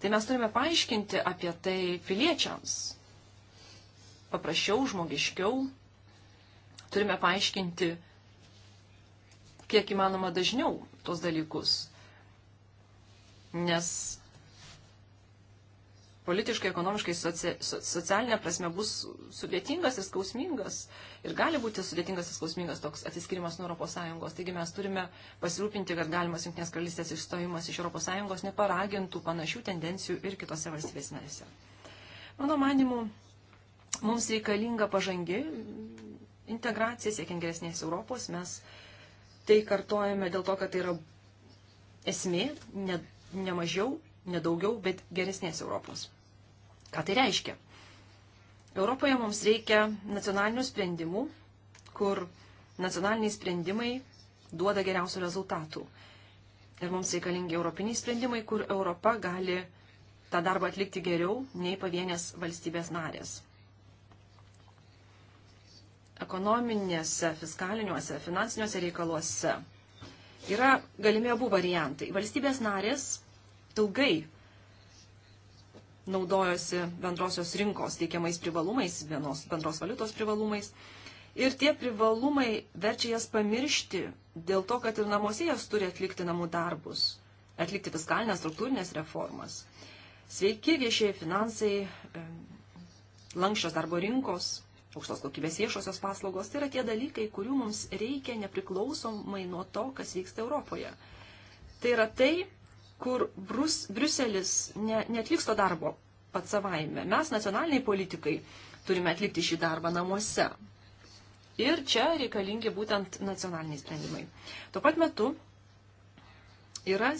tai mes turime paaiškinti apie tai piliečiams. Paprasčiau, žmogiškiau, turime paaiškinti, kiek įmanoma dažniau tos dalykus. Nes politiškai, ekonomiškai, soci, socialinė prasme bus sudėtingas ir skausmingas. Ir gali būti sudėtingas ir skausmingas toks atsiskirimas nuo ES. Taigi mes turime pasirūpinti, kad galimas Junktinės karalystės išstojimas iš ES neparagintų panašių tendencijų ir kitose valstybės narėse. Mano manimu, mums reikalinga pažangi integracija, siekiant geresnės Europos. Mes tai kartojame dėl to, kad tai yra esmė, ne, ne mažiau, ne daugiau, bet geresnės Europos. Ką tai reiškia? Europoje mums reikia nacionalinių sprendimų, kur nacionaliniai sprendimai duoda geriausių rezultatų. Ir mums reikalingi europiniai sprendimai, kur Europa gali tą darbą atlikti geriau nei pavienės valstybės narės. Ekonominėse, fiskaliniuose, finansiniuose reikaluose yra galimi abu variantai. Valstybės narės ilgai naudojosi bendrosios rinkos teikiamais privalumais, vienos bendros valiutos privalumais. Ir tie privalumai verčia jas pamiršti dėl to, kad ir namuose jas turi atlikti namų darbus, atlikti fiskalinės struktūrinės reformas. Sveiki viešieji finansai, lankščios darbo rinkos, aukštos kokybės viešosios paslaugos, tai yra tie dalykai, kurių mums reikia nepriklausomai nuo to, kas vyksta Europoje. Tai yra tai, kur Brus, Briuselis ne, netliks to darbo pats savaime. Mes, nacionaliniai politikai, turime atlikti šį darbą namuose. Ir čia reikalingi būtent nacionaliniai sprendimai. Tuo pat metu yra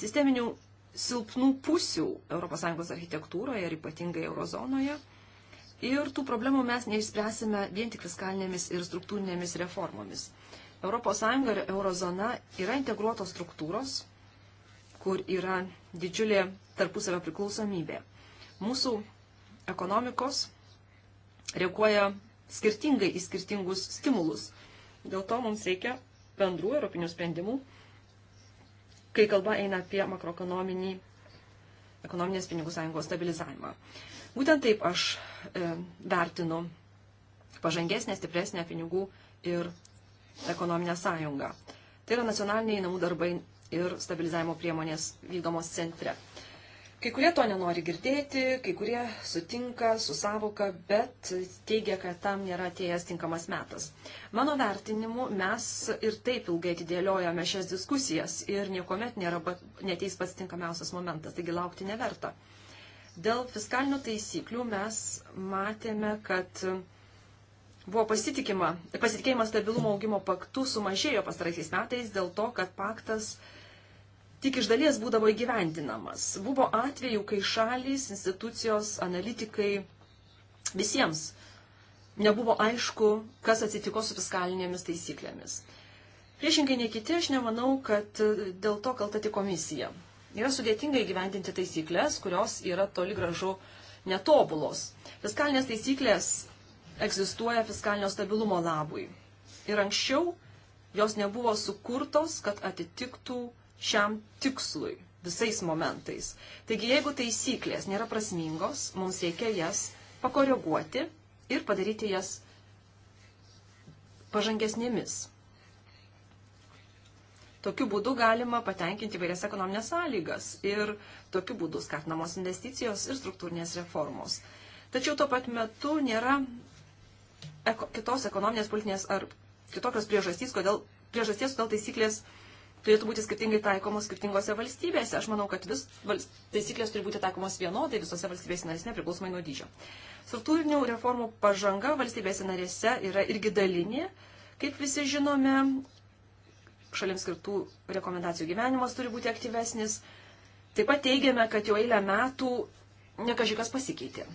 sisteminių silpnų pusių ES architektūroje ir ypatingai eurozonoje. Ir tų problemų mes neišspręsime vien tik fiskalinėmis ir struktūrinėmis reformomis. ES ir eurozona yra integruotos struktūros, kur yra didžiulė tarpusavio priklausomybė. Mūsų ekonomikos reaguoja skirtingai į skirtingus stimulus. Dėl to mums reikia bendrų europinių sprendimų, kai kalba eina apie makroekonominį ekonominės pinigų sąjungos stabilizavimą. Būtent taip aš e, vertinu pažangesnę, stipresnę pinigų ir ekonominę sąjungą. Tai yra nacionaliniai namų darbai ir stabilizavimo priemonės vykdomos centre. Kai kurie to nenori girdėti, kai kurie sutinka su savoka, bet teigia, kad tam nėra atėjęs tinkamas metas. Mano vertinimu, mes ir taip ilgai atidėliojame šias diskusijas ir niekuomet nėra neteis pats tinkamiausias momentas, taigi laukti neverta. Dėl fiskalinių taisyklių mes matėme, kad buvo pasitikima, pasitikėjimas stabilumo augimo paktu sumažėjo pastaraisiais metais dėl to, kad paktas tik iš dalies būdavo įgyvendinamas. Buvo atvejų, kai šalys, institucijos, analitikai visiems nebuvo aišku, kas atsitiko su fiskalinėmis taisyklėmis. Priešingai nei kiti, aš nemanau, kad dėl to kalta tik komisija. Yra sudėtinga įgyvendinti taisyklės, kurios yra toli gražu netobulos. Fiskalinės taisyklės egzistuoja fiskalinio stabilumo labui. Ir anksčiau jos nebuvo sukurtos, kad atitiktų šiam tikslui visais momentais. Taigi, jeigu taisyklės nėra prasmingos, mums reikia jas pakoreguoti ir padaryti jas pažangesnėmis. Tokiu būdu galima patenkinti vairias ekonominės sąlygas ir tokiu būdu skatinamos investicijos ir struktūrinės reformos. Tačiau tuo pat metu nėra eko, kitos ekonominės, politinės ar kitokios priežastys, kodėl, priežasties, kodėl taisyklės turėtų būti skirtingai taikomos skirtingose valstybėse. Aš manau, kad vis vals, taisyklės turi būti taikomos vienodai visose valstybėse narėse, nepriklausomai nuo dydžio. Struktūrinių reformų pažanga valstybėse narėse yra irgi dalinė. Kaip visi žinome, šalims skirtų rekomendacijų gyvenimas turi būti aktyvesnis. Taip pat teigiame, kad jau eilę metų nekažikas pasikeitė.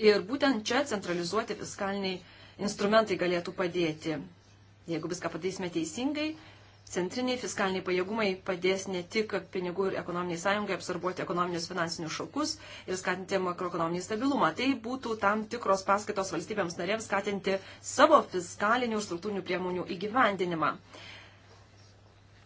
Ir būtent čia centralizuoti fiskaliniai instrumentai galėtų padėti. Jeigu viską padarysime teisingai, centriniai fiskaliniai pajėgumai padės ne tik pinigų ir ekonominiai sąjungai apsarbuoti ekonominius finansinius šokus ir skatinti makroekonominį stabilumą. Tai būtų tam tikros paskaitos valstybėms narėms skatinti savo fiskalinių ir struktūrinių priemonių įgyvendinimą.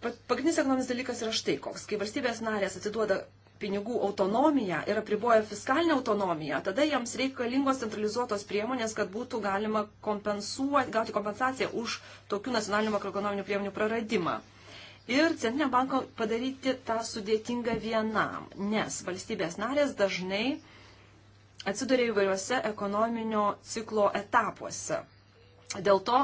Pagrindinis ekonominis dalykas yra štai koks. Kai valstybės narės atiduoda pinigų autonomiją ir apriboja fiskalinę autonomiją, tada jiems reikalingos centralizuotos priemonės, kad būtų galima gauti kompensaciją už tokių nacionalinių makroekonominių priemonių praradimą. Ir Centrinio banko padaryti tą sudėtingą vienam, nes valstybės narės dažnai atsiduria įvairiuose ekonominio ciklo etapuose. Dėl to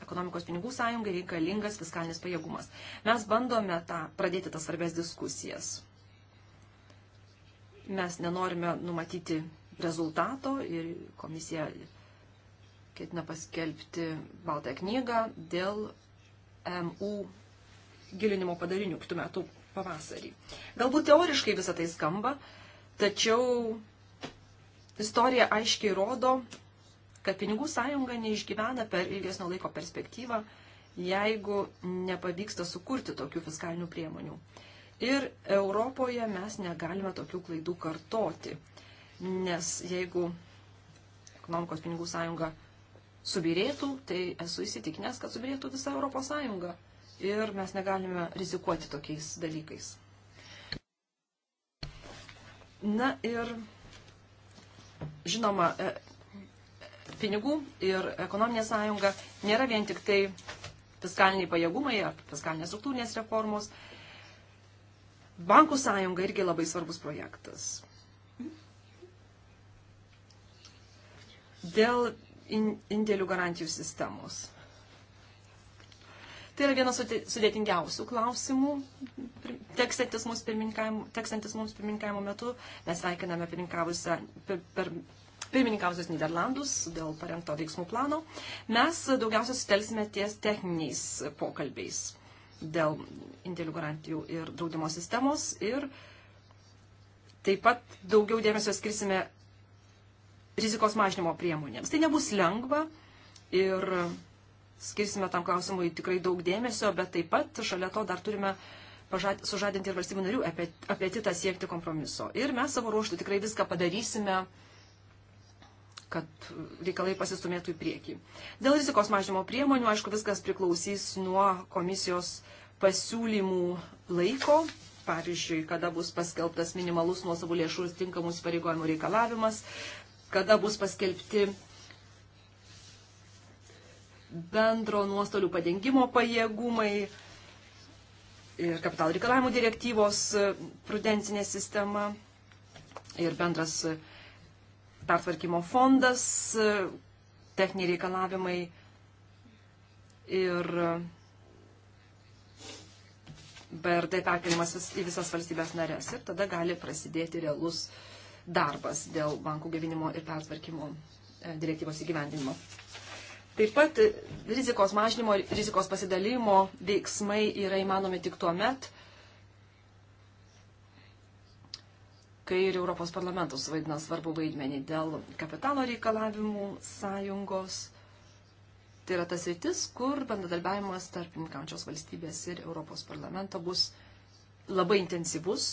ekonomikos pinigų sąjungai reikalingas fiskalinis pajėgumas. Mes bandome tą, pradėti tas svarbės diskusijas Mes nenorime numatyti rezultato ir komisija ketina paskelbti baltą knygą dėl MU gilinimo padarinių kitų metų pavasarį. Galbūt teoriškai visą tai skamba, tačiau istorija aiškiai rodo, kad pinigų sąjunga neišgyvena per ilgesnio laiko perspektyvą, jeigu nepavyksta sukurti tokių fiskalinių priemonių. Ir Europoje mes negalime tokių klaidų kartoti, nes jeigu ekonomikos pinigų sąjunga subirėtų, tai esu įsitikinęs, kad subirėtų visa Europos sąjunga. Ir mes negalime rizikuoti tokiais dalykais. Na ir žinoma, e, pinigų ir ekonominė sąjunga nėra vien tik tai fiskaliniai pajėgumai ar fiskalinės struktūrinės reformos, Bankų sąjunga irgi labai svarbus projektas. Dėl indėlių garantijų sistemos. Tai yra vienas sudėtingiausių klausimų, tekstantis mums pirmininkavimo metu. Mes sveikiname pirmininkavusios Niderlandus dėl parengto veiksmų plano. Mes daugiausia sutelsime ties techniniais pokalbiais dėl indėlių garantijų ir draudimo sistemos. Ir taip pat daugiau dėmesio skirsime rizikos mažinimo priemonėms. Tai nebus lengva ir skirsime tam klausimui tikrai daug dėmesio, bet taip pat šalia to dar turime pažad, sužadinti ir valstybių narių apetitą siekti kompromiso. Ir mes savo ruoštų tikrai viską padarysime kad reikalai pasistumėtų į priekį. Dėl rizikos mažinimo priemonių, aišku, viskas priklausys nuo komisijos pasiūlymų laiko, pavyzdžiui, kada bus paskelbtas minimalus nuosavų lėšų ir tinkamų įsipareigojimų reikalavimas, kada bus paskelbti bendro nuostolių padengimo pajėgumai ir kapital reikalavimų direktyvos prudencinė sistema ir bendras pertvarkymo fondas, techniniai reikalavimai ir BRD perkelimas vis, į visas valstybės narės. Ir tada gali prasidėti realus darbas dėl bankų gavinimo ir pertvarkymo e, direktyvos įgyvendinimo. Taip pat rizikos mažinimo, rizikos pasidalymo veiksmai yra įmanomi tik tuo met, kai ir Europos parlamentas vaidina svarbu vaidmenį dėl kapitalo reikalavimų sąjungos. Tai yra tas rytis, kur bendradarbiavimas tarp imkančios valstybės ir Europos parlamento bus labai intensyvus.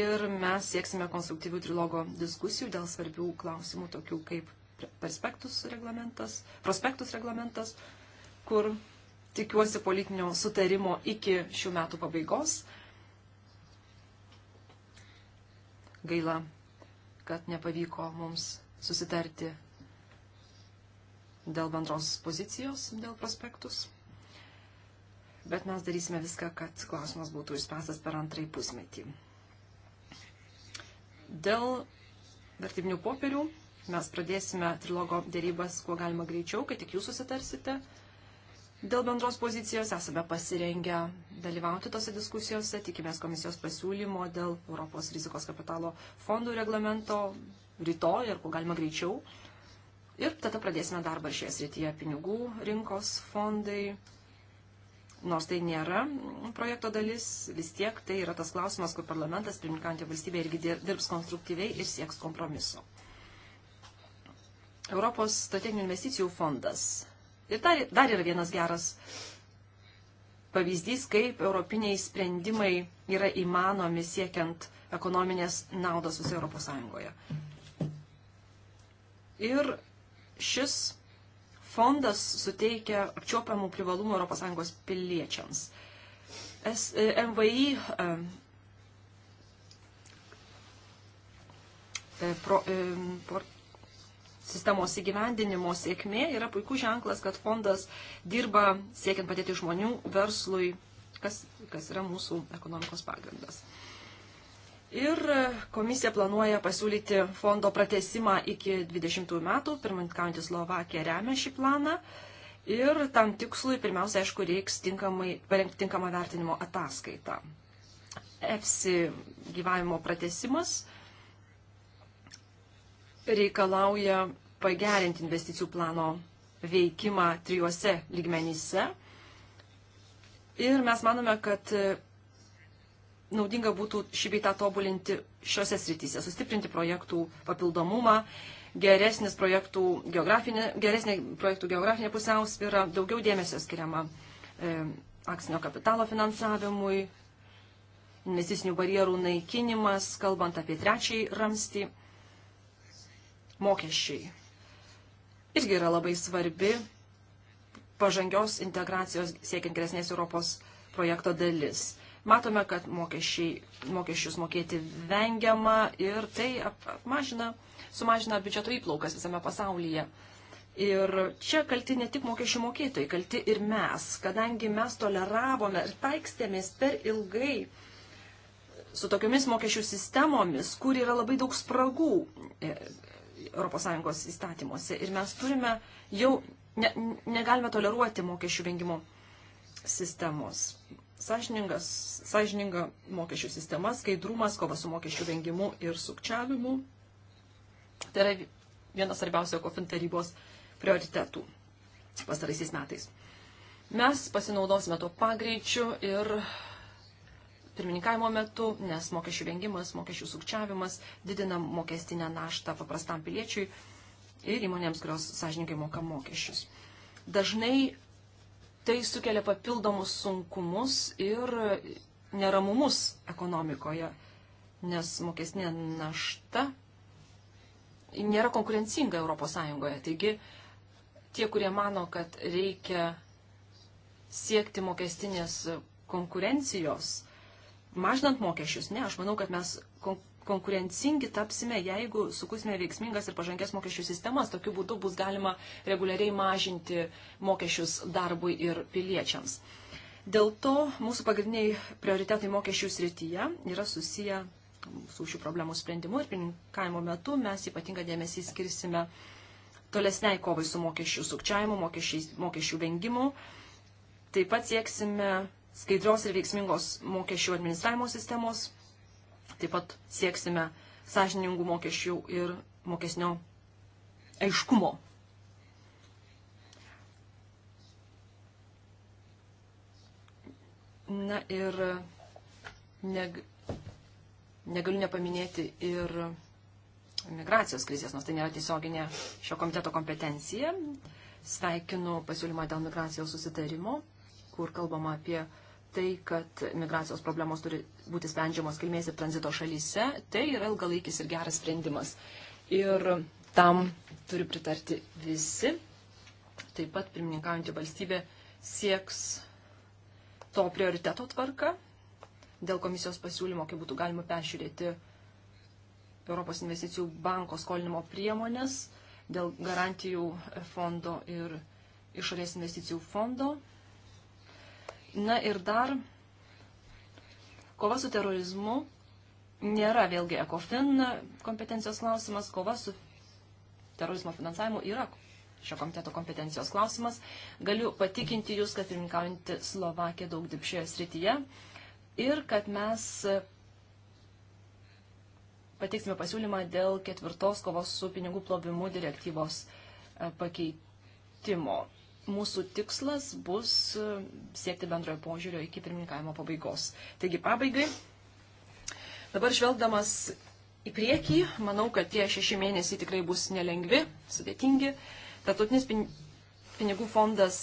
Ir mes sieksime konstruktyvių trilogo diskusijų dėl svarbių klausimų, tokių kaip perspektus reglamentas, prospektus reglamentas, kur tikiuosi politinio sutarimo iki šių metų pabaigos. Gaila, kad nepavyko mums susitarti dėl bendros pozicijos, dėl prospektus. Bet mes darysime viską, kad klausimas būtų išspręstas per antrąjį pusmetį. Dėl vertybinių popierių mes pradėsime trilogo dėrybas kuo galima greičiau, kai tik jūs susitarsite. Dėl bendros pozicijos esame pasirengę dalyvauti tose diskusijose, tikimės komisijos pasiūlymo dėl Europos rizikos kapitalo fondų reglamento rytoj ir kuo galima greičiau. Ir tada pradėsime darbą šioje srityje pinigų rinkos fondai. Nors tai nėra projekto dalis, vis tiek tai yra tas klausimas, kur parlamentas, pirmininkantė valstybė irgi dirbs konstruktyviai ir sieks kompromiso. Europos strateginių investicijų fondas Ir dar, dar yra vienas geras pavyzdys, kaip europiniai sprendimai yra įmanomi siekiant ekonominės naudos visoje Europos Sąjungoje. Ir šis fondas suteikia apčiopiamų privalumų ES piliečiams. S, MVI e, e, pro, e, pro, sistemos įgyvendinimo sėkmė yra puikus ženklas, kad fondas dirba siekiant padėti žmonių, verslui, kas, kas yra mūsų ekonomikos pagrindas. Ir komisija planuoja pasiūlyti fondo pratesimą iki 20 metų, pirmininkaujantis Slovakija remia šį planą. Ir tam tikslui pirmiausia, aišku, reiks tinkamai, parengti tinkamą vertinimo ataskaitą. EFSI gyvavimo pratesimas reikalauja pagerinti investicijų plano veikimą trijuose lygmenyse. Ir mes manome, kad naudinga būtų šį beitą tobulinti šiuose srityse, sustiprinti projektų papildomumą, geresnis projektų geografinė, geresnė projektų geografinė pusiausvyrą, daugiau dėmesio skiriama e, akcinio kapitalo finansavimui, investicinių barjerų naikinimas, kalbant apie trečiąjį ramstį mokesčiai. Irgi yra labai svarbi pažangios integracijos siekiant geresnės Europos projekto dalis. Matome, kad mokesčius mokėti vengiama ir tai apmažina, sumažina biudžeto įplaukas visame pasaulyje. Ir čia kalti ne tik mokesčių mokėtojai, kalti ir mes, kadangi mes toleravome ir taikstėmės per ilgai su tokiomis mokesčių sistemomis, kur yra labai daug spragų e, ES įstatymuose. Ir mes turime jau ne, negalime toleruoti mokesčių vengimo sistemos. Sažininga mokesčių sistema, skaidrumas, kova su mokesčių vengimu ir sukčiavimu. Tai yra vienas svarbiausių ECOFIN tarybos prioritetų pastaraisiais metais. Mes pasinaudosime to pagreičiu ir pirmininkavimo metu, nes mokesčių vengimas, mokesčių sukčiavimas didina mokestinę naštą paprastam piliečiui ir įmonėms, kurios sąžininkai moka mokesčius. Dažnai tai sukelia papildomus sunkumus ir neramumus ekonomikoje, nes mokestinė našta nėra konkurencinga ES. Taigi tie, kurie mano, kad reikia siekti mokestinės konkurencijos, mažinant mokesčius. Ne, aš manau, kad mes konkurencingi tapsime, jeigu sukursime veiksmingas ir pažangės mokesčių sistemas. Tokiu būdu bus galima reguliariai mažinti mokesčius darbui ir piliečiams. Dėl to mūsų pagrindiniai prioritetai mokesčių srityje yra susiję su šių problemų sprendimu ir pininkavimo metu mes ypatingą dėmesį skirsime tolesniai kovai su mokesčių sukčiavimu, mokesčių vengimu. Taip pat sieksime skaidrios ir veiksmingos mokesčių administravimo sistemos. Taip pat sieksime sąžiningų mokesčių ir mokesnio aiškumo. Na ir neg negaliu nepaminėti ir migracijos krizės, nors tai nėra tiesioginė šio komiteto kompetencija. Sveikinu pasiūlymą dėl migracijos susitarimo, kur kalbama apie tai, kad migracijos problemos turi būti sprendžiamos kilmės ir tranzito šalyse, tai yra ilgalaikis ir geras sprendimas. Ir tam turi pritarti visi. Taip pat pirmininkaujantį valstybę sieks to prioriteto tvarka dėl komisijos pasiūlymo, kaip būtų galima peržiūrėti Europos investicijų banko skolinimo priemonės dėl garantijų fondo ir išorės investicijų fondo Na ir dar kova su terorizmu nėra vėlgi ECOFIN kompetencijos klausimas, kova su terorizmo finansavimu yra šio komiteto kompetencijos klausimas. Galiu patikinti Jūs, kad pirmininkaujantį Slovakiją daug dirb šioje srityje ir kad mes pateiksime pasiūlymą dėl ketvirtos kovos su pinigų plovimu direktyvos e, pakeitimo mūsų tikslas bus e, siekti bendrojo požiūrio iki pirmininkavimo pabaigos. Taigi pabaigai. Dabar žvelgdamas į priekį, manau, kad tie šeši mėnesiai tikrai bus nelengvi, sudėtingi. Tartutinis pinigų fondas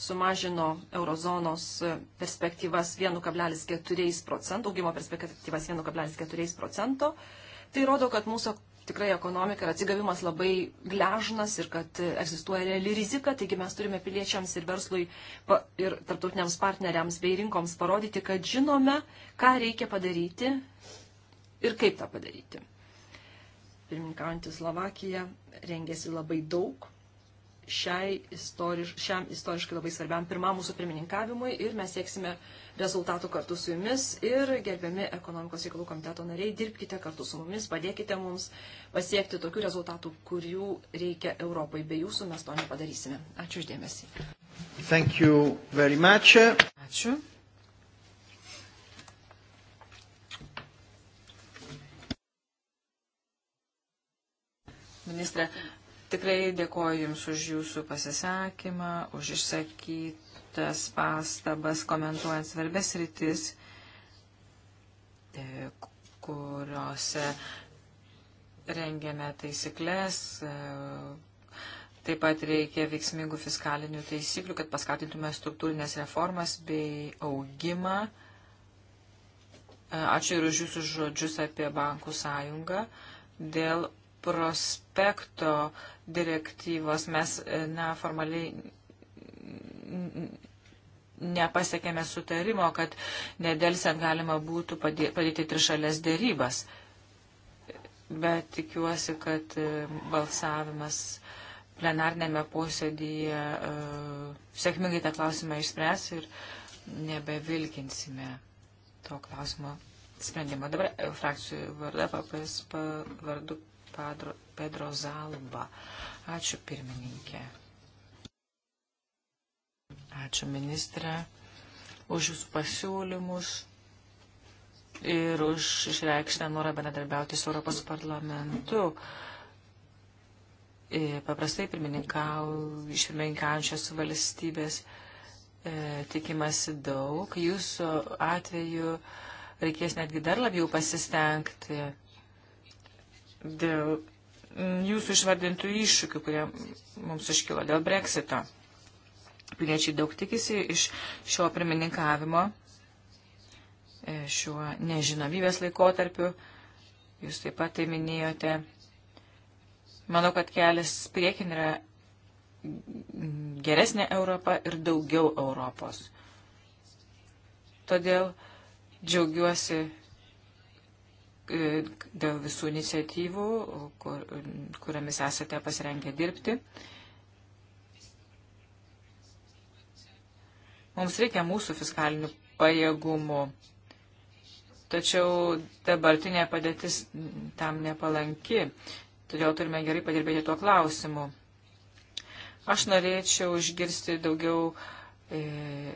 sumažino eurozonos e, perspektyvas 1,4 procento, augimo perspektyvas 1,4 procento. Tai rodo, kad mūsų tikrai ekonomika ir atsigavimas labai gležnas ir kad egzistuoja reali rizika, taigi mes turime piliečiams ir verslui ir tarptautiniams partneriams bei rinkoms parodyti, kad žinome, ką reikia padaryti ir kaip tą padaryti. Pirmininkaujantį Slovakiją rengėsi labai daug istoriš, šiam istoriškai labai svarbiam pirmam mūsų pirmininkavimui ir mes sieksime rezultatų kartu su jumis ir gerbiami ekonomikos reikalų komiteto nariai, dirbkite kartu su mumis, padėkite mums pasiekti tokių rezultatų, kurių reikia Europai. Be jūsų mes to nepadarysime. Ačiū uždėmesi. Ačiū. Ministre, Tikrai dėkoju Jums už Jūsų pasisakymą, už išsakytą išsakytas pastabas komentuojant svarbės rytis, e, kuriuose rengiame taisyklės, e, taip pat reikia veiksmingų fiskalinių taisyklių, kad paskatintume struktūrinės reformas bei augimą. E, ačiū ir už jūsų žodžius apie bankų sąjungą. Dėl prospekto direktyvos mes na, formaliai nepasiekėme sutarimo, kad nedelsiant galima būtų padėti trišalės dėrybas. Bet tikiuosi, kad e, balsavimas plenarnėme posėdėje e, sėkmingai tą klausimą išspręs ir nebevilkinsime to klausimo sprendimo. Dabar e, frakcijų varda papės vardu Pedro Zalba. Ačiū pirmininkė. Ačiū ministrė už jūsų pasiūlymus ir už išreikštą norą bendradarbiauti su Europos parlamentu. Ir e, paprastai pirmininkau, iš pirmininkaujančios valstybės e, tikimasi daug. Jūsų atveju reikės netgi dar labiau pasistengti dėl jūsų išvardintų iššūkių, kurie mums iškilo dėl breksito. Piliečiai daug tikisi iš šio pirmininkavimo, e, šiuo nežinomybės laikotarpiu. Jūs taip pat tai minėjote. Manau, kad kelias priekin yra geresnė Europa ir daugiau Europos. Todėl džiaugiuosi e, dėl visų iniciatyvų, kur, kuriomis esate pasirengę dirbti. Mums reikia mūsų fiskalinių pajėgumų. Tačiau dabartinė padėtis tam nepalanki, todėl turime gerai padirbėti tuo klausimu. Aš norėčiau išgirsti daugiau e,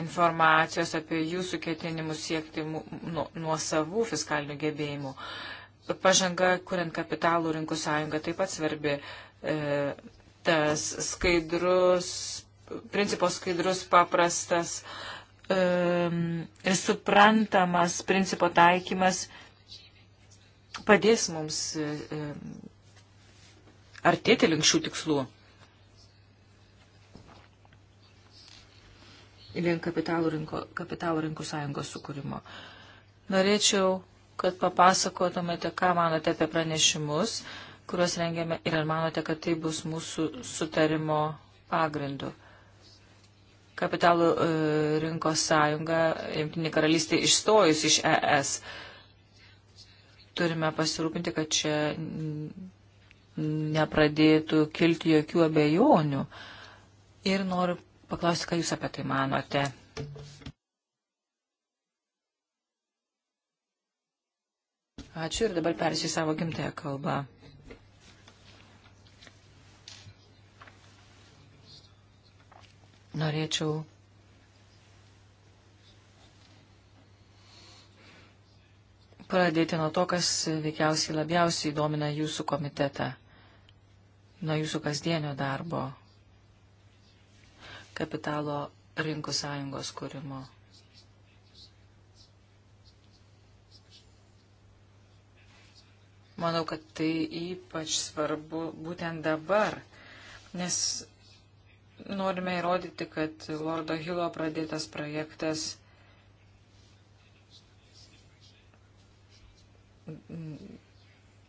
informacijos apie jūsų ketinimus siekti nuo, nuo savų fiskalinių gebėjimų. Pažanga, kuriant kapitalų rinkų sąjungą, taip pat svarbi. E, tas skaidrus, principos skaidrus, paprastas um, ir suprantamas principo taikymas padės mums um, artėti link šių tikslų. Link kapitalų, rinko, kapitalų rinkų sąjungos sukūrimo. Norėčiau, kad papasakotumėte, ką manote apie pranešimus. Uh, kuriuos rengėme ir ar manote, kad tai bus mūsų sutarimo pagrindu. Kapitalų e, rinkos sąjunga, Junktinė karalystė išstojus iš ES, turime pasirūpinti, kad čia nepradėtų kilti jokių abejonių. Ir noriu paklausti, ką Jūs apie tai manote. Ačiū ir dabar persi savo gimtąją kalbą. norėčiau pradėti nuo to, kas veikiausiai labiausiai domina jūsų komitetą, nuo jūsų kasdienio darbo, kapitalo rinkų sąjungos kūrimo. Manau, kad tai ypač svarbu būtent dabar, nes norime įrodyti, kad Lordo Hilo pradėtas projektas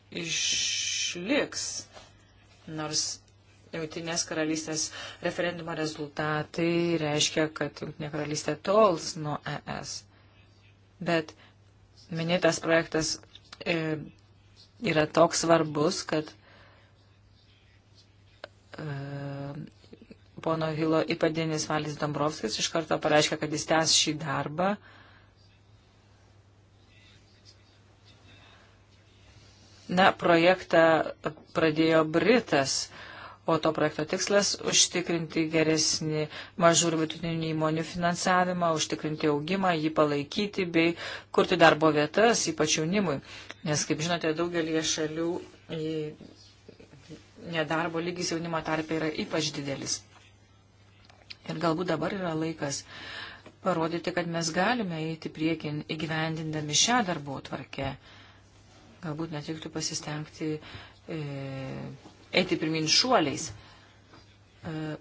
išliks, nors Jautinės karalystės referendumo rezultatai reiškia, kad Jautinė karalystė tols nuo ES. Bet minėtas projektas e, yra toks svarbus, kad e, pono Hilo įpadinis Valis Dombrovskis iš karto pareiškia, kad jis tęs šį darbą. Na, projektą pradėjo Britas, o to projekto tikslas - užtikrinti geresnį mažų ir vidutinių įmonių finansavimą, užtikrinti augimą, jį palaikyti bei kurti darbo vietas, ypač jaunimui. Nes, kaip žinote, daugelie šalių nedarbo lygis jaunimo tarpe yra ypač didelis. Ir galbūt dabar yra laikas parodyti, kad mes galime eiti priekin įgyvendindami šią darbo tvarkę. Galbūt net reiktų pasistengti e, eiti pirmin šuoliais. E,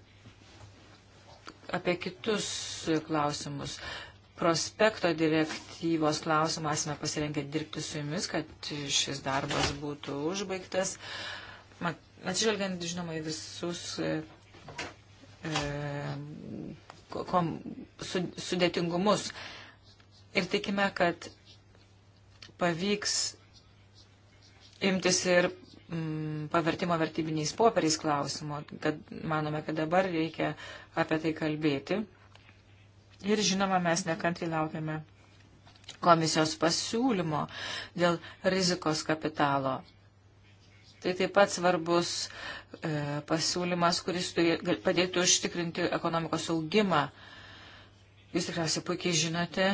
apie kitus klausimus. Prospekto direktyvos klausimą esame pasirengę dirbti su jumis, kad šis darbas būtų užbaigtas. Atsižvelgiant, žinoma, į visus e, E, kom, su, sudėtingumus. Ir tikime, kad pavyks imtis ir mm, pavertimo vertybiniais popieriais klausimo, kad manome, kad dabar reikia apie tai kalbėti. Ir žinoma, mes nekantriai laukiame komisijos pasiūlymo dėl rizikos kapitalo Tai taip pat svarbus e, pasiūlymas, kuris turė, padėtų užtikrinti ekonomikos augimą. Jūs tikriausiai puikiai žinote,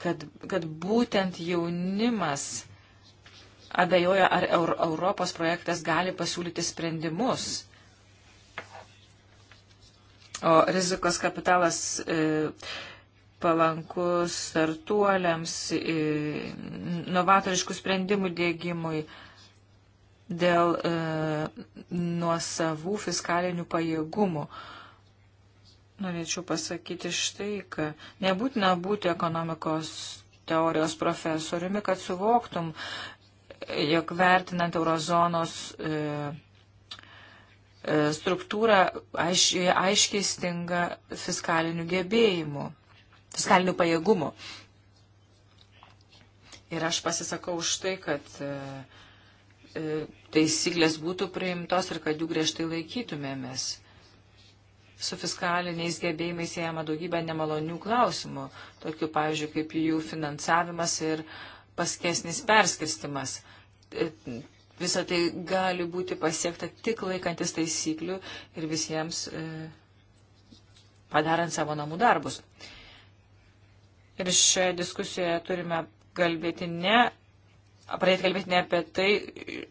kad, kad būtent jaunimas abejoja, ar Eur Europos projektas gali pasiūlyti sprendimus. O rizikos kapitalas e, palankus startuoliams, novatoriškų sprendimų dėgymui dėl e, nuosavų fiskalinių pajėgumų. Norėčiau pasakyti štai, kad nebūtina būti ekonomikos teorijos profesoriumi, kad suvoktum, jog vertinant eurozonos e, e struktūrą aiš, aiškiai stinga fiskalinių gebėjimų fiskalinių pajėgumų. Ir aš pasisakau už tai, kad e, e, taisyklės būtų priimtos ir kad jų griežtai laikytumėmės. Su fiskaliniais gebėjimais siejama daugybė nemalonių klausimų, tokių, pavyzdžiui, kaip jų finansavimas ir paskesnis perskirstimas. E, Visą tai gali būti pasiekta tik laikantis taisyklių ir visiems e, padarant savo namų darbus. E, Ir šioje diskusijoje turime kalbėti ne, pradėti kalbėti ne apie tai,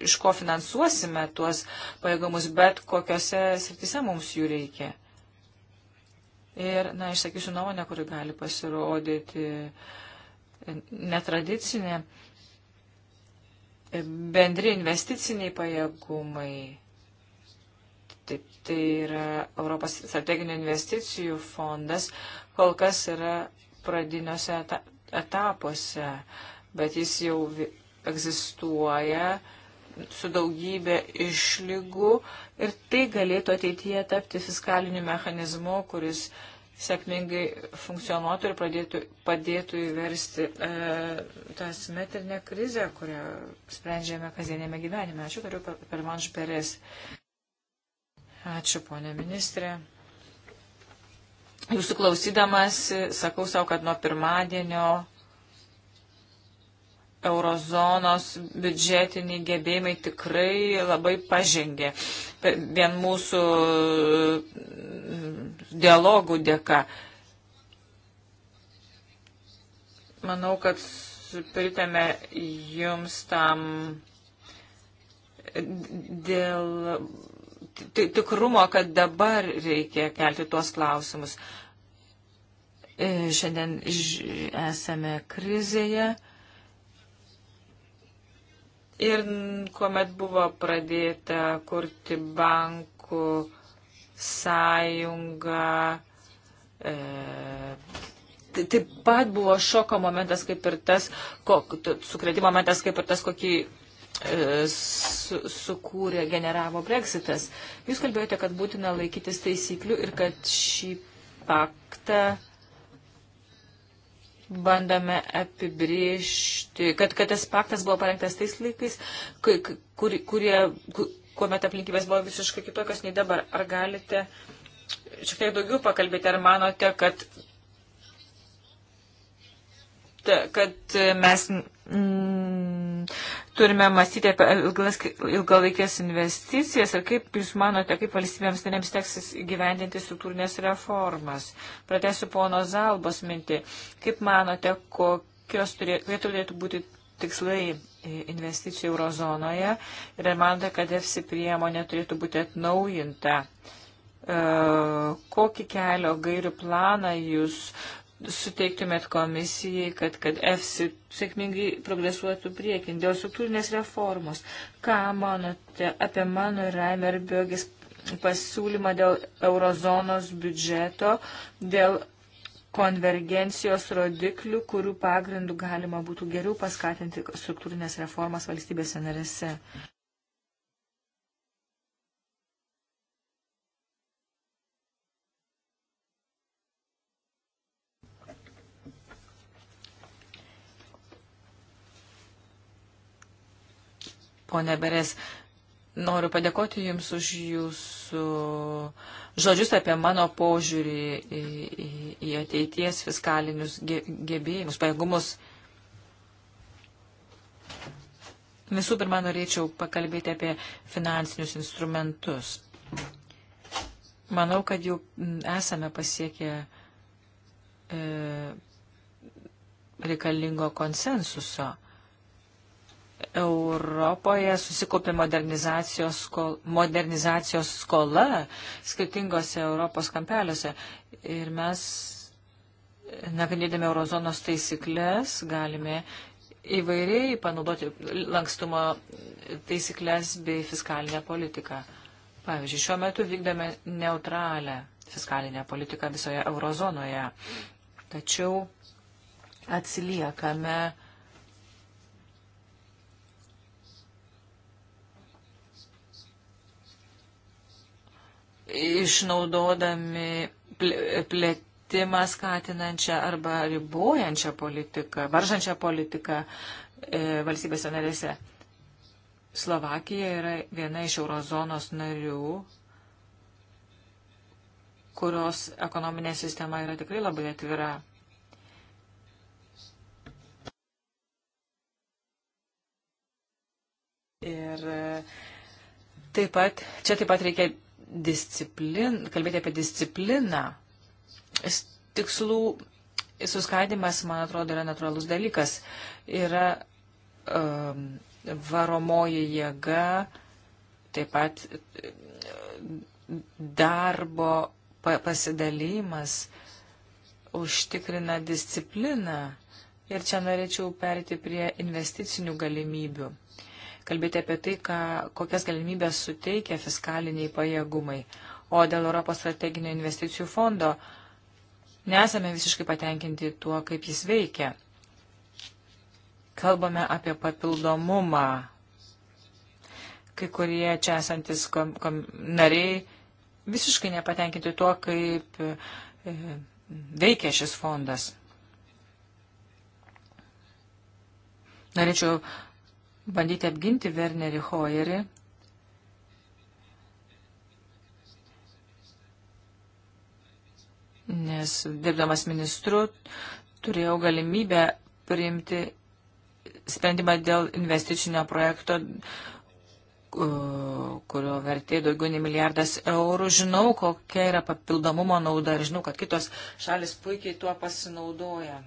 iš ko finansuosime tuos pajėgumus, bet kokiuose srityse mums jų reikia. Ir, na, išsakysiu nuomonę, kuri gali pasirodyti netradicinė. Bendri investiciniai pajėgumai. Tai, tai yra Europos strateginių investicijų fondas, kol kas yra pradiniuose etapuose, bet jis jau egzistuoja su daugybė išlygų ir tai galėtų ateityje tapti fiskaliniu mechanizmu, kuris sėkmingai funkcionuotų ir pradėtų, padėtų įversti e, tą simetrinę krizę, kurią sprendžiame kasdienėme gyvenime. Ačiū, turiu per, per man žperės. Ačiū, ponė ministrė. Jūsų klausydamas, sakau savo, kad nuo pirmadienio eurozonos biudžetiniai gebėjimai tikrai labai pažengė. Vien mūsų mm, dialogų dėka. Manau, kad pritame jums tam dėl tikrumo, kad dabar reikia kelti tuos klausimus. E, šiandien esame krizėje. Ir kuomet buvo pradėta kurti bankų sąjungą, e, tai taip pat buvo šoko momentas, kaip ir tas, sukrėtimo momentas, kaip ir tas, kokį su, sukūrė, generavo Brexitas. Jūs kalbėjote, kad būtina laikytis taisyklių ir kad šį paktą bandome apibriežti, kad, kad tas paktas buvo parengtas tais laikais, kur, kur, kurie, kur, kuomet aplinkybės buvo visiškai kitokios nei dabar. Ar galite šiek tiek daugiau pakalbėti, ar manote, kad, kad mes turime mąstyti apie ilgalaikės investicijas ir kaip Jūs manote, kaip valstybėms narėms teksis gyvendinti struktūrinės reformas. Pratesiu pono Zalbos mintį. Kaip manote, kokios turėtų, turėtų būti tikslai investicijų eurozonoje ir ar manote, kad EFSI priemonė turėtų būti atnaujinta? E, kokį kelio gairių planą jūs suteiktumėt komisijai, kad, kad EFSI sėkmingai progresuotų priekin dėl struktūrinės reformos? Ką manote apie mano ir Raimer Biogis pasiūlymą dėl eurozonos biudžeto, dėl konvergencijos rodiklių, kurių pagrindų galima būtų geriau paskatinti struktūrinės reformas valstybėse narėse. ponė Beres. Noriu padėkoti Jums už Jūsų žodžius apie mano požiūrį į, į, į ateities fiskalinius ge, gebėjimus, pajėgumus. Visų pirma, norėčiau pakalbėti apie finansinius instrumentus. Manau, kad jau esame pasiekę e, reikalingo konsensuso. Europoje susikopė modernizacijos, skol, modernizacijos skola skirtingose Europos kampeliuose. Ir mes, nagrinėdami eurozonos taisyklės, galime įvairiai panaudoti lankstumo taisyklės bei fiskalinę politiką. Pavyzdžiui, šiuo metu vykdome neutralę fiskalinę politiką visoje eurozonoje. Tačiau atsiliekame išnaudodami plėtimą skatinančią arba ribojančią politiką, varžančią politiką e, valstybėse narėse. Slovakija yra viena iš eurozonos narių, kurios ekonominė sistema yra tikrai labai atvira. Ir e, taip pat, čia taip pat reikia disciplin, kalbėti apie discipliną, tikslų suskaidimas, man atrodo, yra natūralus dalykas. Yra um, varomoji jėga, taip pat e, darbo pasidalymas užtikrina discipliną. Ir čia norėčiau perėti prie investicinių galimybių. Uh, kalbėti apie tai, ką, kokias galimybės suteikia fiskaliniai pajėgumai. O dėl Europos strateginio investicijų fondo nesame visiškai patenkinti tuo, kaip jis veikia. Kalbame apie papildomumą. Kai kurie čia esantis kom, kom, nariai visiškai nepatenkinti tuo, kaip e, veikia šis fondas. Norėčiau bandyti apginti Wernerį Hoyerį. Nes dirbdamas ministru turėjau galimybę priimti sprendimą dėl investicinio projekto, kurio vertė daugiau nei milijardas eurų. Žinau, kokia yra papildomumo nauda ir žinau, kad kitos šalis puikiai tuo pasinaudoja.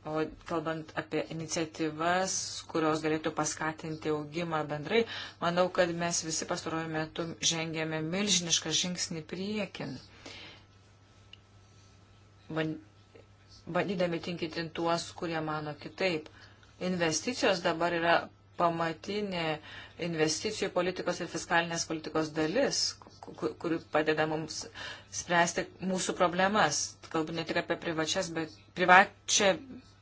O kalbant apie iniciatyvas, kurios galėtų paskatinti augimą bendrai, manau, kad mes visi pastaruoju metu žengėme milžinišką žingsnį priekin. Bandydami tinkinti tuos, kurie mano kitaip. Investicijos dabar yra pamatinė investicijų politikos ir fiskalinės politikos dalis, kuri padeda mums spręsti mūsų problemas. Kalbu ne tik apie privačias, bet privačią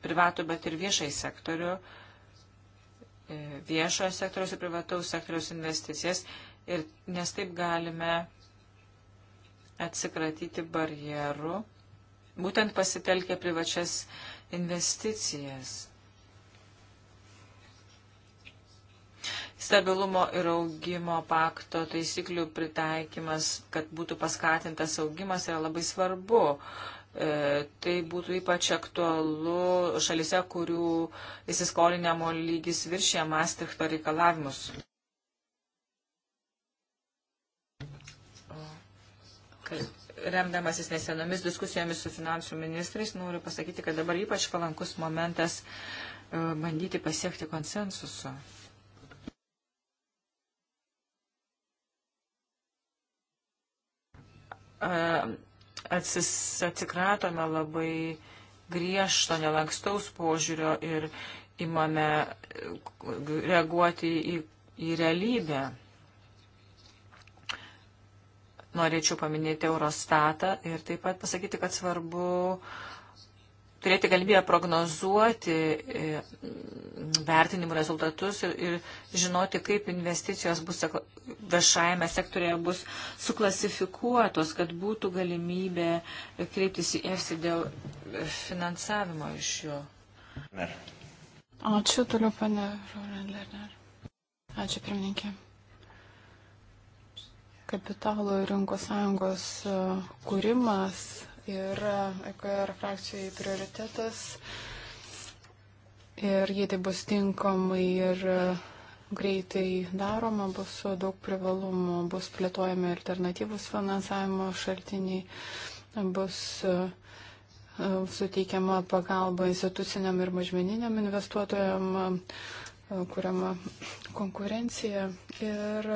privatų, bet ir viešai sektorių, e, viešojo sektoriaus ir privataus sektoriaus investicijas, ir, nes taip galime atsikratyti barjerų, būtent pasitelkę privačias investicijas. Stabilumo ir augimo pakto taisyklių pritaikymas, kad būtų paskatintas augimas, yra labai svarbu. Uh, E, tai būtų ypač aktualu šalise, kurių įsiskolinimo lygis viršė Maastrichto reikalavimus. Remdamasis nesenomis diskusijomis su finansų ministrais, noriu pasakyti, kad dabar ypač palankus momentas e, bandyti pasiekti konsensuso. Uh, e, atsis, atsikratome labai griežto, nelankstaus požiūrio ir imame e, reaguoti į, į realybę. Norėčiau paminėti Eurostatą ir taip pat pasakyti, kad svarbu uh, turėti galimybę prognozuoti e, vertinimų rezultatus ir, ir žinoti, kaip investicijos bus viešajame sektorėje bus suklasifikuotos, kad būtų galimybė kreiptis į EFSI dėl finansavimo iš jo. Ner. Ačiū toliau, pane Rorenlerner. Ačiū, pirmininkė. Kapitalo rinkos sąjungos e, kūrimas ir e, EKR frakcijai prioritetas. Ir jei tai bus tinkamai ir e, greitai daroma, bus daug privalumų, bus plėtojami alternatyvus finansavimo šaltiniai, bus e, suteikiama pagalba instituciniam ir mažmeniniam investuotojam, kuriama konkurencija. Ir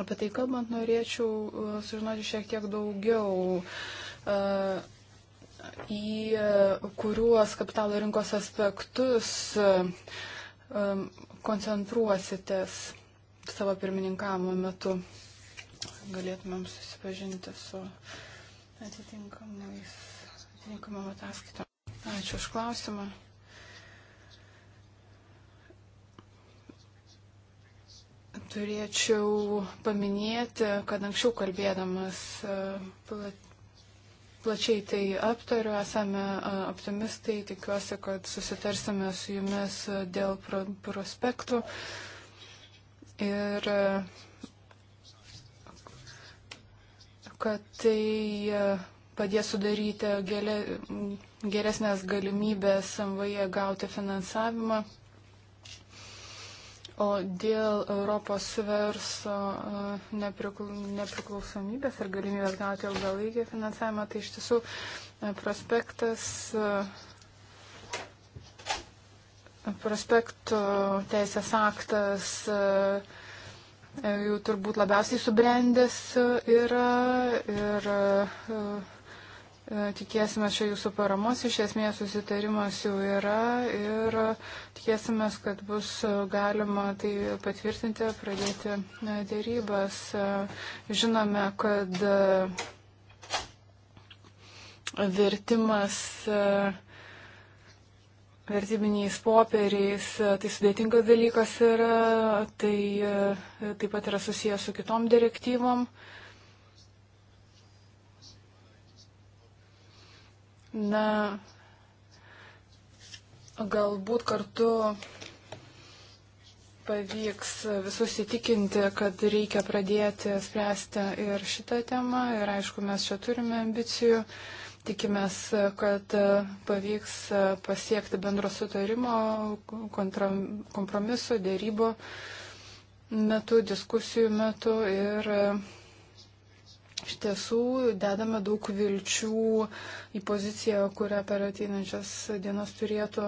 apie tai kalbant, norėčiau sužinoti šiek tiek daugiau į kuriuos kapitalo rinkos aspektus um, koncentruositės savo pirmininkavimo metu. Galėtumėm susipažinti su atitinkamais, atitinkamam ataskaitom. Ačiū už klausimą. Turėčiau paminėti, kad anksčiau kalbėdamas uh, plat, plačiai tai aptariu, esame optimistai, tikiuosi, kad susitarsime su jumis dėl prospektų. Ir kad tai padės sudaryti geresnės galimybės MVE gauti finansavimą. O dėl Europos verso e, nepriklausomybės ar galimybės gauti ilgalaikį finansavimą, tai iš tiesų e, prospektas e, prospektų teisės aktas jau turbūt labiausiai subrendęs yra ir E, tikėsime šio jūsų paramos, iš esmės susitarimas jau yra ir tikėsime, kad bus galima tai patvirtinti, pradėti e, dėrybas. E, žinome, kad vertimas vertybiniais popieriais, tai sudėtingas dalykas yra, tai taip pat yra susijęs su kitom direktyvom. Uh, Na, galbūt kartu pavyks visus įtikinti, kad reikia pradėti spręsti ir šitą temą. Ir aišku, mes čia turime ambicijų. Tikimės, kad pavyks pasiekti bendro sutarimo, kontra, kompromiso, dėrybo metu, diskusijų metu ir Iš tiesų dedame daug vilčių į poziciją, kurią per ateinančias dienas turėtų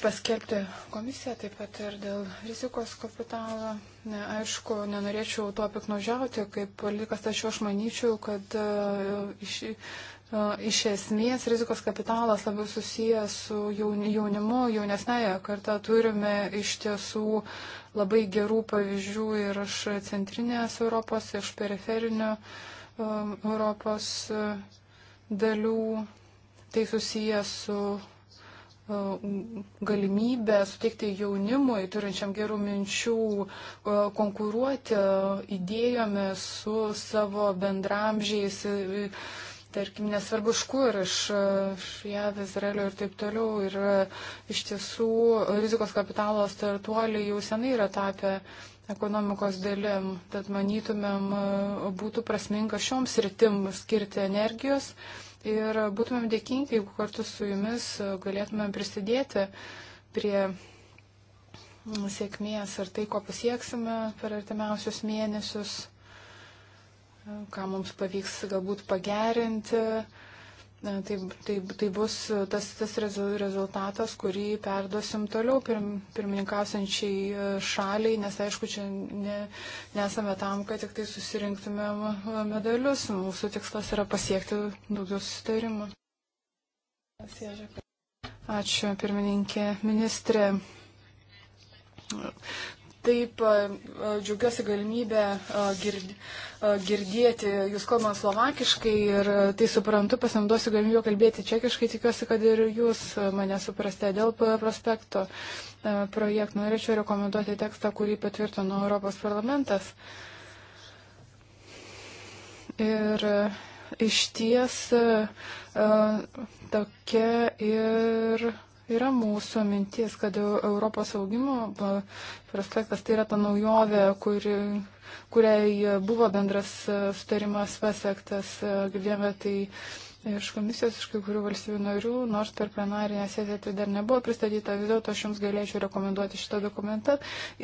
paskelbti komisiją, taip pat ir dėl rizikos kapitalo. Ne, aišku, nenorėčiau tuo piknaudžiauti, kaip likas, tačiau aš manyčiau, kad e, iš, Iš esmės rizikos kapitalas labiau susijęs su jaunimu, jaunesnėje karta turime iš tiesų labai gerų pavyzdžių ir iš centrinės Europos, iš periferinio um, Europos uh, dalių. Tai susijęs su uh, galimybę suteikti jaunimui, turinčiam gerų minčių, uh, konkuruoti idėjomis su savo bendramžiais tarkim, nesvarbu iš kur, iš, iš JAV, Izraelio ir taip toliau. Ir e, iš tiesų rizikos kapitalo startuoliai jau senai yra tapę ekonomikos dalim. Tad manytumėm, e, būtų prasminga šioms rytim skirti energijos ir būtumėm dėkingi, jeigu kartu su jumis galėtumėm prisidėti prie sėkmės ir tai, ko pasieksime per artimiausius mėnesius ką mums pavyks galbūt pagerinti. Tai, tai, tai bus tas, tas rezultatas, kurį perduosim toliau pirm, pirmininkausiančiai e, šaliai, nes aišku, čia ne, nesame tam, kad tik tai susirinktumėm e, medalius. Mūsų tikslas yra pasiekti daugiau susitarimų. Ačiū, pirmininkė ministrė taip e, e, džiaugiuosi galimybę e, gird, girdėti jūs kalbant slovakiškai ir tai suprantu, pasinaudosiu galimybę kalbėti čekiškai, tikiuosi, kad ir jūs mane suprastė dėl prospekto projektų. Norėčiau rekomenduoti tekstą, kurį patvirtino Europos parlamentas. Ir iš ties tokia ir Yra mūsų mintis, kad Europos augimo prospektas tai yra ta naujovė, kuri, kuriai buvo bendras e, sutarimas pasiektas, e, girdėjome tai iš komisijos, iš kai kurių valstybių narių, nors per plenarinę sesiją tai dar nebuvo pristatyta, vis dėlto aš jums galėčiau rekomenduoti šitą dokumentą.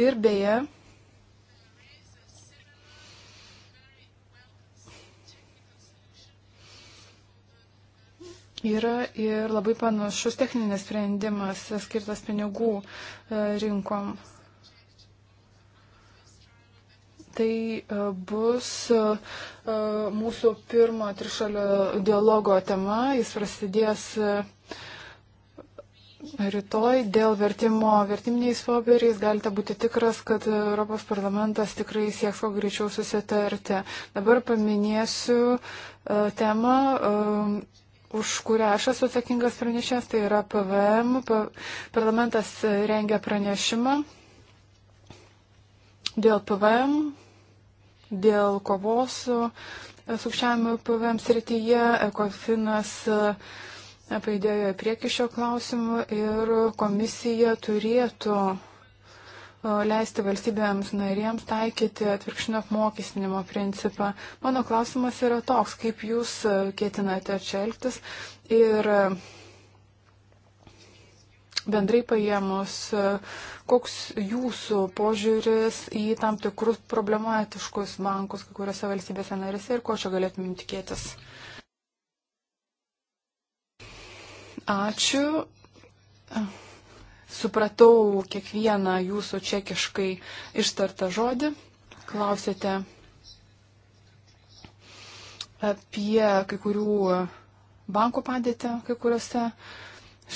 Ir beje, yra ir labai panašus techninis sprendimas skirtas pinigų e, rinkom. Tai e, bus e, mūsų pirmo trišalio dialogo tema. Jis prasidės rytoj dėl vertimo vertiminiais popieriais galite būti tikras, kad Europos parlamentas tikrai sieks kuo greičiau susitarti. Dabar paminėsiu temą, už kurią aš esu atsakingas pranešęs, tai yra PVM. Parlamentas rengia pranešimą dėl PVM, dėl kovos su sukčiavimu PVM srityje. Ekofinas apaidėjo priekį šio klausimu ir komisija turėtų leisti valstybėms narėms taikyti atvirkštinio apmokestinimo principą. Mano klausimas yra toks, kaip jūs e, ketinate čia elgtis ir e, bendrai paėmus, e, koks jūsų požiūris į tam tikrus problematiškus bankus kai kuriuose valstybėse narėse ir ko čia galėtumėm tikėtis. Ačiū supratau kiekvieną jūsų čekiškai ištartą žodį. Klausėte apie kai kurių bankų padėtį kai kuriuose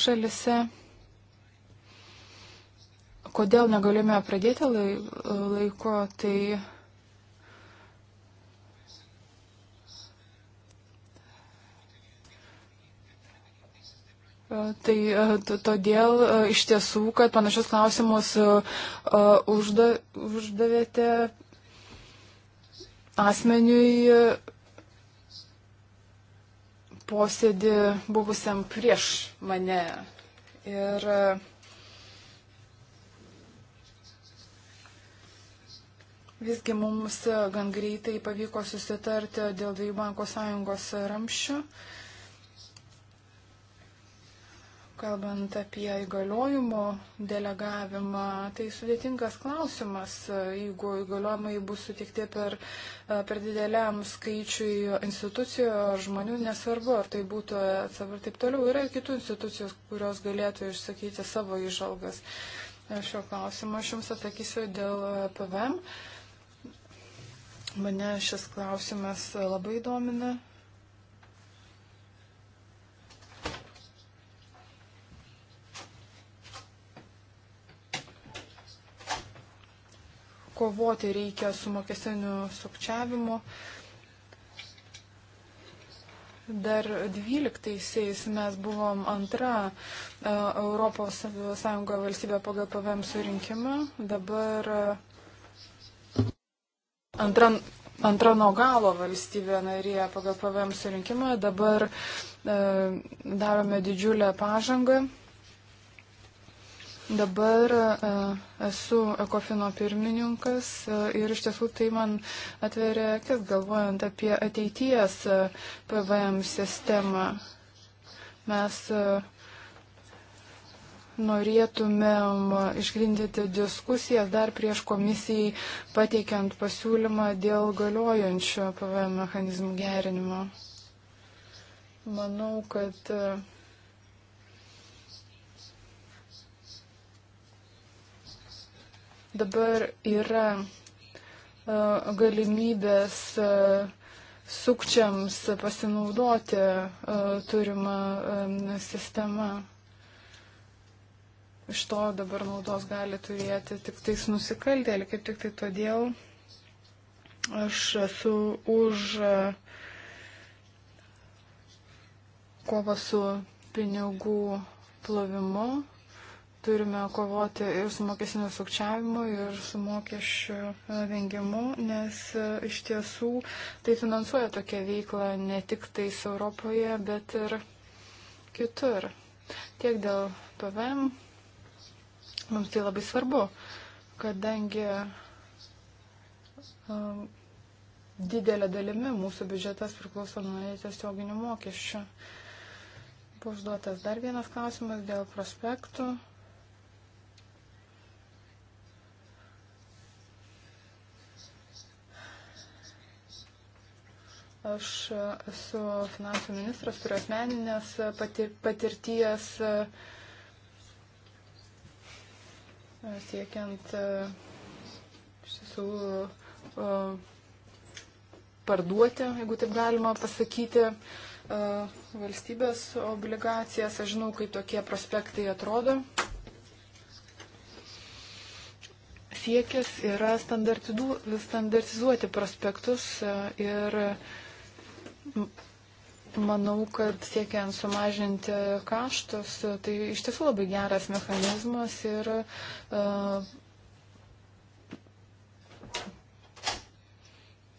šalise. Kodėl negalėjome pradėti laiko, tai E, tai e, todėl e, iš tiesų, kad panašius klausimus užda, uždavėte asmeniui posėdį buvusiam prieš mane. Ir visgi mums gan greitai pavyko susitarti dėl dviejų bankų sąjungos ramščių. Uh, Kalbant apie įgaliojimo delegavimą, tai sudėtingas klausimas, jeigu įgaliojimai bus sutikti per, per dideliam skaičiui institucijų ar žmonių, nesvarbu, ar tai būtų atsvar taip toliau, yra kitų institucijų, kurios galėtų išsakyti savo išalgas. Šio klausimo aš jums atsakysiu dėl PVM. Mane šis klausimas labai domina kovoti reikia su mokestiniu sukčiavimu. Dar 12-aisiais mes buvom antra e, Europos Sąjunga valstybė pagal PVM surinkimą, dabar e, antra, antra nuo galo valstybė narė pagal PVM surinkimą, dabar e, darome didžiulę pažangą Dabar e, esu Ekofino pirmininkas e, ir iš tiesų tai man atveria akis galvojant apie ateities e, PVM sistemą. Mes norėtumėm išgrindyti diskusijas dar prieš komisijai pateikiant pasiūlymą dėl galiojančio PVM mechanizmų gerinimo. Manau, kad uh, dabar yra e, galimybės e, sukčiams pasinaudoti e, turimą sistemą. Iš to dabar naudos gali turėti tik tais nusikaltėlį, kaip tik tai todėl aš esu už kovą su pinigų plovimu turime kovoti ir su mokesiniu sukčiavimu, ir su mokesčių e, vengimu, nes e, iš tiesų tai finansuoja tokią veiklą ne tik tais Europoje, bet ir kitur. Tiek dėl PVM mums tai labai svarbu, kadangi um, didelė dalimi mūsų biudžetas priklauso nuo tiesioginių mokesčių. Buvo užduotas dar vienas klausimas dėl prospektų. Aš esu finansų ministras, turiu asmeninės patir patirties e, siekiant e, iš tiesų e, parduoti, jeigu taip galima pasakyti, valstybės obligacijas. Aš žinau, kaip tokie prospektai atrodo. Siekis yra standartizuoti prospektus ir Manau, kad siekiant sumažinti kaštus, tai iš tiesų labai geras mechanizmas ir uh,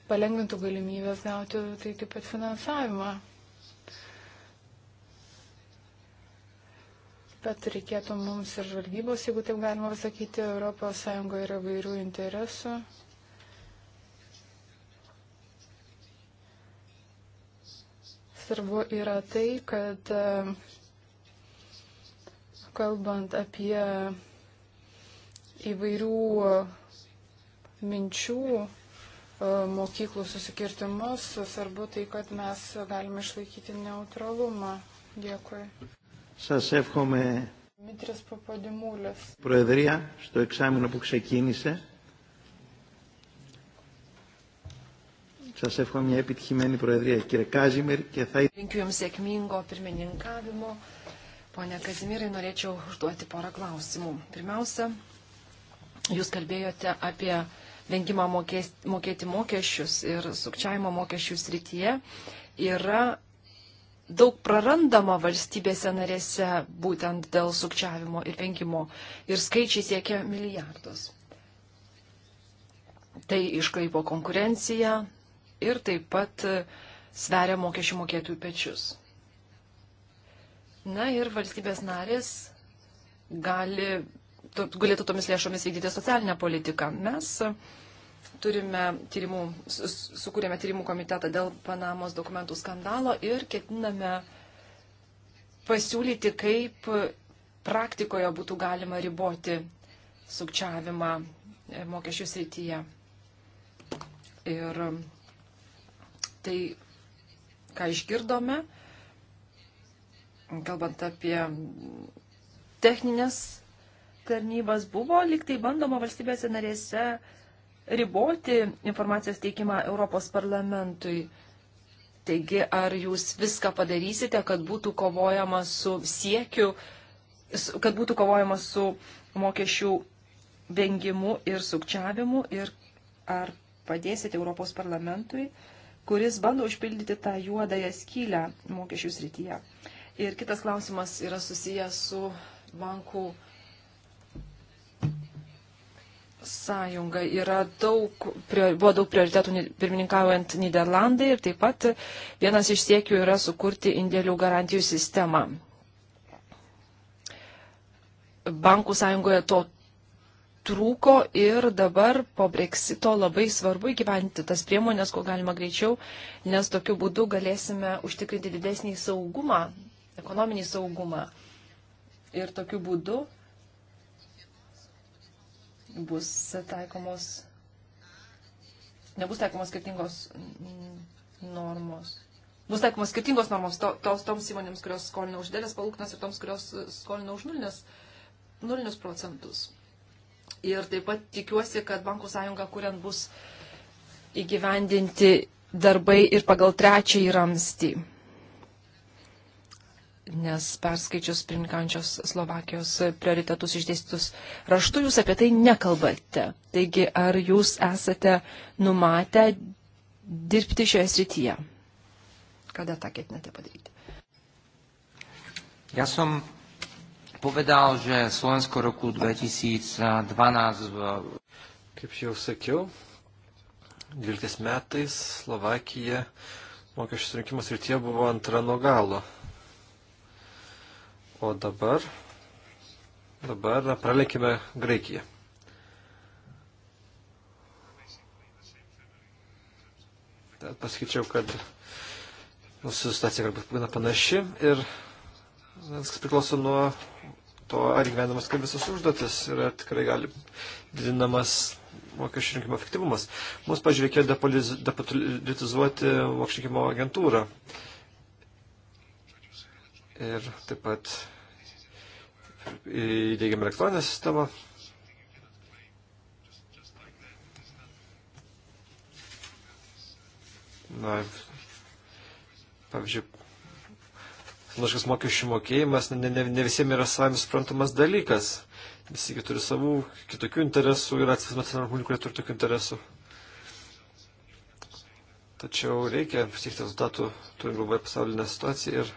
palengvintų galimybės gauti tai taip pat finansavimą. Bet reikėtų mums ir žvalgybos, jeigu taip galima pasakyti, ES yra vairių interesų. Uh, svarbu yra tai, kad e, kalbant apie įvairių minčių e, mokyklų susikirtimus, svarbu tai, kad mes galime išlaikyti neutralumą. Dėkui. Σας εύχομαι Δημήτρης Παπαδημούλης. Προεδρία στο εξάμεινο που ξεκίνησε Σας εύχομαι μια επιτυχημένη προεδρία. Κύριε Κάζιμερ και θα ήθελα... Linkiu Jums sėkmingo pirmininkavimo. Pone Kazimirai, norėčiau užduoti porą klausimų. Pirmiausia, Jūs kalbėjote apie vengimą mokės, mokėti mokesčius ir sukčiavimo mokesčių srityje. Yra daug prarandama valstybėse narėse būtent dėl sukčiavimo ir vengimo. Ir skaičiai siekia milijardus. Tai iškraipo konkurenciją, ir taip pat e, sveria mokesčių mokėtojų pečius. Na ir valstybės narės gali, galėtų tomis lėšomis vykdyti socialinę politiką. Mes e, turime tyrimų, sukūrėme tyrimų komitetą dėl Panamos dokumentų skandalo ir ketiname pasiūlyti, kaip praktikoje būtų galima riboti sukčiavimą e, mokesčių srityje. Ir tai, ką išgirdome, kalbant apie techninės tarnybas, buvo liktai bandoma valstybėse narėse riboti informacijos teikimą Europos parlamentui. Taigi, ar jūs viską padarysite, kad būtų kovojama su siekiu, kad būtų kovojama su mokesčių vengimu ir sukčiavimu ir ar padėsite Europos parlamentui uh, kuris bando užpildyti tą juodąją skylę mokesčių srityje. Ir kitas klausimas yra susijęs su bankų sąjunga. Yra daug, buvo daug prioritetų pirmininkaujant Niderlandai ir taip pat vienas iš siekių yra sukurti indėlių garantijų sistemą. Bankų sąjungoje to trūko ir dabar po breksito labai svarbu įgyventi tas priemonės, kuo galima greičiau, nes tokiu būdu galėsime užtikrinti didesnį saugumą, ekonominį saugumą. Ir tokiu būdu bus taikomos, nebus taikomos skirtingos normos. Bus taikomos skirtingos normos to, tos, toms įmonėms, kurios skolina už dėlės palūknas ir toms, kurios skolina už nulinės, nulinius procentus Ir taip pat tikiuosi, kad Bankų sąjunga kuriant bus įgyvendinti darbai ir pagal trečiąjį ramstį. Nes perskaičius pirmininkančios Slovakijos prioritetus išdėstytus raštu, jūs apie tai nekalbate. Taigi, ar jūs esate numatę dirbti šioje srityje? Kada tą ketinate padaryti? Ja som povedal, že Slovensko roku 2012... Kaip jau sakiau, 12 metais Slovakija mokesčių surinkimo srityje buvo antra nuo galo. O dabar, dabar pralenkime Graikiją. Tad pasakyčiau, kad mūsų situacija galbūt būna panaši ir viskas priklauso nuo to, ar gyvenamas kaip visas užduotis, yra tikrai gali didinamas mokesčių rinkimo efektyvumas. Mums, pažiūrėjau, reikėjo depolitizuoti mokesčių rinkimo agentūrą. Ir taip pat įdėgiam elektroninę sistemą. Na, pavyzdžiui, žmogiškas mokesčių mokėjimas ne, ne, ne visiems yra savami suprantamas dalykas. Visi turi savų kitokių interesų ir atsismas nacionalinių žmonių, kurie turi tokių interesų. Tačiau reikia pasiekti rezultatų, turint galvoje pasaulinę situaciją ir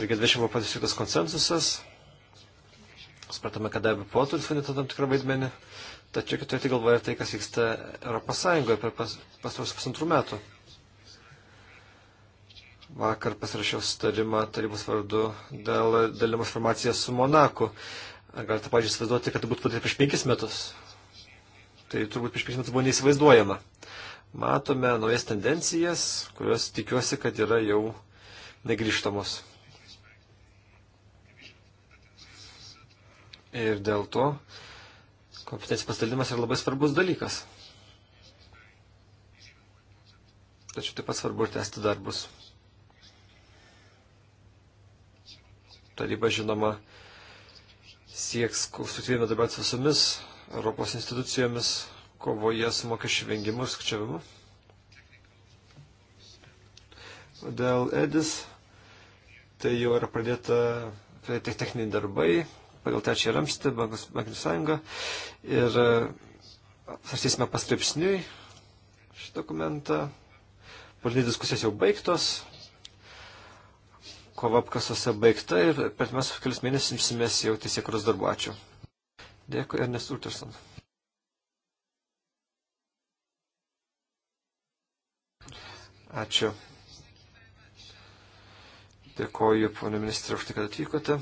reikia 20 buvo pasiektas konsensusas. Supratome, kad darbo poturis vaidina tam tikrą vaidmenį, tačiau reikia turėti galvoje ir tai, kas vyksta Europos Sąjungoje per pas, pastaros pusantrų metų. Vakar pasirašiau sutarimą tarybos vardu dėl dalimos formacijos su Monaku. Ar galite, pažiūrėjau, įsivaizduoti, kad tai būtų padaryta prieš penkis metus? Tai turbūt prieš penkis metus buvo neįsivaizduojama. Matome naujas tendencijas, kurios tikiuosi, kad yra jau negryžtamos. Ir dėl to kompetencijų pasidalimas yra labai svarbus dalykas. Tačiau taip pat svarbu ir tęsti darbus. taryba žinoma sieks konstruktyviai bendradarbiauti su visomis Europos institucijomis kovoje su mokesčių vengimu ir skčiavimu. Dėl EDIS tai jau yra pradėta tai tiek techniniai darbai pagal trečią ramstį, bankinį sąjungą ir e, svarstysime pastraipsniui šį dokumentą. Politinės diskusijos jau baigtos, kova apkasose baigta ir per mes kelias mėnesius imsimės jau teisėkuros darbo. Ačiū. Dėkui, Ernest Ulterson. Ačiū. Dėkoju, ponė ministrė, už tai, kad atvykote.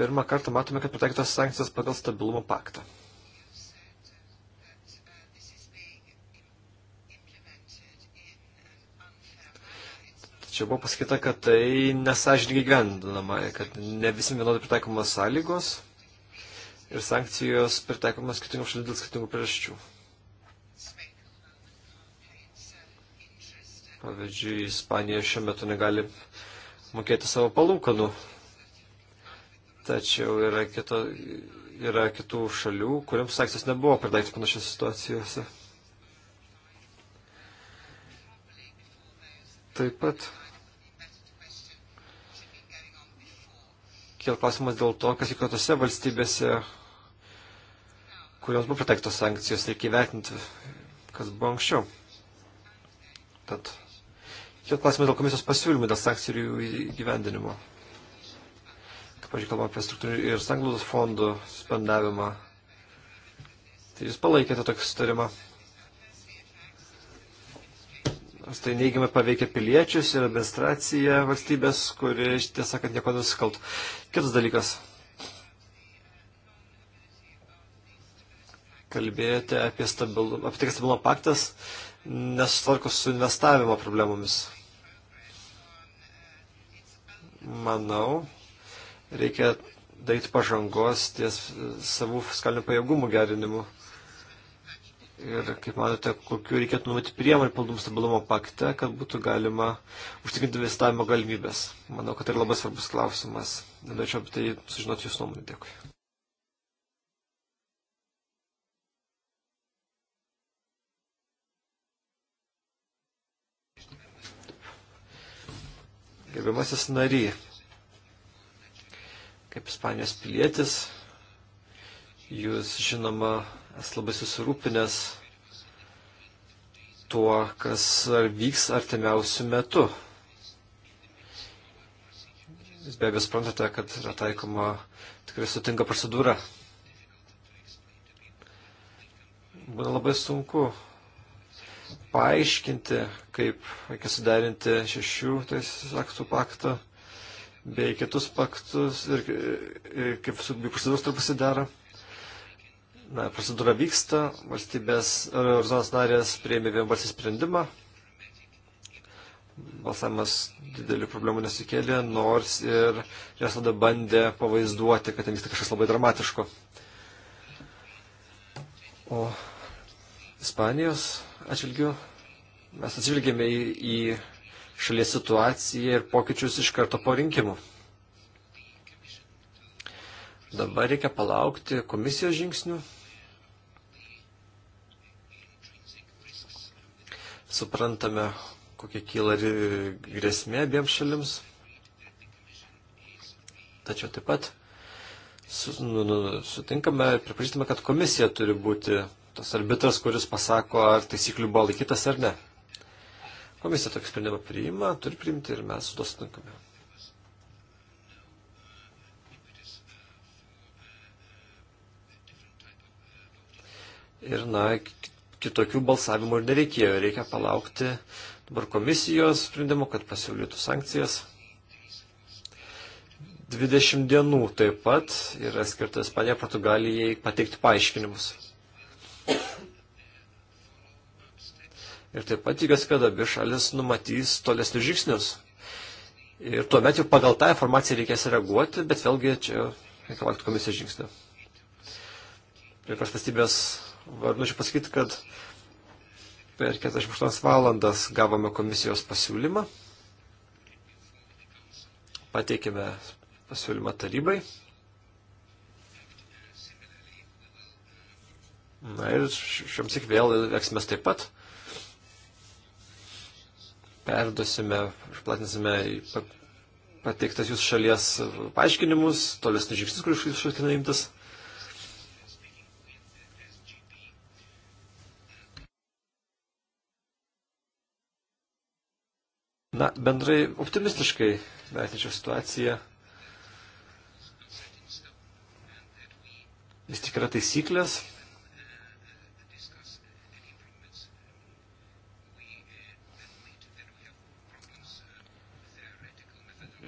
Pirmą kartą matome, kad pritaikytos sankcijos pagal stabilumo paktą. Čia buvo pasakyta, kad tai nesažininkai gyvendinama, kad ne visi vienodai pritaikomas sąlygos ir sankcijos pritaikomas skirtingų šalių dėl skirtingų priežasčių. Pavyzdžiui, Ispanija šiuo metu negali mokėti savo palūkanų, tačiau yra, kito, yra kitų šalių, kuriams sankcijos nebuvo pritaikytos panašiose situacijose. Taip pat kiel klausimas dėl to, kas įvyko tose valstybėse, kurios buvo pritaiktos sankcijos, reikia įvertinti, kas buvo anksčiau. Tad kiel klausimas dėl komisijos pasiūlymų dėl sankcijų ir jų įgyvendinimo. Kaip, pažiūrėjau, kalbam apie struktūrų ir sanglūdos fondų spendavimą. Tai jūs palaikėte tokį sutarimą tai neigiamai paveikia piliečius ir administraciją valstybės, kuri, tiesą sakant, nieko nusikalt. Kitas dalykas. Kalbėjote apie, stabilu, apie tai, kad stabilumo paktas nesutvarko su investavimo problemomis. Manau, reikia daryti pažangos ties savų fiskalinių pajėgumų gerinimu ir kaip matote, kokiu reikėtų numatyti priemonių paldum stabilumo pakte, kad būtų galima užtikrinti investavimo galimybės. Manau, kad tai labai svarbus klausimas. Norėčiau apie tai sužinoti jūsų nuomonę. Dėkui. Gerbiamasis nary, kaip Ispanijos pilietis, jūs žinoma esu labai susirūpinęs tuo, kas vyks artimiausių metų. Jūs be abejo suprantate, kad yra taikoma tikrai sutinka procedūra. Būna labai sunku paaiškinti, kaip reikia suderinti šešių teisės aktų paktą bei kitus paktus ir, ir kaip su procedūros tarpusidaro. daro Na, procedūra vyksta, valstybės e, Eurozonos narės prieimė vienbalsį sprendimą. Balsavimas didelių problemų nesukėlė, nors ir jos tada bandė pavaizduoti, kad ten vyksta kažkas labai dramatiško. O Ispanijos atžvilgiu mes atsižvelgėme į, į šalies situaciją ir pokyčius iš karto po rinkimų. Dabar reikia palaukti komisijos žingsnių. suprantame, kokia kyla grėsmė abiems šalims. Tačiau taip pat su, nu, nu, sutinkame ir pripažįstame, kad komisija turi būti tas arbitras, kuris pasako, ar taisyklių buvo laikytas ar ne. Komisija tokį sprendimą priima, turi priimti ir mes su to sutinkame. Ir, na, kitokių balsavimų ir nereikėjo. Reikia palaukti dabar komisijos sprendimo, kad pasiūlytų sankcijas. 20 dienų taip pat yra skirta Ispanija Portugalijai pateikti paaiškinimus. Ir taip pat tikiuosi, kad abi šalis numatys tolesnius žingsnius. Ir tuomet jau pagal tą informaciją reikės reaguoti, bet vėlgi čia reikia laukti komisijos žingsnio. Prie kažkas valstybės norėčiau pasakyti, kad per 48 valandas gavome komisijos pasiūlymą, pateikėme pasiūlymą tarybai. Na ir šioms tik vėl veiksmės taip pat. Perduosime, išplatinsime pateiktas jūs šalies paaiškinimus, tolesnis žingsnis, kuris šaltinai imtas. Na, bendrai optimistiškai vertinčiau situaciją. Vis tik yra taisyklės.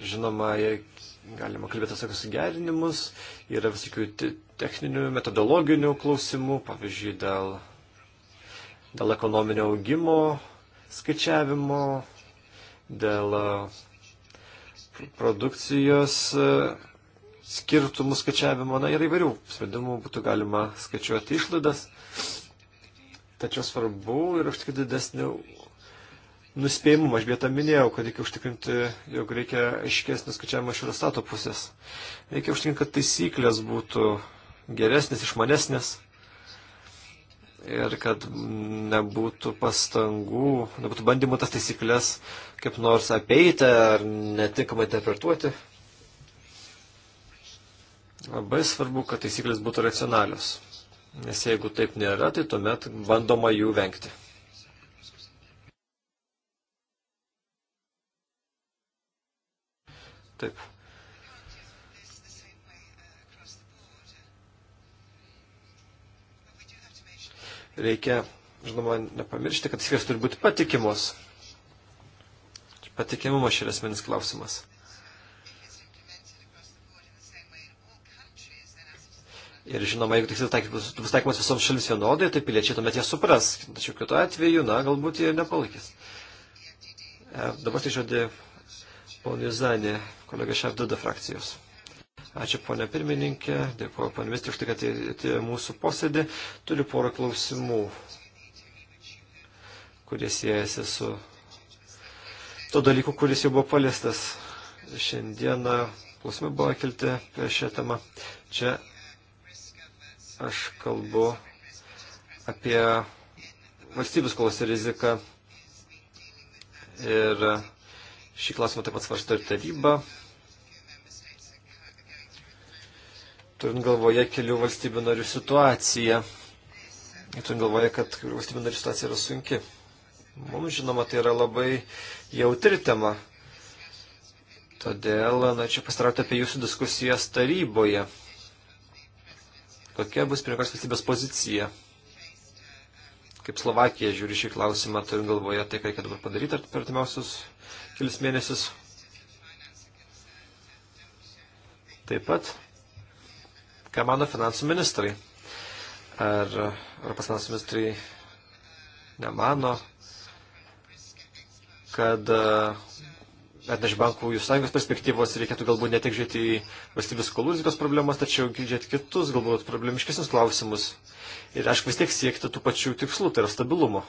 Žinoma, galima kalbėti apie sugerinimus, yra visokių techninių, metodologinių klausimų, pavyzdžiui, dėl, dėl ekonominio augimo, skaičiavimo, dėl e, produkcijos e, skirtumų skaičiavimo, na ir įvairių sprendimų būtų galima skaičiuoti išlaidas, tačiau svarbu ir užtikrinti didesnį nuspėjimumą. Aš vietą minėjau, kad reikia užtikrinti, jog reikia aiškesnį skaičiavimą iš Eurostato pusės. Reikia užtikrinti, kad taisyklės būtų geresnės, išmanesnės ir kad nebūtų pastangų, nebūtų bandymų tas taisyklės kaip nors apeiti ar netinkamai interpretuoti. Labai svarbu, kad taisyklės būtų racionalios, nes jeigu taip nėra, tai tuomet bandoma jų vengti. Taip. Reikia, žinoma, nepamiršti, kad skirios turi būti patikimos. Patikimumas yra esminis klausimas. Ir žinoma, jeigu tiksliai taikymas, bus taikomas visoms šalims vienodai, tai piliečiai tuomet jie supras. Tačiau kitu atveju, na, galbūt jie nepalaikys. E, dabar tai žodė ponui Zanė, kolega Šefduda frakcijos. Ačiū ponė pirmininkė, dėkuoju ponė ministrė už tai, kad atėjo mūsų posėdį. Turiu porą klausimų, kurie siejasi su to dalyku, kuris jau buvo paliestas. Šiandieną klausimai buvo kelti apie šią temą. Čia aš kalbu apie valstybės skolos riziką ir šį klausimą taip pat svarsto ir taryba turint galvoje kelių valstybių narių situaciją. Turint galvoje, kad valstybių narių situacija yra sunki. Mums žinoma, tai yra labai jautri tema. Todėl norėčiau pastarauti apie jūsų diskusijas taryboje. Kokia bus pirmos valstybės pozicija? Kaip Slovakija žiūri šį klausimą, turint galvoje tai, ką reikia dabar padaryti per artimiausius kelius mėnesius. Taip pat Ką mano finansų ministrai? Ar Europos finansų ministrai nemano, kad e, net iš bankų jų sąjungos perspektyvos reikėtų galbūt ne tik žiūrėti į valstybės skolų rizikos problemas, tačiau žiūrėti kitus, galbūt problemiškesnius klausimus. Ir aišku, vis tiek siekti tų pačių tikslų, tai yra stabilumo.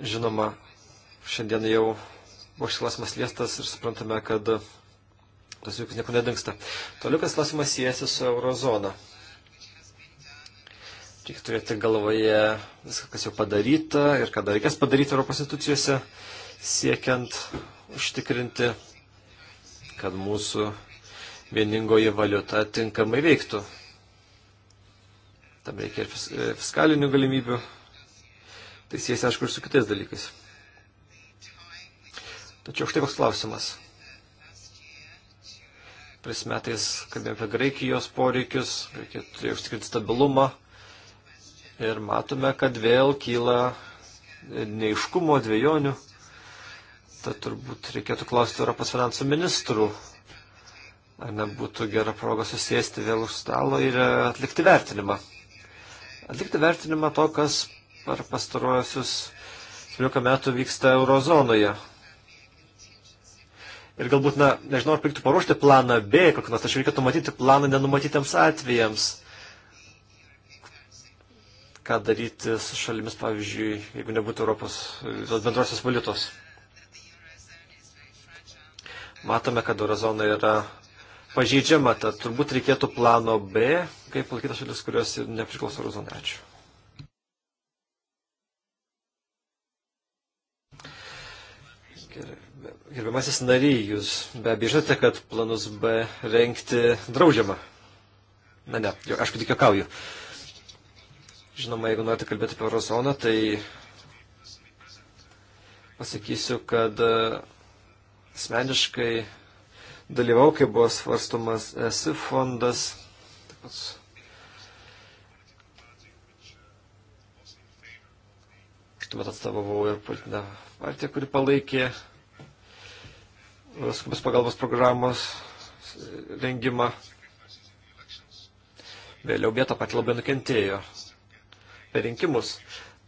Žinoma, šiandien jau buvo šis klausimas liestas ir suprantame, kad tas vaikas niekur nedingsta. Toliau, kas klausimas siejasi su eurozona. Reikia turėti galvoje viską, kas jau padaryta ir ką dar reikės padaryti Europos institucijose, siekiant užtikrinti, kad mūsų vieningoji valiuta tinkamai veiktų. Tam reikia ir fiskalinių galimybių. Tai siejasi, aišku, ir su kitais dalykais. Tačiau štai koks klausimas. Pris metais kalbėjome apie Graikijos poreikius, reikėtų užtikrinti stabilumą. Ir matome, kad vėl kyla neiškumo dviejonių. Tad turbūt reikėtų klausti Europos finansų ministrų, ar nebūtų gera proga susėsti vėl už stalo ir atlikti vertinimą. Atlikti vertinimą to, kas per pastarojosius 17 metų vyksta eurozonoje. Ir galbūt, na, nežinau, ar reiktų paruošti planą B, kokį nors, tačiau reikėtų matyti planą nenumatytiems atvejams. Ką daryti su šalimis, pavyzdžiui, jeigu nebūtų Europos bendrosios valiutos. Matome, kad eurozona yra pažeidžiama, tad turbūt reikėtų plano B, kaip laikytas šalis, kurios nepriklauso eurozonai. Ačiū. Gerbiamasis nariai, jūs be abejo žinote, kad planus B renkti draudžiama. Na ne, jo, aš tik juokauju. Žinoma, jeigu norite kalbėti apie eurozoną, tai pasakysiu, kad e, asmeniškai dalyvau, kai buvo svarstomas ESI fondas. Taip pat tuomet atstovavau ir politinę partiją, kuri palaikė skubios pagalbos programos rengimą. Vėliau vieta pati labai nukentėjo per rinkimus.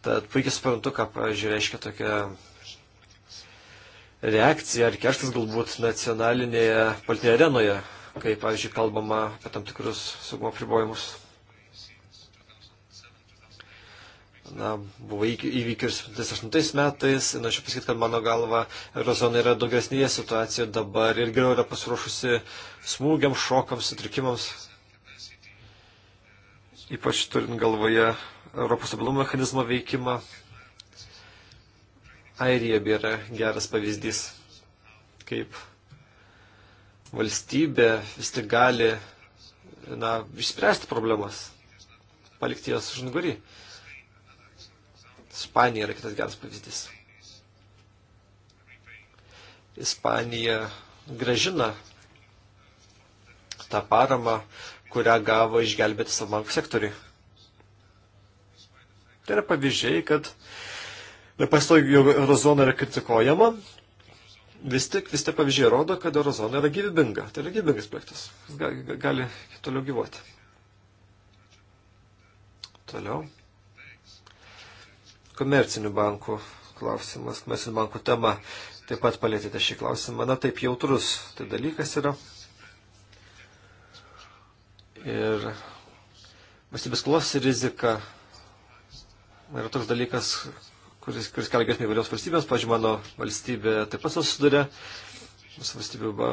Tad puikiai suprantu, ką, pavyzdžiui, reiškia tokia reakcija ar kerštas galbūt nacionalinėje politinėje arenoje, kai, pavyzdžiui, kalbama apie tam tikrus saugumo pribojimus. na, buvo įvykius 2008 metais. Norėčiau pasakyti, kad mano galva eurozona yra daug geresnėje situacijoje dabar ir geriau yra pasiruošusi smūgiams, šokams, sutrikimams. Ypač turint galvoje Europos stabilumo mechanizmo veikimą. Airija yra geras pavyzdys, kaip valstybė vis tik gali na, išspręsti problemas, palikti jas žnugarį. Uh, Ispanija yra kitas geras pavyzdys. Ispanija gražina tą paramą, kurią gavo išgelbėti savo bankų sektoriui. Tai yra pavyzdžiai, kad nepaisto, jog eurozona yra kritikuojama, vis tik vis tie pavyzdžiai rodo, kad eurozona yra gyvybinga. Tai yra gyvybingas projektas. Jis gali, gali toliau gyvuoti. Toliau komercinių bankų klausimas, komercinių bankų tema. Taip pat palėtėte šį klausimą. Na, taip jautrus tai dalykas yra. Ir valstybės klos rizika yra toks dalykas, kuris, kuris kelia grėsmę įvairioms valstybėms. Pavyzdžiui, mano valstybė taip pat susiduria. Mūsų, ba,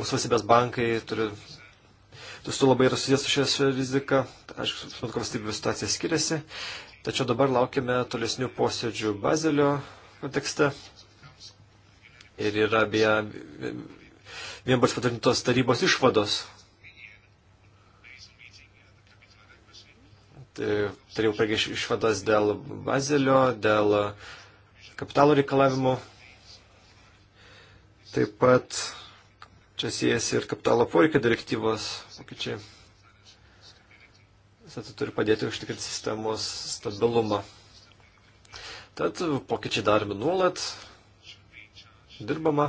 mūsų valstybės bankai turi Tu su labai yra susijęs su šia rizika. Aišku, suprantu, kad valstybių situacija skiriasi. Tačiau dabar laukime tolesnių posėdžių Bazelio kontekste. Ir yra beje vienbalsiai patvirtintos tarybos išvados. Tai, Turėjau prieš išvadas dėl Bazelio, dėl kapitalo reikalavimų. Taip pat čia siejasi ir kapitalo poreikio direktyvos pokyčiai tad tai turi padėti užtikrinti sistemos stabilumą. Tad pokyčiai daromi nuolat, dirbama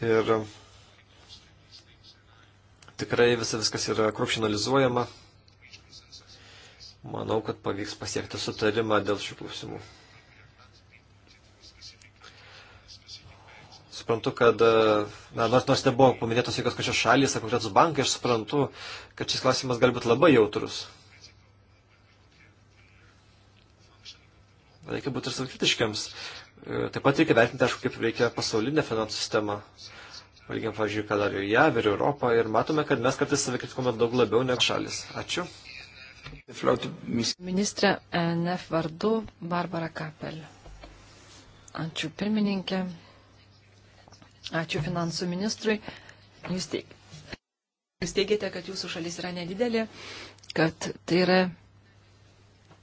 ir tikrai visa viskas yra krupšinalizuojama. Manau, kad pavyks pasiekti sutarimą dėl šių klausimų. suprantu, kad, na, nors, nors nebuvo paminėtos jokios kažkokios šalys ar konkretus bankai, aš suprantu, kad šis klausimas gali būti labai jautrus. reikia būti ir savkritiškiams. E, taip pat reikia vertinti, aišku, kaip veikia pasaulinė finansų sistema. Valgiam, pavyzdžiui, ką daro JAV ir Europą ir matome, kad mes kartais savkritikuome daug labiau negu šalis. Ačiū. Ministrė NF vardu Barbara Kapel. Ačiū pirmininkė. Ačiū finansų ministrui. Jūs, teik... jūs teigiate, kad jūsų šalis yra nedidelė, kad tai yra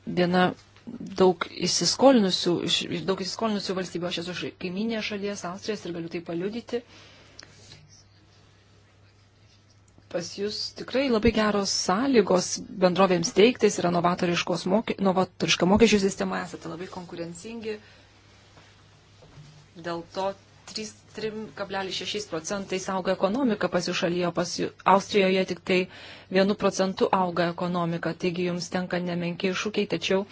viena daug įsiskolinusių, daug įsiskolinusių valstybių, aš esu kaiminė šalies, Austrijos ir galiu tai paliudyti pas jūs tikrai labai geros sąlygos bendrovėms teiktis, yra moke, novatoriška mokesčių sistema, esate labai konkurencingi. Dėl to 3,6 procentais auga ekonomika pas jų šalyje, pas jų Austrijoje tik tai 1 procentu auga ekonomika, taigi jums tenka nemenkiai iššūkiai, tačiau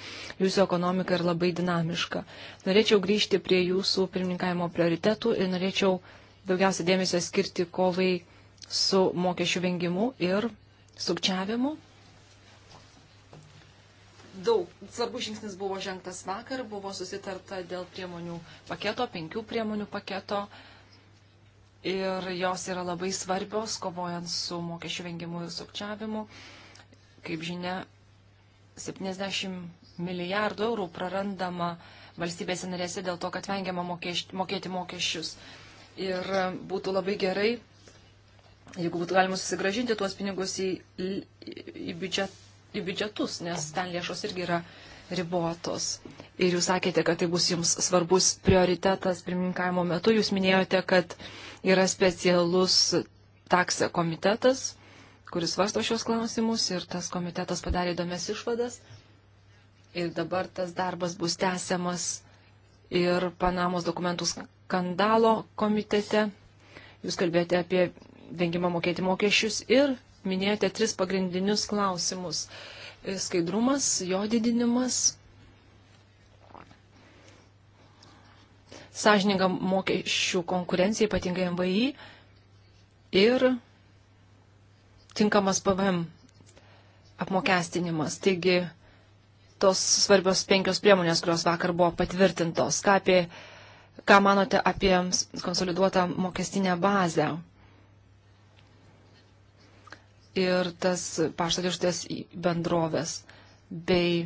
jūsų ekonomika yra labai dinamiška. Norėčiau grįžti prie jūsų pirmininkavimo prioritetų ir norėčiau daugiausia dėmesio skirti kovai su mokesčių vengimu ir sukčiavimu daug svarbus žingsnis buvo žengtas vakar, buvo susitarta dėl priemonių paketo, penkių priemonių paketo. Ir jos yra labai svarbios, kovojant su mokesčių vengimu ir sukčiavimu. Kaip žinia, 70 milijardų eurų prarandama valstybėse narėse dėl to, kad vengiama mokeš, mokėti mokesčius. Ir būtų labai gerai, jeigu būtų galima susigražinti tuos pinigus į, į, į biudžetą į biudžetus, nes ten lėšos irgi yra ribotos. Ir jūs sakėte, kad tai bus jums svarbus prioritetas pirmininkavimo metu. Jūs minėjote, kad yra specialus taksė komitetas, kuris svarsto šios klausimus ir tas komitetas padarė įdomias išvadas. Ir dabar tas darbas bus tęsiamas ir Panamos dokumentų skandalo komitete. Jūs kalbėjote apie vengimą mokėti mokesčius ir minėjote tris pagrindinius klausimus. Skaidrumas, jo didinimas, sąžininga mokesčių konkurencija, ypatingai MVI, ir tinkamas PVM apmokestinimas. Taigi, tos svarbios penkios priemonės, kurios vakar buvo patvirtintos. Ką, apie, ką manote apie konsoliduotą mokestinę bazę? ir tas pašto dėžutės bendrovės bei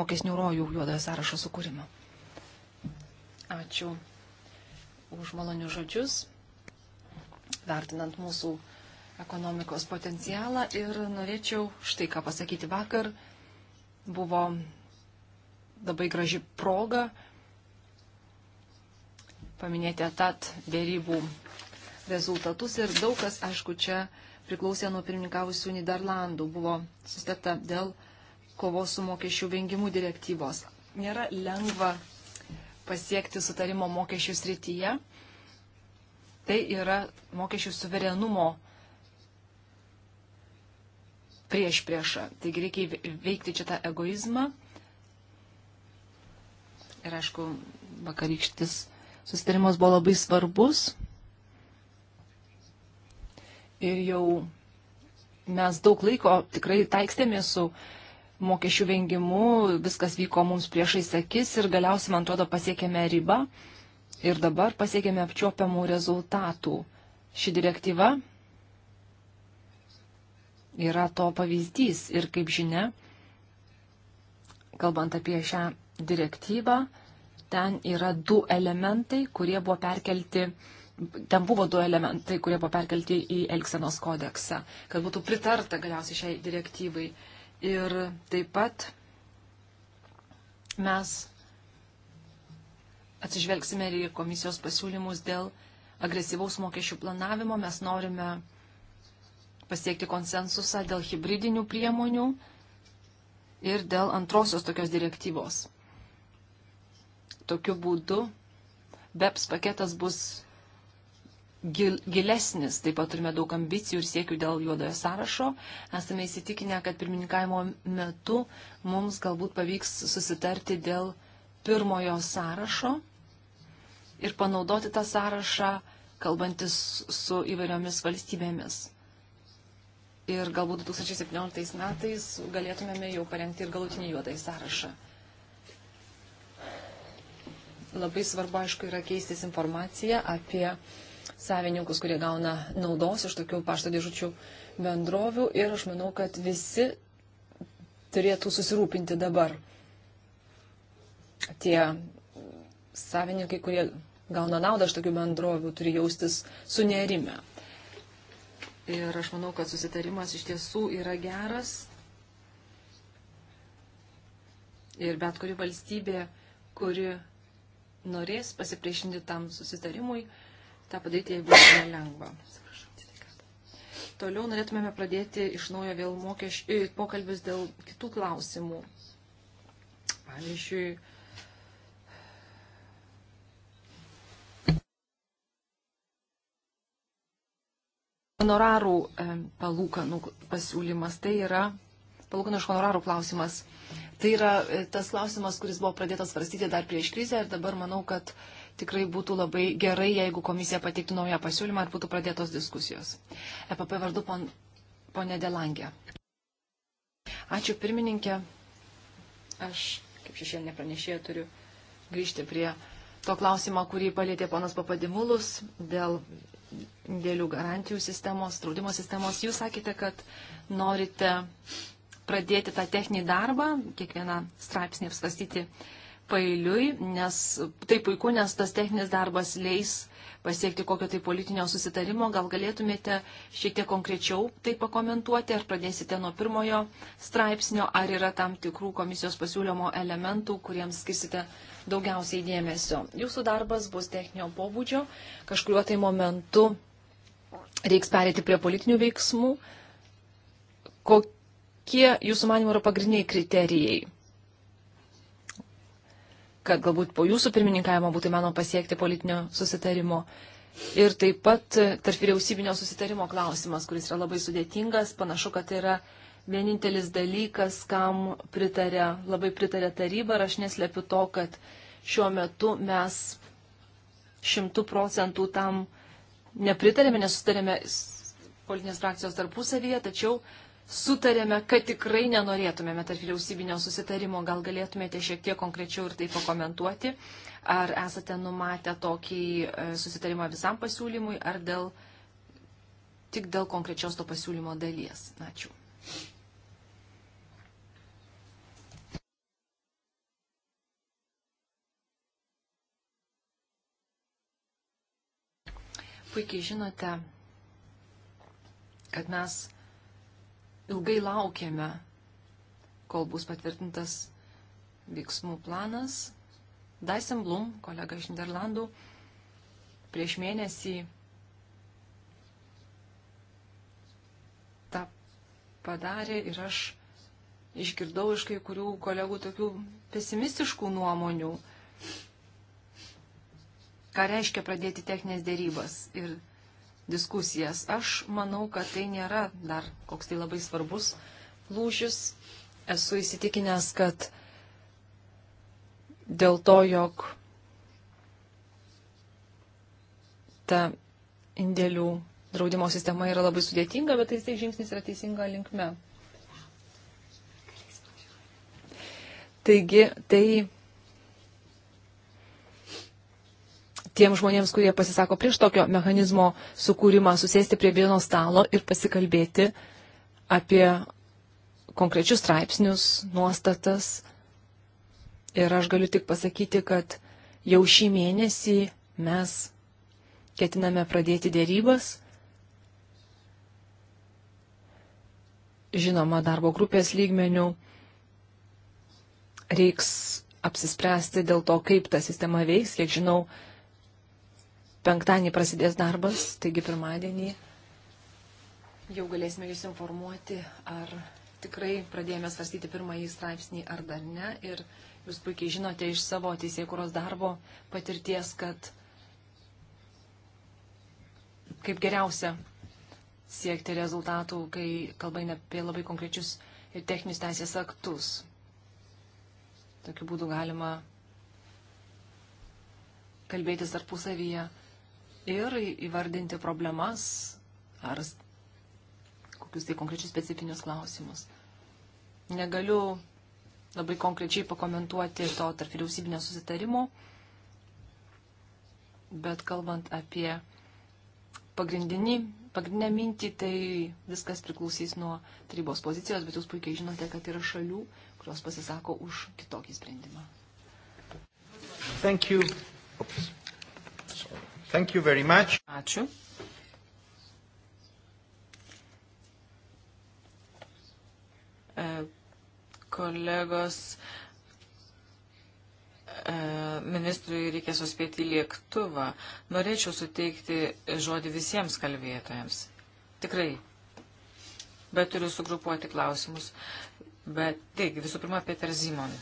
mokesnių rojų juodojo sąrašo sukūrimo. Ačiū už malonius žodžius, vertinant mūsų ekonomikos potencialą ir norėčiau štai ką pasakyti vakar. Buvo labai graži proga paminėti atat dėrybų rezultatus ir daug kas, aišku, čia uh, priklausė nuo pirmininkavusių Niderlandų, buvo sustarta dėl kovos su mokesčių vengimų direktyvos. Nėra lengva pasiekti sutarimo mokesčių srityje. Tai yra mokesčių suverenumo prieš priešą. Taigi reikia veikti čia tą egoizmą. Ir aišku, vakarykštis susitarimas buvo labai svarbus ir jau mes daug laiko tikrai taikstėmės su mokesčių vengimu, viskas vyko mums priešais akis ir galiausiai, man atrodo, pasiekėme ribą ir dabar pasiekėme apčiopiamų rezultatų. Ši direktyva yra to pavyzdys ir, kaip žinia, kalbant apie šią direktyvą, ten yra du elementai, kurie buvo perkelti ten buvo du elementai, kurie buvo perkelti į Elksenos kodeksą, kad būtų pritarta galiausiai šiai direktyvai. Ir taip pat mes atsižvelgsime ir į komisijos pasiūlymus dėl agresyvaus mokesčių planavimo. Mes norime pasiekti konsensusą dėl hybridinių priemonių ir dėl antrosios tokios direktyvos. Tokiu būdu BEPS paketas bus gil, gilesnis. Taip pat turime daug ambicijų ir siekių dėl juodojo sąrašo. Esame įsitikinę, kad pirmininkavimo metu mums galbūt pavyks susitarti dėl pirmojo sąrašo ir panaudoti tą sąrašą, kalbantis su įvairiomis valstybėmis. Ir galbūt 2017 metais galėtumėme jau parengti ir galutinį juodąjį sąrašą. Labai svarbu, aišku, yra keistis informacija apie uh, savininkus, kurie gauna naudos iš tokių pašto dėžučių bendrovių ir aš manau, kad visi turėtų susirūpinti dabar. Tie savininkai, kurie gauna naudą iš tokių bendrovių, turi jaustis sunerime. Ir aš manau, kad susitarimas iš tiesų yra geras. Ir bet kuri valstybė, kuri norės pasipriešinti tam susitarimui, tą padaryti, jeigu nelengva. Toliau norėtumėme pradėti iš naujo vėl mokeš... pokalbius dėl kitų klausimų. Pavyzdžiui, honorarų e, palūkanų pasiūlymas, tai yra palūkanų iš honorarų klausimas. Tai yra e, tas klausimas, kuris buvo pradėtas svarstyti dar prieš krizę ir dabar manau, kad uh, tikrai būtų labai gerai, jeigu komisija pateiktų naują pasiūlymą ir būtų pradėtos diskusijos. EPP vardu pon, ponė Delangė. Ačiū pirmininkė. Aš, kaip šešėlinė pranešėja, turiu grįžti prie to klausimo, kurį palėtė ponas Papadimulus dėl dėlių garantijų sistemos, draudimo sistemos. Jūs sakėte, kad norite pradėti tą techninį darbą, kiekvieną straipsnį apsvastyti pailiui, nes tai puiku, nes tas techninis darbas leis pasiekti kokio tai politinio susitarimo. Gal galėtumėte šiek tiek konkrečiau tai pakomentuoti, ar pradėsite nuo pirmojo straipsnio, ar yra tam tikrų komisijos pasiūlymo elementų, kuriems skirsite daugiausiai dėmesio. Jūsų darbas bus techninio pobūdžio, kažkuriuo tai momentu reiks perėti prie politinių veiksmų. Kokie jūsų manimo yra pagrindiniai kriterijai? kad galbūt po jūsų pirmininkavimo būtų mano pasiekti politinio susitarimo. Ir taip pat tarp vyriausybinio susitarimo klausimas, kuris yra labai sudėtingas, panašu, kad tai yra vienintelis dalykas, kam pritarė, labai pritarė taryba ir aš neslepiu to, kad šiuo metu mes šimtų procentų tam nepritarėme, nesustarėme politinės frakcijos tarpusavyje, tačiau sutarėme, kad tikrai nenorėtumėme tarp vyriausybinio susitarimo. Gal galėtumėte šiek tiek konkrečiau ir tai pakomentuoti? Ar esate numatę tokį e, susitarimą visam pasiūlymui, ar dėl, tik dėl konkrečios to pasiūlymo dalies? Ačiū. Puikiai žinote, kad mes ilgai laukėme, kol bus patvirtintas veiksmų planas. Dyson Blum, kolega iš Niderlandų, prieš mėnesį tą padarė ir aš išgirdau iš kai kurių kolegų tokių pesimistiškų nuomonių, ką reiškia pradėti techninės dėrybas. Ir diskusijas. Aš manau, kad tai nėra dar koks tai labai svarbus lūžis. Esu įsitikinęs, kad dėl to, jog ta indėlių draudimo sistema yra labai sudėtinga, bet tai, tai žingsnis yra teisinga linkme. Taigi, tai tiem žmonėms, kurie pasisako prieš tokio mechanizmo sukūrimą, susėsti prie vieno stalo ir pasikalbėti apie konkrečius straipsnius, nuostatas. Ir aš galiu tik pasakyti, kad jau šį mėnesį mes ketiname pradėti dėrybas. Žinoma, darbo grupės lygmenių reiks apsispręsti dėl to, kaip ta sistema veiks. Kiek žinau, penktadienį prasidės darbas, taigi pirmadienį jau galėsime jūs informuoti, ar tikrai pradėjome svarstyti pirmąjį straipsnį ar dar ne. Ir jūs puikiai žinote iš savo teisėkuros darbo patirties, kad kaip geriausia siekti rezultatų, kai kalba eina apie labai konkrečius ir techninius teisės aktus. Tokiu būdu galima kalbėtis tarpusavyje ir įvardinti problemas ar kokius tai konkrečius specifinius klausimus. Negaliu labai konkrečiai pakomentuoti to tarp vyriausybinio susitarimo, bet kalbant apie pagrindinį, pagrindinę mintį, tai viskas priklausys nuo tarybos pozicijos, bet jūs puikiai žinote, kad yra šalių, kurios pasisako už kitokį sprendimą. Thank you. Oops. Thank you very much. Ačiū. E, kolegos, e, ministrui reikia suspėti lėktuvą. Norėčiau suteikti žodį visiems kalbėtojams. Tikrai. Bet turiu sugrupuoti klausimus. Bet taigi, visų pirma, Peter Zimon.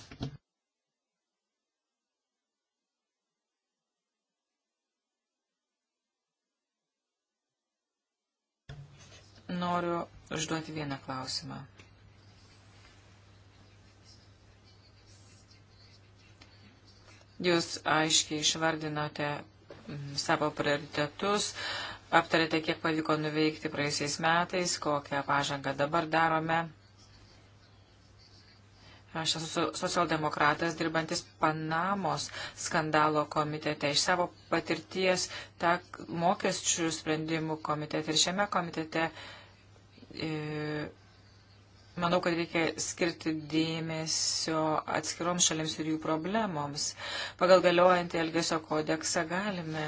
noriu užduoti vieną klausimą. Jūs aiškiai išvardinote mm, savo prioritetus, aptarėte, kiek pavyko nuveikti praeisiais metais, kokią pažangą dabar darome. Aš esu socialdemokratas, dirbantis Panamos skandalo komitete. Iš savo patirties tą mokesčių sprendimų komitete ir šiame komitete. E, Manau, kad reikia skirti dėmesio atskiroms šalims ir jų problemoms. Pagal galiojantį Elgesio kodeksą galime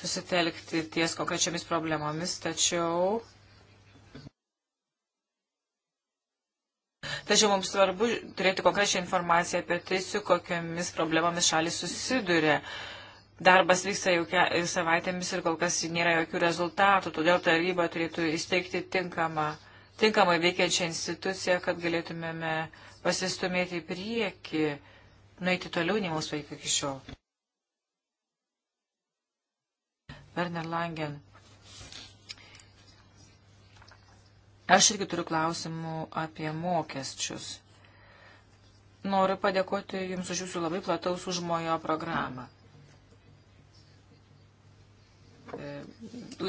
susitelkti ties konkrečiomis problemomis, tačiau Tačiau mums svarbu turėti konkrečią informaciją apie tai, su kokiamis problemomis šalis susiduria. Darbas vyksta jau savaitėmis ir kol kas nėra jokių rezultatų, todėl taryba turėtų įsteigti tinkamą, tinkamai veikiančią instituciją, kad galėtumėme pasistumėti į priekį, nueiti toliau nei mūsų vaikai iki šiol. Werner Langen. Aš irgi turiu klausimų apie mokesčius. Noriu padėkoti Jums už Jūsų labai plataus užmojo programą. E,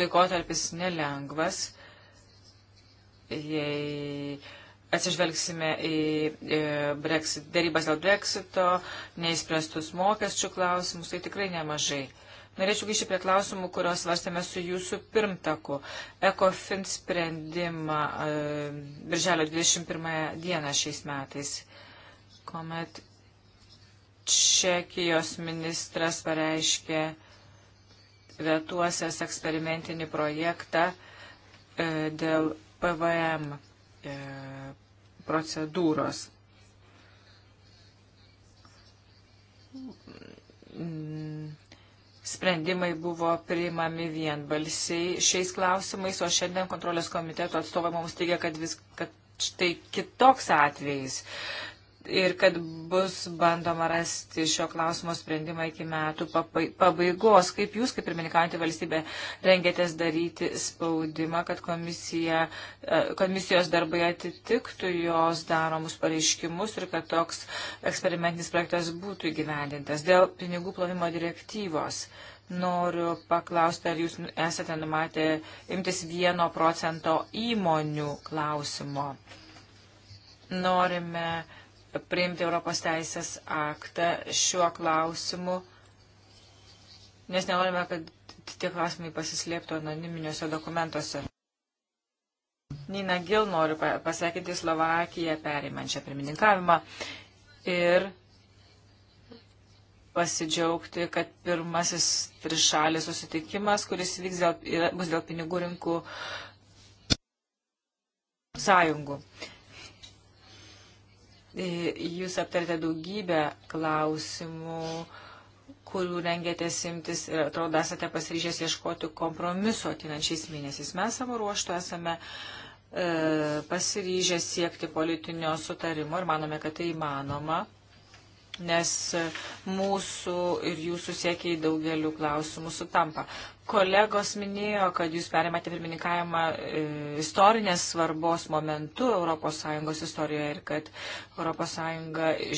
laikotarpis nelengvas, jei atsižvelgsime į e, Brexit, dėrybas dėl Brexito, neįspręstus mokesčių klausimus, tai tikrai nemažai. Norėčiau grįžti prie klausimų, kuriuos svarstėme su jūsų pirmtaku. ECOFIN sprendimą e, birželio 21 dieną šiais metais, kuomet Čekijos ministras pareiškė vetuosias eksperimentinį projektą e, dėl PVM e, procedūros. Mm sprendimai buvo priimami vienbalsiai šiais klausimais, o šiandien kontrolės komiteto atstovai mums teigia, kad, vis, kad štai kitoks atvejis ir kad bus bandoma rasti šio klausimo sprendimą iki metų pabaigos. Kaip jūs, kaip pirmininkaujantį valstybę, rengėtės daryti spaudimą, kad komisija, e, komisijos darbai atitiktų jos daromus pareiškimus ir kad toks eksperimentinis projektas būtų įgyvendintas dėl pinigų plovimo direktyvos. Noriu paklausti, ar jūs esate numatę imtis vieno procento įmonių klausimo. Norime uh, priimti Europos teisės aktą šiuo klausimu, nes nenorime, kad tie klausimai pasislėptų anoniminiuose dokumentuose. Nina Gil noriu pasakyti Slovakiją perimančią pirmininkavimą ir pasidžiaugti, kad pirmasis trišalis susitikimas, kuris vyks dėl, bus dėl pinigų rinkų sąjungų. E, jūs aptarėte daugybę klausimų, kurių rengėtės imtis ir atrodo esate pasiryžęs ieškoti kompromisu atinančiais mėnesiais. Mes savo ruoštų esame e, pasiryžę siekti politinio sutarimo ir manome, kad tai įmanoma nes mūsų ir jūsų siekiai daugeliu klausimų sutampa. Kolegos minėjo, kad jūs perėmate pirmininkavimą e, istorinės svarbos momentu ES istorijoje ir kad ES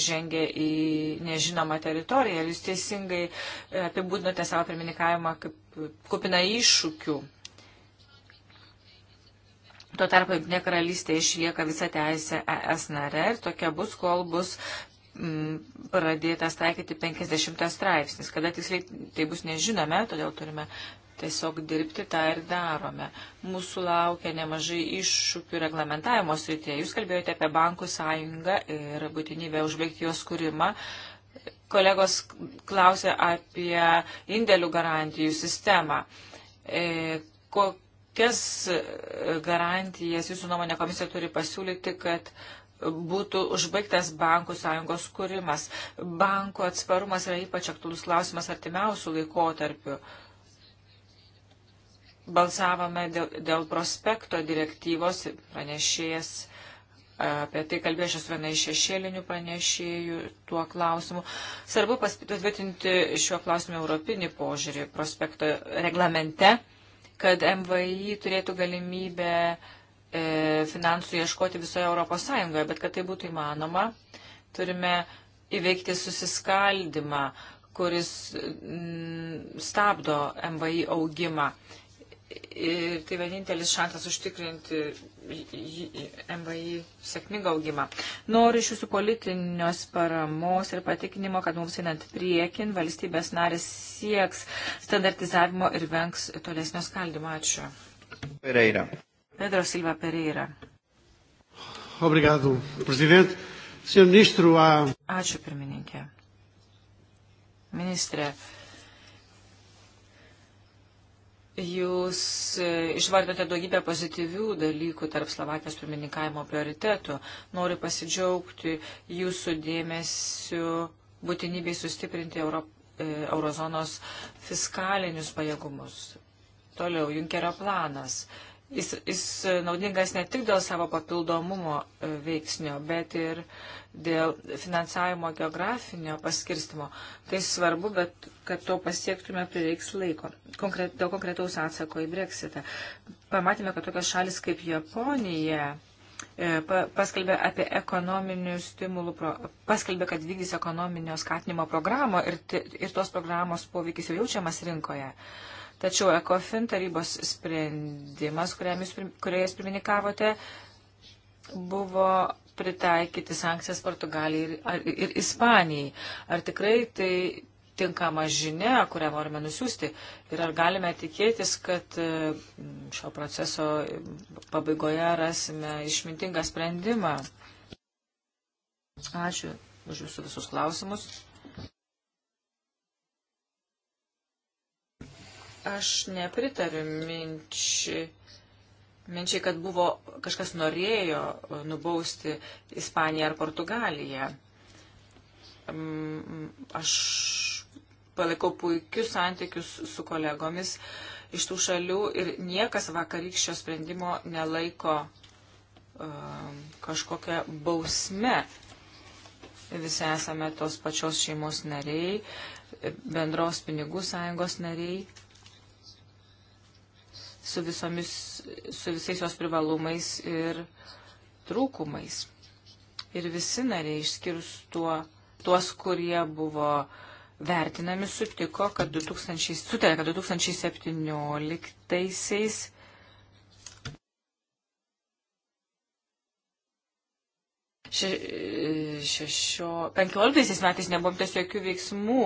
žengia į nežinomą teritoriją. Jūs teisingai e, apibūdinote savo pirmininkavimą kaip kupina iššūkių. Tuo tarpu Junktinė karalystė išlieka visą teisę ES nare ir tokia bus, kol bus Mm, pradėtas taikyti 50 straipsnis. Kada tiksliai tai bus nežinome, todėl turime tiesiog dirbti tą ir darome. Mūsų laukia nemažai iššūkių reglamentavimo srityje. Jūs kalbėjote apie bankų sąjungą ir būtinybę užbaigti jos kūrimą. Kolegos klausė apie indėlių garantijų sistemą. E, kokias garantijas jūsų nuomonė komisija turi pasiūlyti, kad būtų užbaigtas bankų sąjungos kūrimas. Banko atsparumas yra ypač aktuolus klausimas artimiausių laikotarpių. Balsavome dėl, dėl prospekto direktyvos, pranešėjas e, apie tai kalbėjo šios viena iš šešėlinių pranešėjų tuo klausimu. Svarbu patvirtinti šiuo klausimu europinį požiūrį prospekto reglamente, kad MVI turėtų galimybę uh, e, finansų ieškoti visoje Europos Sąjungoje, bet kad tai būtų įmanoma, turime įveikti susiskaldimą, kuris mm, m, stabdo MVI augimą. Ir tai vienintelis šansas užtikrinti MVI sėkmingą augimą. Noriu iš jūsų politinios paramos ir patikinimo, kad mums einant priekin valstybės narės sieks standartizavimo ir vengs tolesnio skaldimo. Ačiū. Pereira. Pedro Silva Pereira. Obrigado, prezident. Senior ministru, a... Ačiū, pirmininkė. Ministrė, jūs e, išvardėte daugybę pozityvių dalykų tarp Slovakijos pirmininkavimo prioritetų. Noriu pasidžiaugti jūsų dėmesiu būtinybei sustiprinti Euro, e, eurozonos fiskalinius pajėgumus. Toliau, Junkerio planas. E, jis, jis e, naudingas ne tik dėl savo papildomumo e, veiksnio, bet ir dėl finansavimo geografinio paskirstimo. Tai svarbu, bet kad to pasiektume prireiks laiko. Konkret, dėl konkretaus atsako į Brexitą. Pamatėme, kad tokios šalis kaip Japonija e, paskelbė apie ekonominių stimulų, pro, paskelbė, kad vykdys ekonominio skatinimo programą ir, ir tos programos poveikis jau jaučiamas rinkoje. Uh, Tačiau ECOFIN tarybos sprendimas, kurioje jūs pirmininkavote, buvo pritaikyti sankcijas Portugalijai ir, ar, ir Ispanijai. Ar tikrai tai tinkama žinia, kurią norime nusiųsti ir ar galime tikėtis, kad e, šio proceso pabaigoje rasime išmintingą sprendimą? Ačiū už jūsų visus klausimus. Aš nepritariu minčiai, minčiai, kad buvo kažkas norėjo nubausti Ispaniją ar Portugaliją. Mm, aš palaikau puikius santykius su kolegomis iš tų šalių ir niekas vakarykščio sprendimo nelaiko um, kažkokią bausmę. Visi esame tos pačios šeimos nariai, bendros pinigų sąjungos nariai su, visomis, su visais jos privalumais ir trūkumais. Ir visi nariai išskyrus tuo, tuos, kurie buvo vertinami, sutiko, kad 2000, sutarė, kad 2017 Še, šešio, 15 metais nebuvom tiesiog jokių veiksmų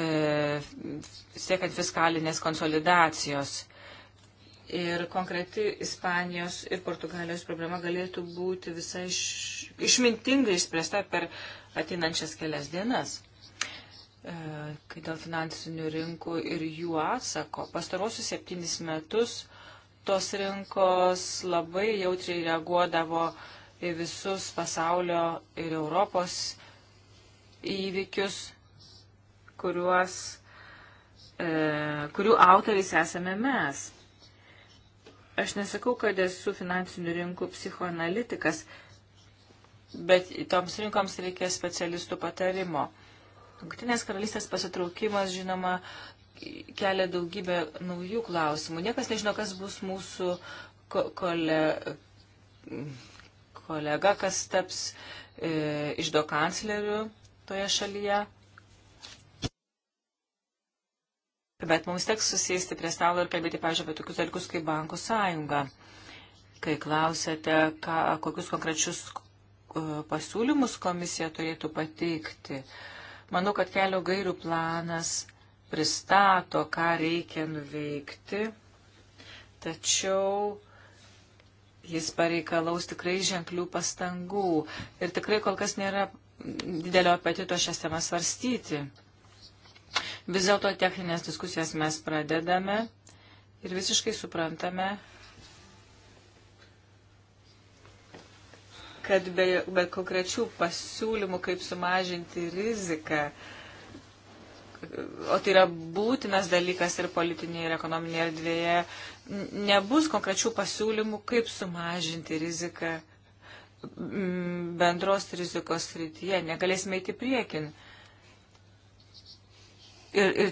e, siekiant fiskalinės konsolidacijos ir konkreti Ispanijos ir Portugalijos problema galėtų būti visai iš, išmintingai išspręsta per ateinančias kelias dienas. E, kai dėl finansinių rinkų ir jų atsako, pastarosius septynis metus tos rinkos labai jautriai reaguodavo į visus pasaulio ir Europos įvykius, kuriuos, e, kurių autoriais esame mes. Aš nesakau, kad esu finansinių rinkų psichoanalitikas, bet toms rinkoms reikia specialistų patarimo. Jungtinės karalystės pasitraukimas, žinoma, kelia daugybę naujų klausimų. Niekas nežino, kas bus mūsų kole, kolega, kas taps e, išdo kancleriu toje šalyje. Bet mums teks susėsti prie stalo ir kalbėti, pažiūrėjau, apie tokius dalykus kaip bankų sąjunga. Kai klausėte, ką, kokius konkrečius e, pasiūlymus komisija turėtų pateikti, manau, kad kelio gairių planas pristato, ką reikia nuveikti, tačiau jis pareikalaus tikrai ženklių pastangų ir tikrai kol kas nėra didelio apetito šias temas svarstyti. Vis dėlto techninės diskusijas mes pradedame ir visiškai suprantame, kad be, be konkrečių pasiūlymų, kaip sumažinti riziką, o tai yra būtinas dalykas ir politinėje, ir ekonominėje erdvėje, nebus konkrečių pasiūlymų, kaip sumažinti riziką bendros rizikos srityje, negalėsime eiti priekin. Uh, Ir, ir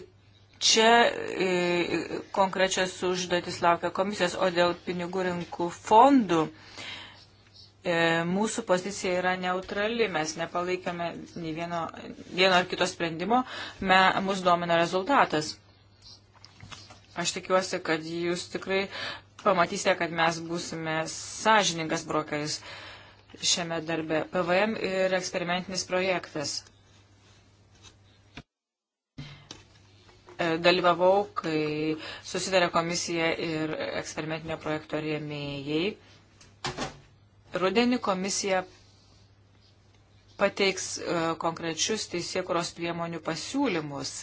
čia e, konkrečios užduotis laukia komisijos, o dėl pinigų rinkų fondų e, mūsų pozicija yra neutrali, mes nepalaikėme nei vieno, vieno ar kito sprendimo, me, mus domina rezultatas. Aš tikiuosi, kad jūs tikrai pamatysite, kad mes būsime sąžiningas brokeris šiame darbe. PVM ir eksperimentinis projektas. E, dalyvavau, kai susidarė komisija ir eksperimentinio projekto rėmėjai. Rudenį komisija pateiks e, konkrečius teisėkuros priemonių pasiūlymus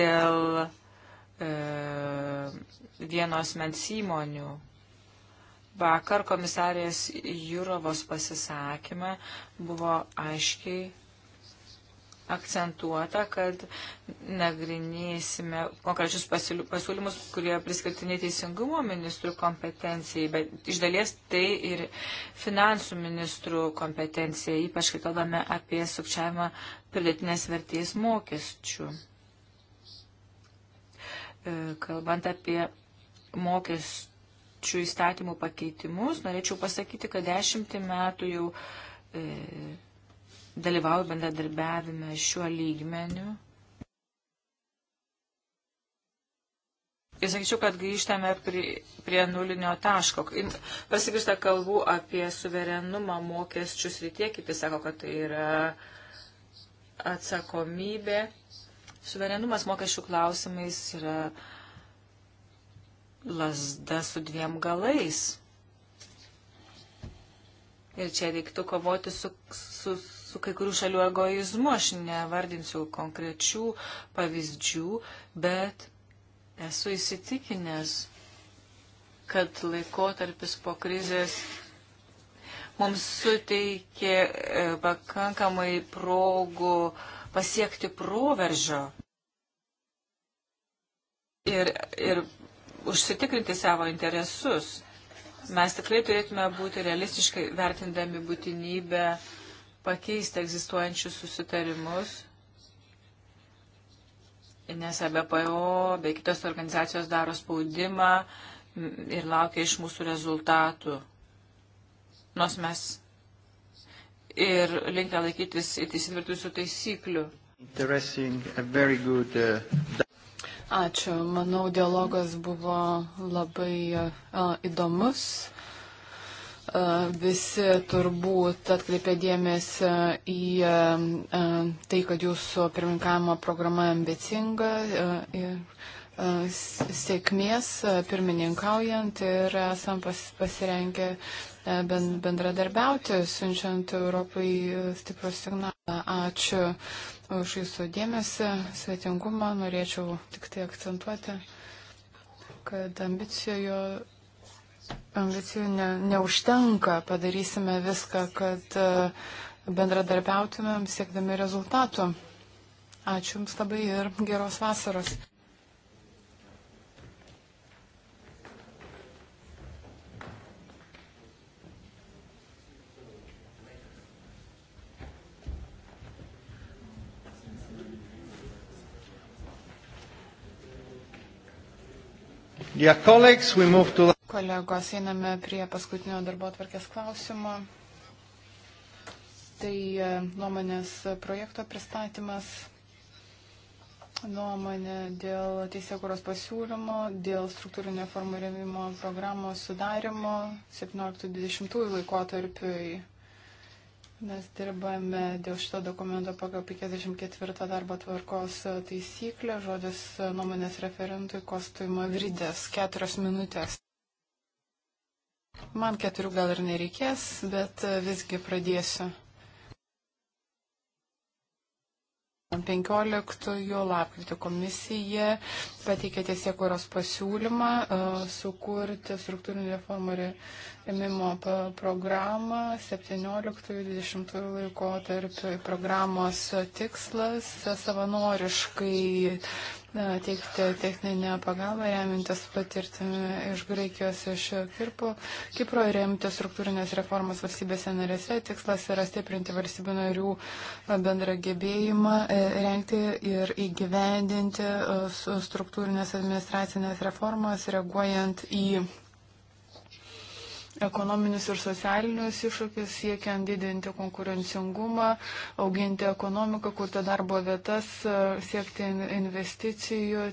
dėl e, vienos mens įmonių. Vakar komisarės Jūrovos pasisakymą buvo aiškiai akcentuota, kad nagrinėsime konkrečius pasiūlymus, kurie priskirti neteisingumo ministrų kompetencijai, bet iš dalies tai ir finansų ministrų kompetencija, ypač kai kalbame apie sukčiavimą pridėtinės vertės mokesčių. E, kalbant apie mokesčių įstatymų pakeitimus, norėčiau pasakyti, kad dešimtį metų jau e, dalyvauju bendradarbiavime šiuo lygmeniu. Ir sakyčiau, kad grįžtame prie, prie nulinio taško. Pasigirsta kalbų apie suverenumą mokesčių srityje, kiti sako, kad tai yra atsakomybė. Suverenumas mokesčių klausimais yra lasda su dviem galais. Ir čia reiktų kovoti su, su su kai kurių šalių egoizmu. Aš nevardinsiu konkrečių pavyzdžių, bet esu įsitikinęs, kad laikotarpis po krizės mums suteikė e, pakankamai progų pasiekti proveržio ir, ir užsitikrinti savo interesus. Mes tikrai turėtume būti realistiškai vertindami būtinybę pakeisti egzistuojančius susitarimus, nes ABPO e bei kitos organizacijos daro spaudimą ir laukia iš mūsų rezultatų. Nors mes ir linkę laikytis įsitvirtusių taisyklių. Good, uh... Ačiū. Manau, dialogas buvo labai uh, įdomus. E, visi turbūt atkreipė dėmesį į e, tai, kad jūsų pirmininkavimo programa ambicinga e, ir sėkmės pirmininkaujant ir esam pasirengę bendradarbiauti, siunčiant Europai stiprų signalą. Ačiū už jūsų dėmesį, svetingumą. Norėčiau tik tai akcentuoti, kad ambicijoje Ambicijų ne, neužtenka, padarysime viską, kad e, bendradarbiautumėm siekdami rezultatų. Ačiū Jums labai ir geros vasaros. Yeah, colleagues, we move to... Kolegos, einame prie paskutinio darbo atvarkės klausimo. Tai e, nuomonės projekto pristatymas, nuomonė dėl teisėkuros pasiūlymo, dėl struktūrinio formų rėmimo programos sudarimo 17-20 laikotarpiui Mes dirbame dėl šito dokumento pagal 54 darbo tvarkos taisyklę. Žodis nuomonės referentui Kostui Mavridės. Keturios minutės. Man keturių gal ir nereikės, bet visgi pradėsiu. 15 lapkritį komisija pateikė tiesiekuros pasiūlymą e, sukurti struktūrinį reformų remimo programą 17-20 laiko tarp programos tikslas savanoriškai teikti techninę pagalbą, remintis patirtimi iš Graikijos, iš Kirpo, Kipro ir remintis struktūrinės reformos valstybėse narėse. Tikslas yra stiprinti valstybių narių e, bendrą gebėjimą, e, renkti ir įgyvendinti e, struktūrinės administracinės reformas, reaguojant į ekonominius ir socialinius iššūkius, siekiant didinti konkurencingumą, auginti ekonomiką, kurti darbo vietas, e, siekti investicijų,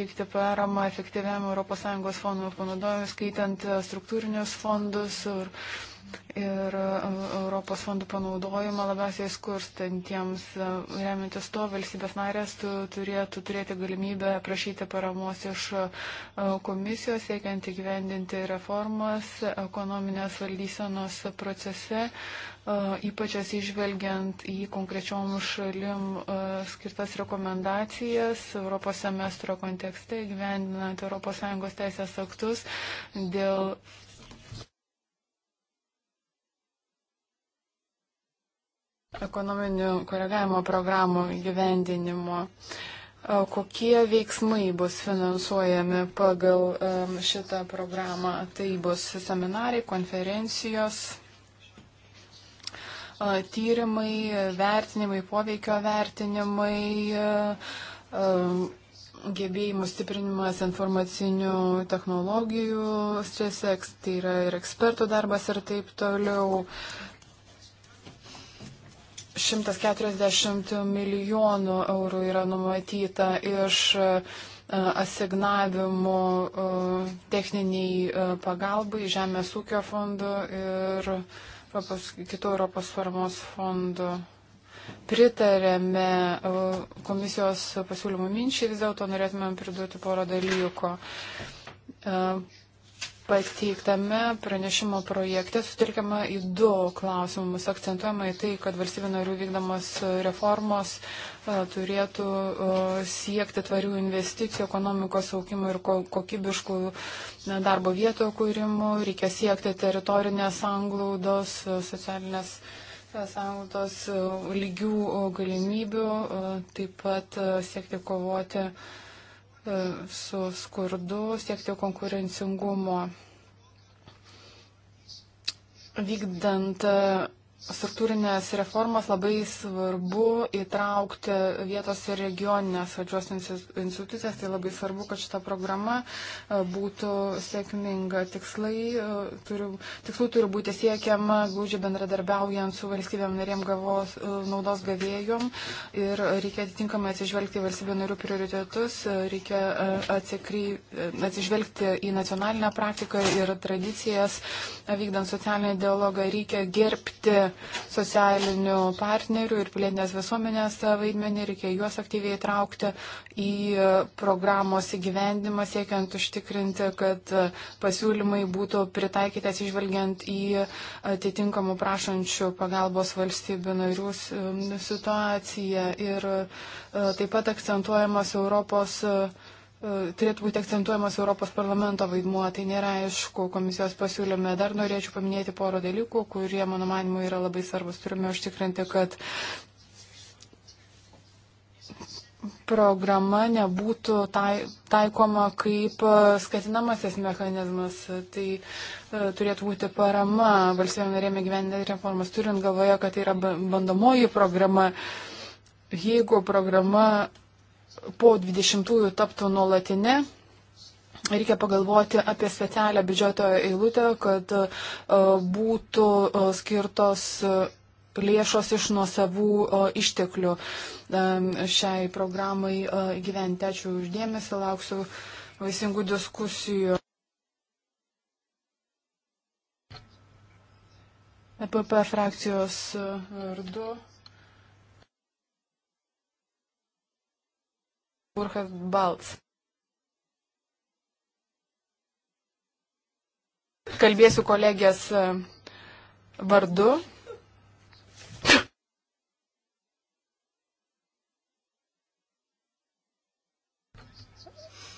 teikti paramą efektyviam ES fondų panaudojimui, skaitant e, struktūrinius fondus ir ir e, Europos fondų panaudojimą labiausiai skurstantiems. E, remiantis to, valstybės narės turėtų turėti galimybę prašyti paramos iš e, komisijos, siekiant įgyvendinti reformas ekonominės valdysenos procese, ypač atsižvelgiant į konkrečiom šalim skirtas rekomendacijas Europos semestro kontekste, gyvendinant ES teisės aktus dėl ekonominių koregavimo programų įgyvendinimo. E, kokie veiksmai bus finansuojami pagal e, šitą programą? Tai bus seminarai, konferencijos, e, tyrimai, vertinimai, poveikio vertinimai, gebėjimų stiprinimas informacinių technologijų, streseks, tai yra ir ekspertų darbas ir taip toliau. 140 milijonų eurų yra numatyta iš e, asignavimų e, techniniai e, pagalbai Žemės ūkio fondų ir Europos, kitų Europos formos fondų. Pritarėme komisijos pasiūlymų minčiai, vis dėlto norėtume pridurti porą dalykų pateiktame pranešimo projekte sutelkiama į du klausimus. Akcentuojama į tai, kad valstybių narių vykdomos reformos e, turėtų e, siekti tvarių investicijų, ekonomikos aukimų ir kokybiškų e, darbo vietų kūrimų. Reikia siekti teritorinės anglaudos, socialinės sąnaudos lygių galimybių, taip pat siekti kovoti E, su skurdu, siekti konkurencingumo. Vykdant e, struktūrinės reformas labai svarbu įtraukti vietos ir regioninės valdžios institucijas. Tai labai svarbu, kad šita programa e, būtų sėkminga. Tikslai e, turi, tikslų turi būti siekiama, glūdžiai bendradarbiaujant su valstybėm narėm gavos, e, naudos gavėjom. Ir reikia atitinkamai atsižvelgti į valstybė narių prioritetus, reikia atsikry, atsižvelgti į nacionalinę praktiką ir tradicijas, vykdant socialinį dialogą, reikia gerbti socialinių partnerių ir pilietinės visuomenės vaidmenį, reikia juos aktyviai įtraukti į programos įgyvendimą, siekiant užtikrinti, kad pasiūlymai būtų pritaikyti atsižvelgiant į atitinkamų prašančių pagalbos valstybių narių situaciją. Ir e, taip pat akcentuojamas Europos. Uh, E, turėtų būti akcentuojamas Europos parlamento vaidmuo, tai nėra aišku komisijos pasiūlyme. Dar norėčiau paminėti porą dalykų, kurie, mano manimu, yra labai svarbus. Turime užtikrinti, kad programa nebūtų tai, taikoma kaip skatinamasis mechanizmas. Tai e, turėtų būti parama valstybėm narėm įgyvendinti reformas, turint galvoje, kad tai yra bandomoji programa. Jeigu programa po 20-ųjų taptų nuolatinė. Reikia pagalvoti apie specialią biudžeto eilutę, kad e, būtų e, skirtos e, lėšos iš nuosavų išteklių šiai programai gyventi. Ačiū uždėmesi, lauksiu vaisingų diskusijų. EPP frakcijos vardu Burkhard Balts. Kalbėsiu kolegės e, vardu.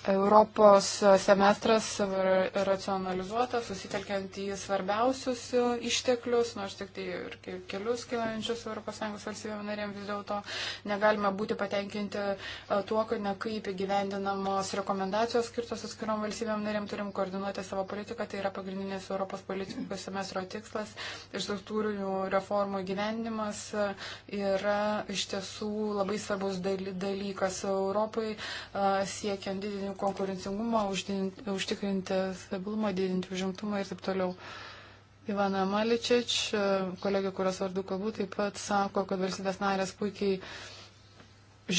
Europos semestras racionalizuotas, susitelkiant į svarbiausius išteklius, nors tik tai ir kelius kilančius ES valstybėm narėm vis dėlto negalime būti patenkinti e, tuo, kad nekaip įgyvendinamos rekomendacijos skirtos atskirom valstybėm narėm turim koordinuoti savo politiką, tai yra pagrindinės Europos politikos semestro tikslas ir struktūrinių reformų įgyvendimas e, yra iš tiesų labai svarbus dalykas Europai e, siekiant didinimo konkurencingumą, užtikrinti stabilumą, didinti užimtumą ir taip toliau. Ivana Maličič, kolegė, kurios vardu kalbu, taip pat sako, kad valstybės narės puikiai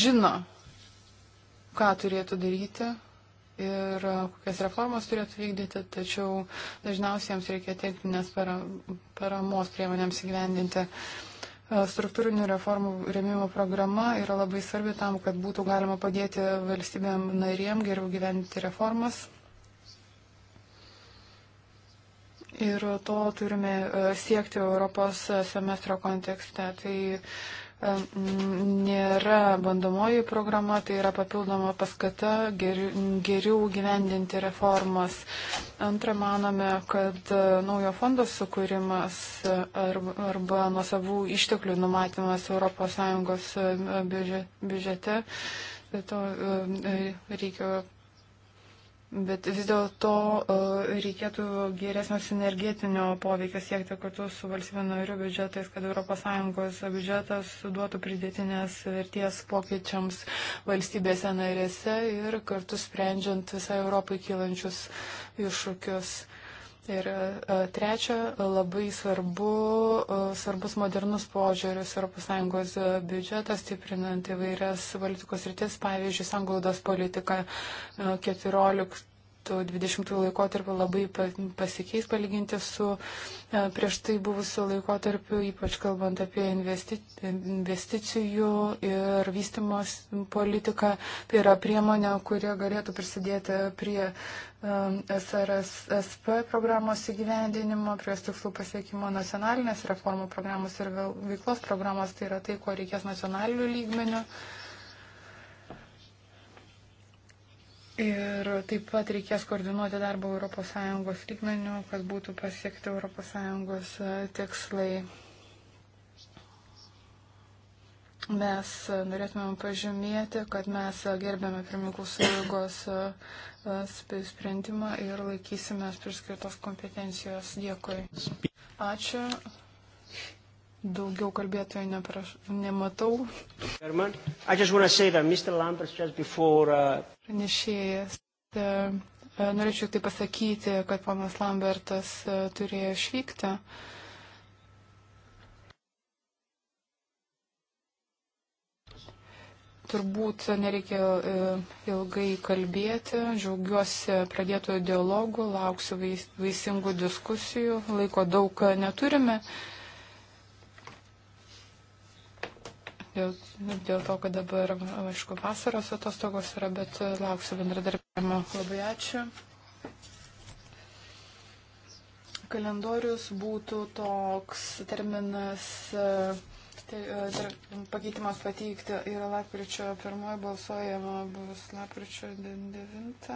žino, ką turėtų daryti ir kokias reformas turėtų vykdyti, tačiau dažniausiai jiems reikia techninės paramos priemonėms įgyvendinti. Uh, struktūrinių reformų rėmimo programa yra labai svarbi tam, kad būtų galima padėti valstybėm narėm geriau gyventi reformas. Ir to turime siekti Europos semestro kontekste. Tai nėra bandomoji programa, tai yra papildoma paskata geriau, geriau gyvendinti reformas. Antra, manome, kad e, naujo fondo sukūrimas e, arba nuosavų išteklių numatymas ES e, biudžete, tai to reikia Bet vis dėlto e, reikėtų geresnio sinergetinio poveikio siekti kartu su valstybė narių biudžetais, kad ES biudžetas duotų pridėtinės verties pokyčiams valstybėse narėse ir kartu sprendžiant visai Europai kylančius iššūkius. Ir e, trečia, labai svarbu, e, svarbus modernus požiūris ES e, biudžetą, stiprinant įvairias politikos rytis, pavyzdžiui, sanglaudos politika 14. 20 laikotarpiu labai pasikeis palyginti su prieš tai buvusiu laikotarpiu, ypač kalbant apie investi, investicijų ir vystimos politiką. Tai yra priemonė, kurie galėtų prisidėti prie Um, SRSP programos įgyvendinimo, prie tikslų pasiekimo nacionalinės reformų programos ir veiklos programos, tai yra tai, ko reikės nacionalinių lygmenių. Ir taip pat reikės koordinuoti darbą ES lygmenių, kad būtų pasiekti ES uh, tikslai. Mes norėtumėm pažymėti, kad mes gerbėme pirmininkų sąlygos e, e, sprendimą ir laikysimės priskirtos kompetencijos. Dėkui. Ačiū. Daugiau kalbėtojų nepraš... nematau. Uh, Pranešėjas. E, norėčiau tai pasakyti, kad ponas Lambertas turėjo išvykti. Uh, turbūt nereikia e, ilgai kalbėti. Džiaugiuosi pradėtojo dialogų, lauksiu vaisingų diskusijų. Laiko daug neturime. Dėl, dėl to, kad dabar, aišku, vasaros atostogos yra, bet lauksiu bendradarbiavimo. Labai ačiū kalendorius būtų toks terminas e, Tai, e, pakeitimas pateikti yra lapkričio 1, balsuojama bus lapkričio 9.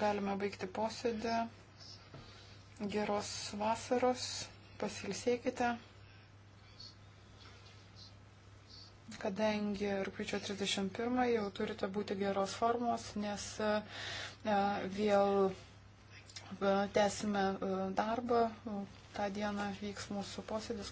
Galime baigti posėdį. Geros vasaros, pasilsėkite. Kadangi rūpiučio 31 jau turite būti geros formos, nes e, vėl e, tęsime darbą. Ta diena vyks mūsų posėdis.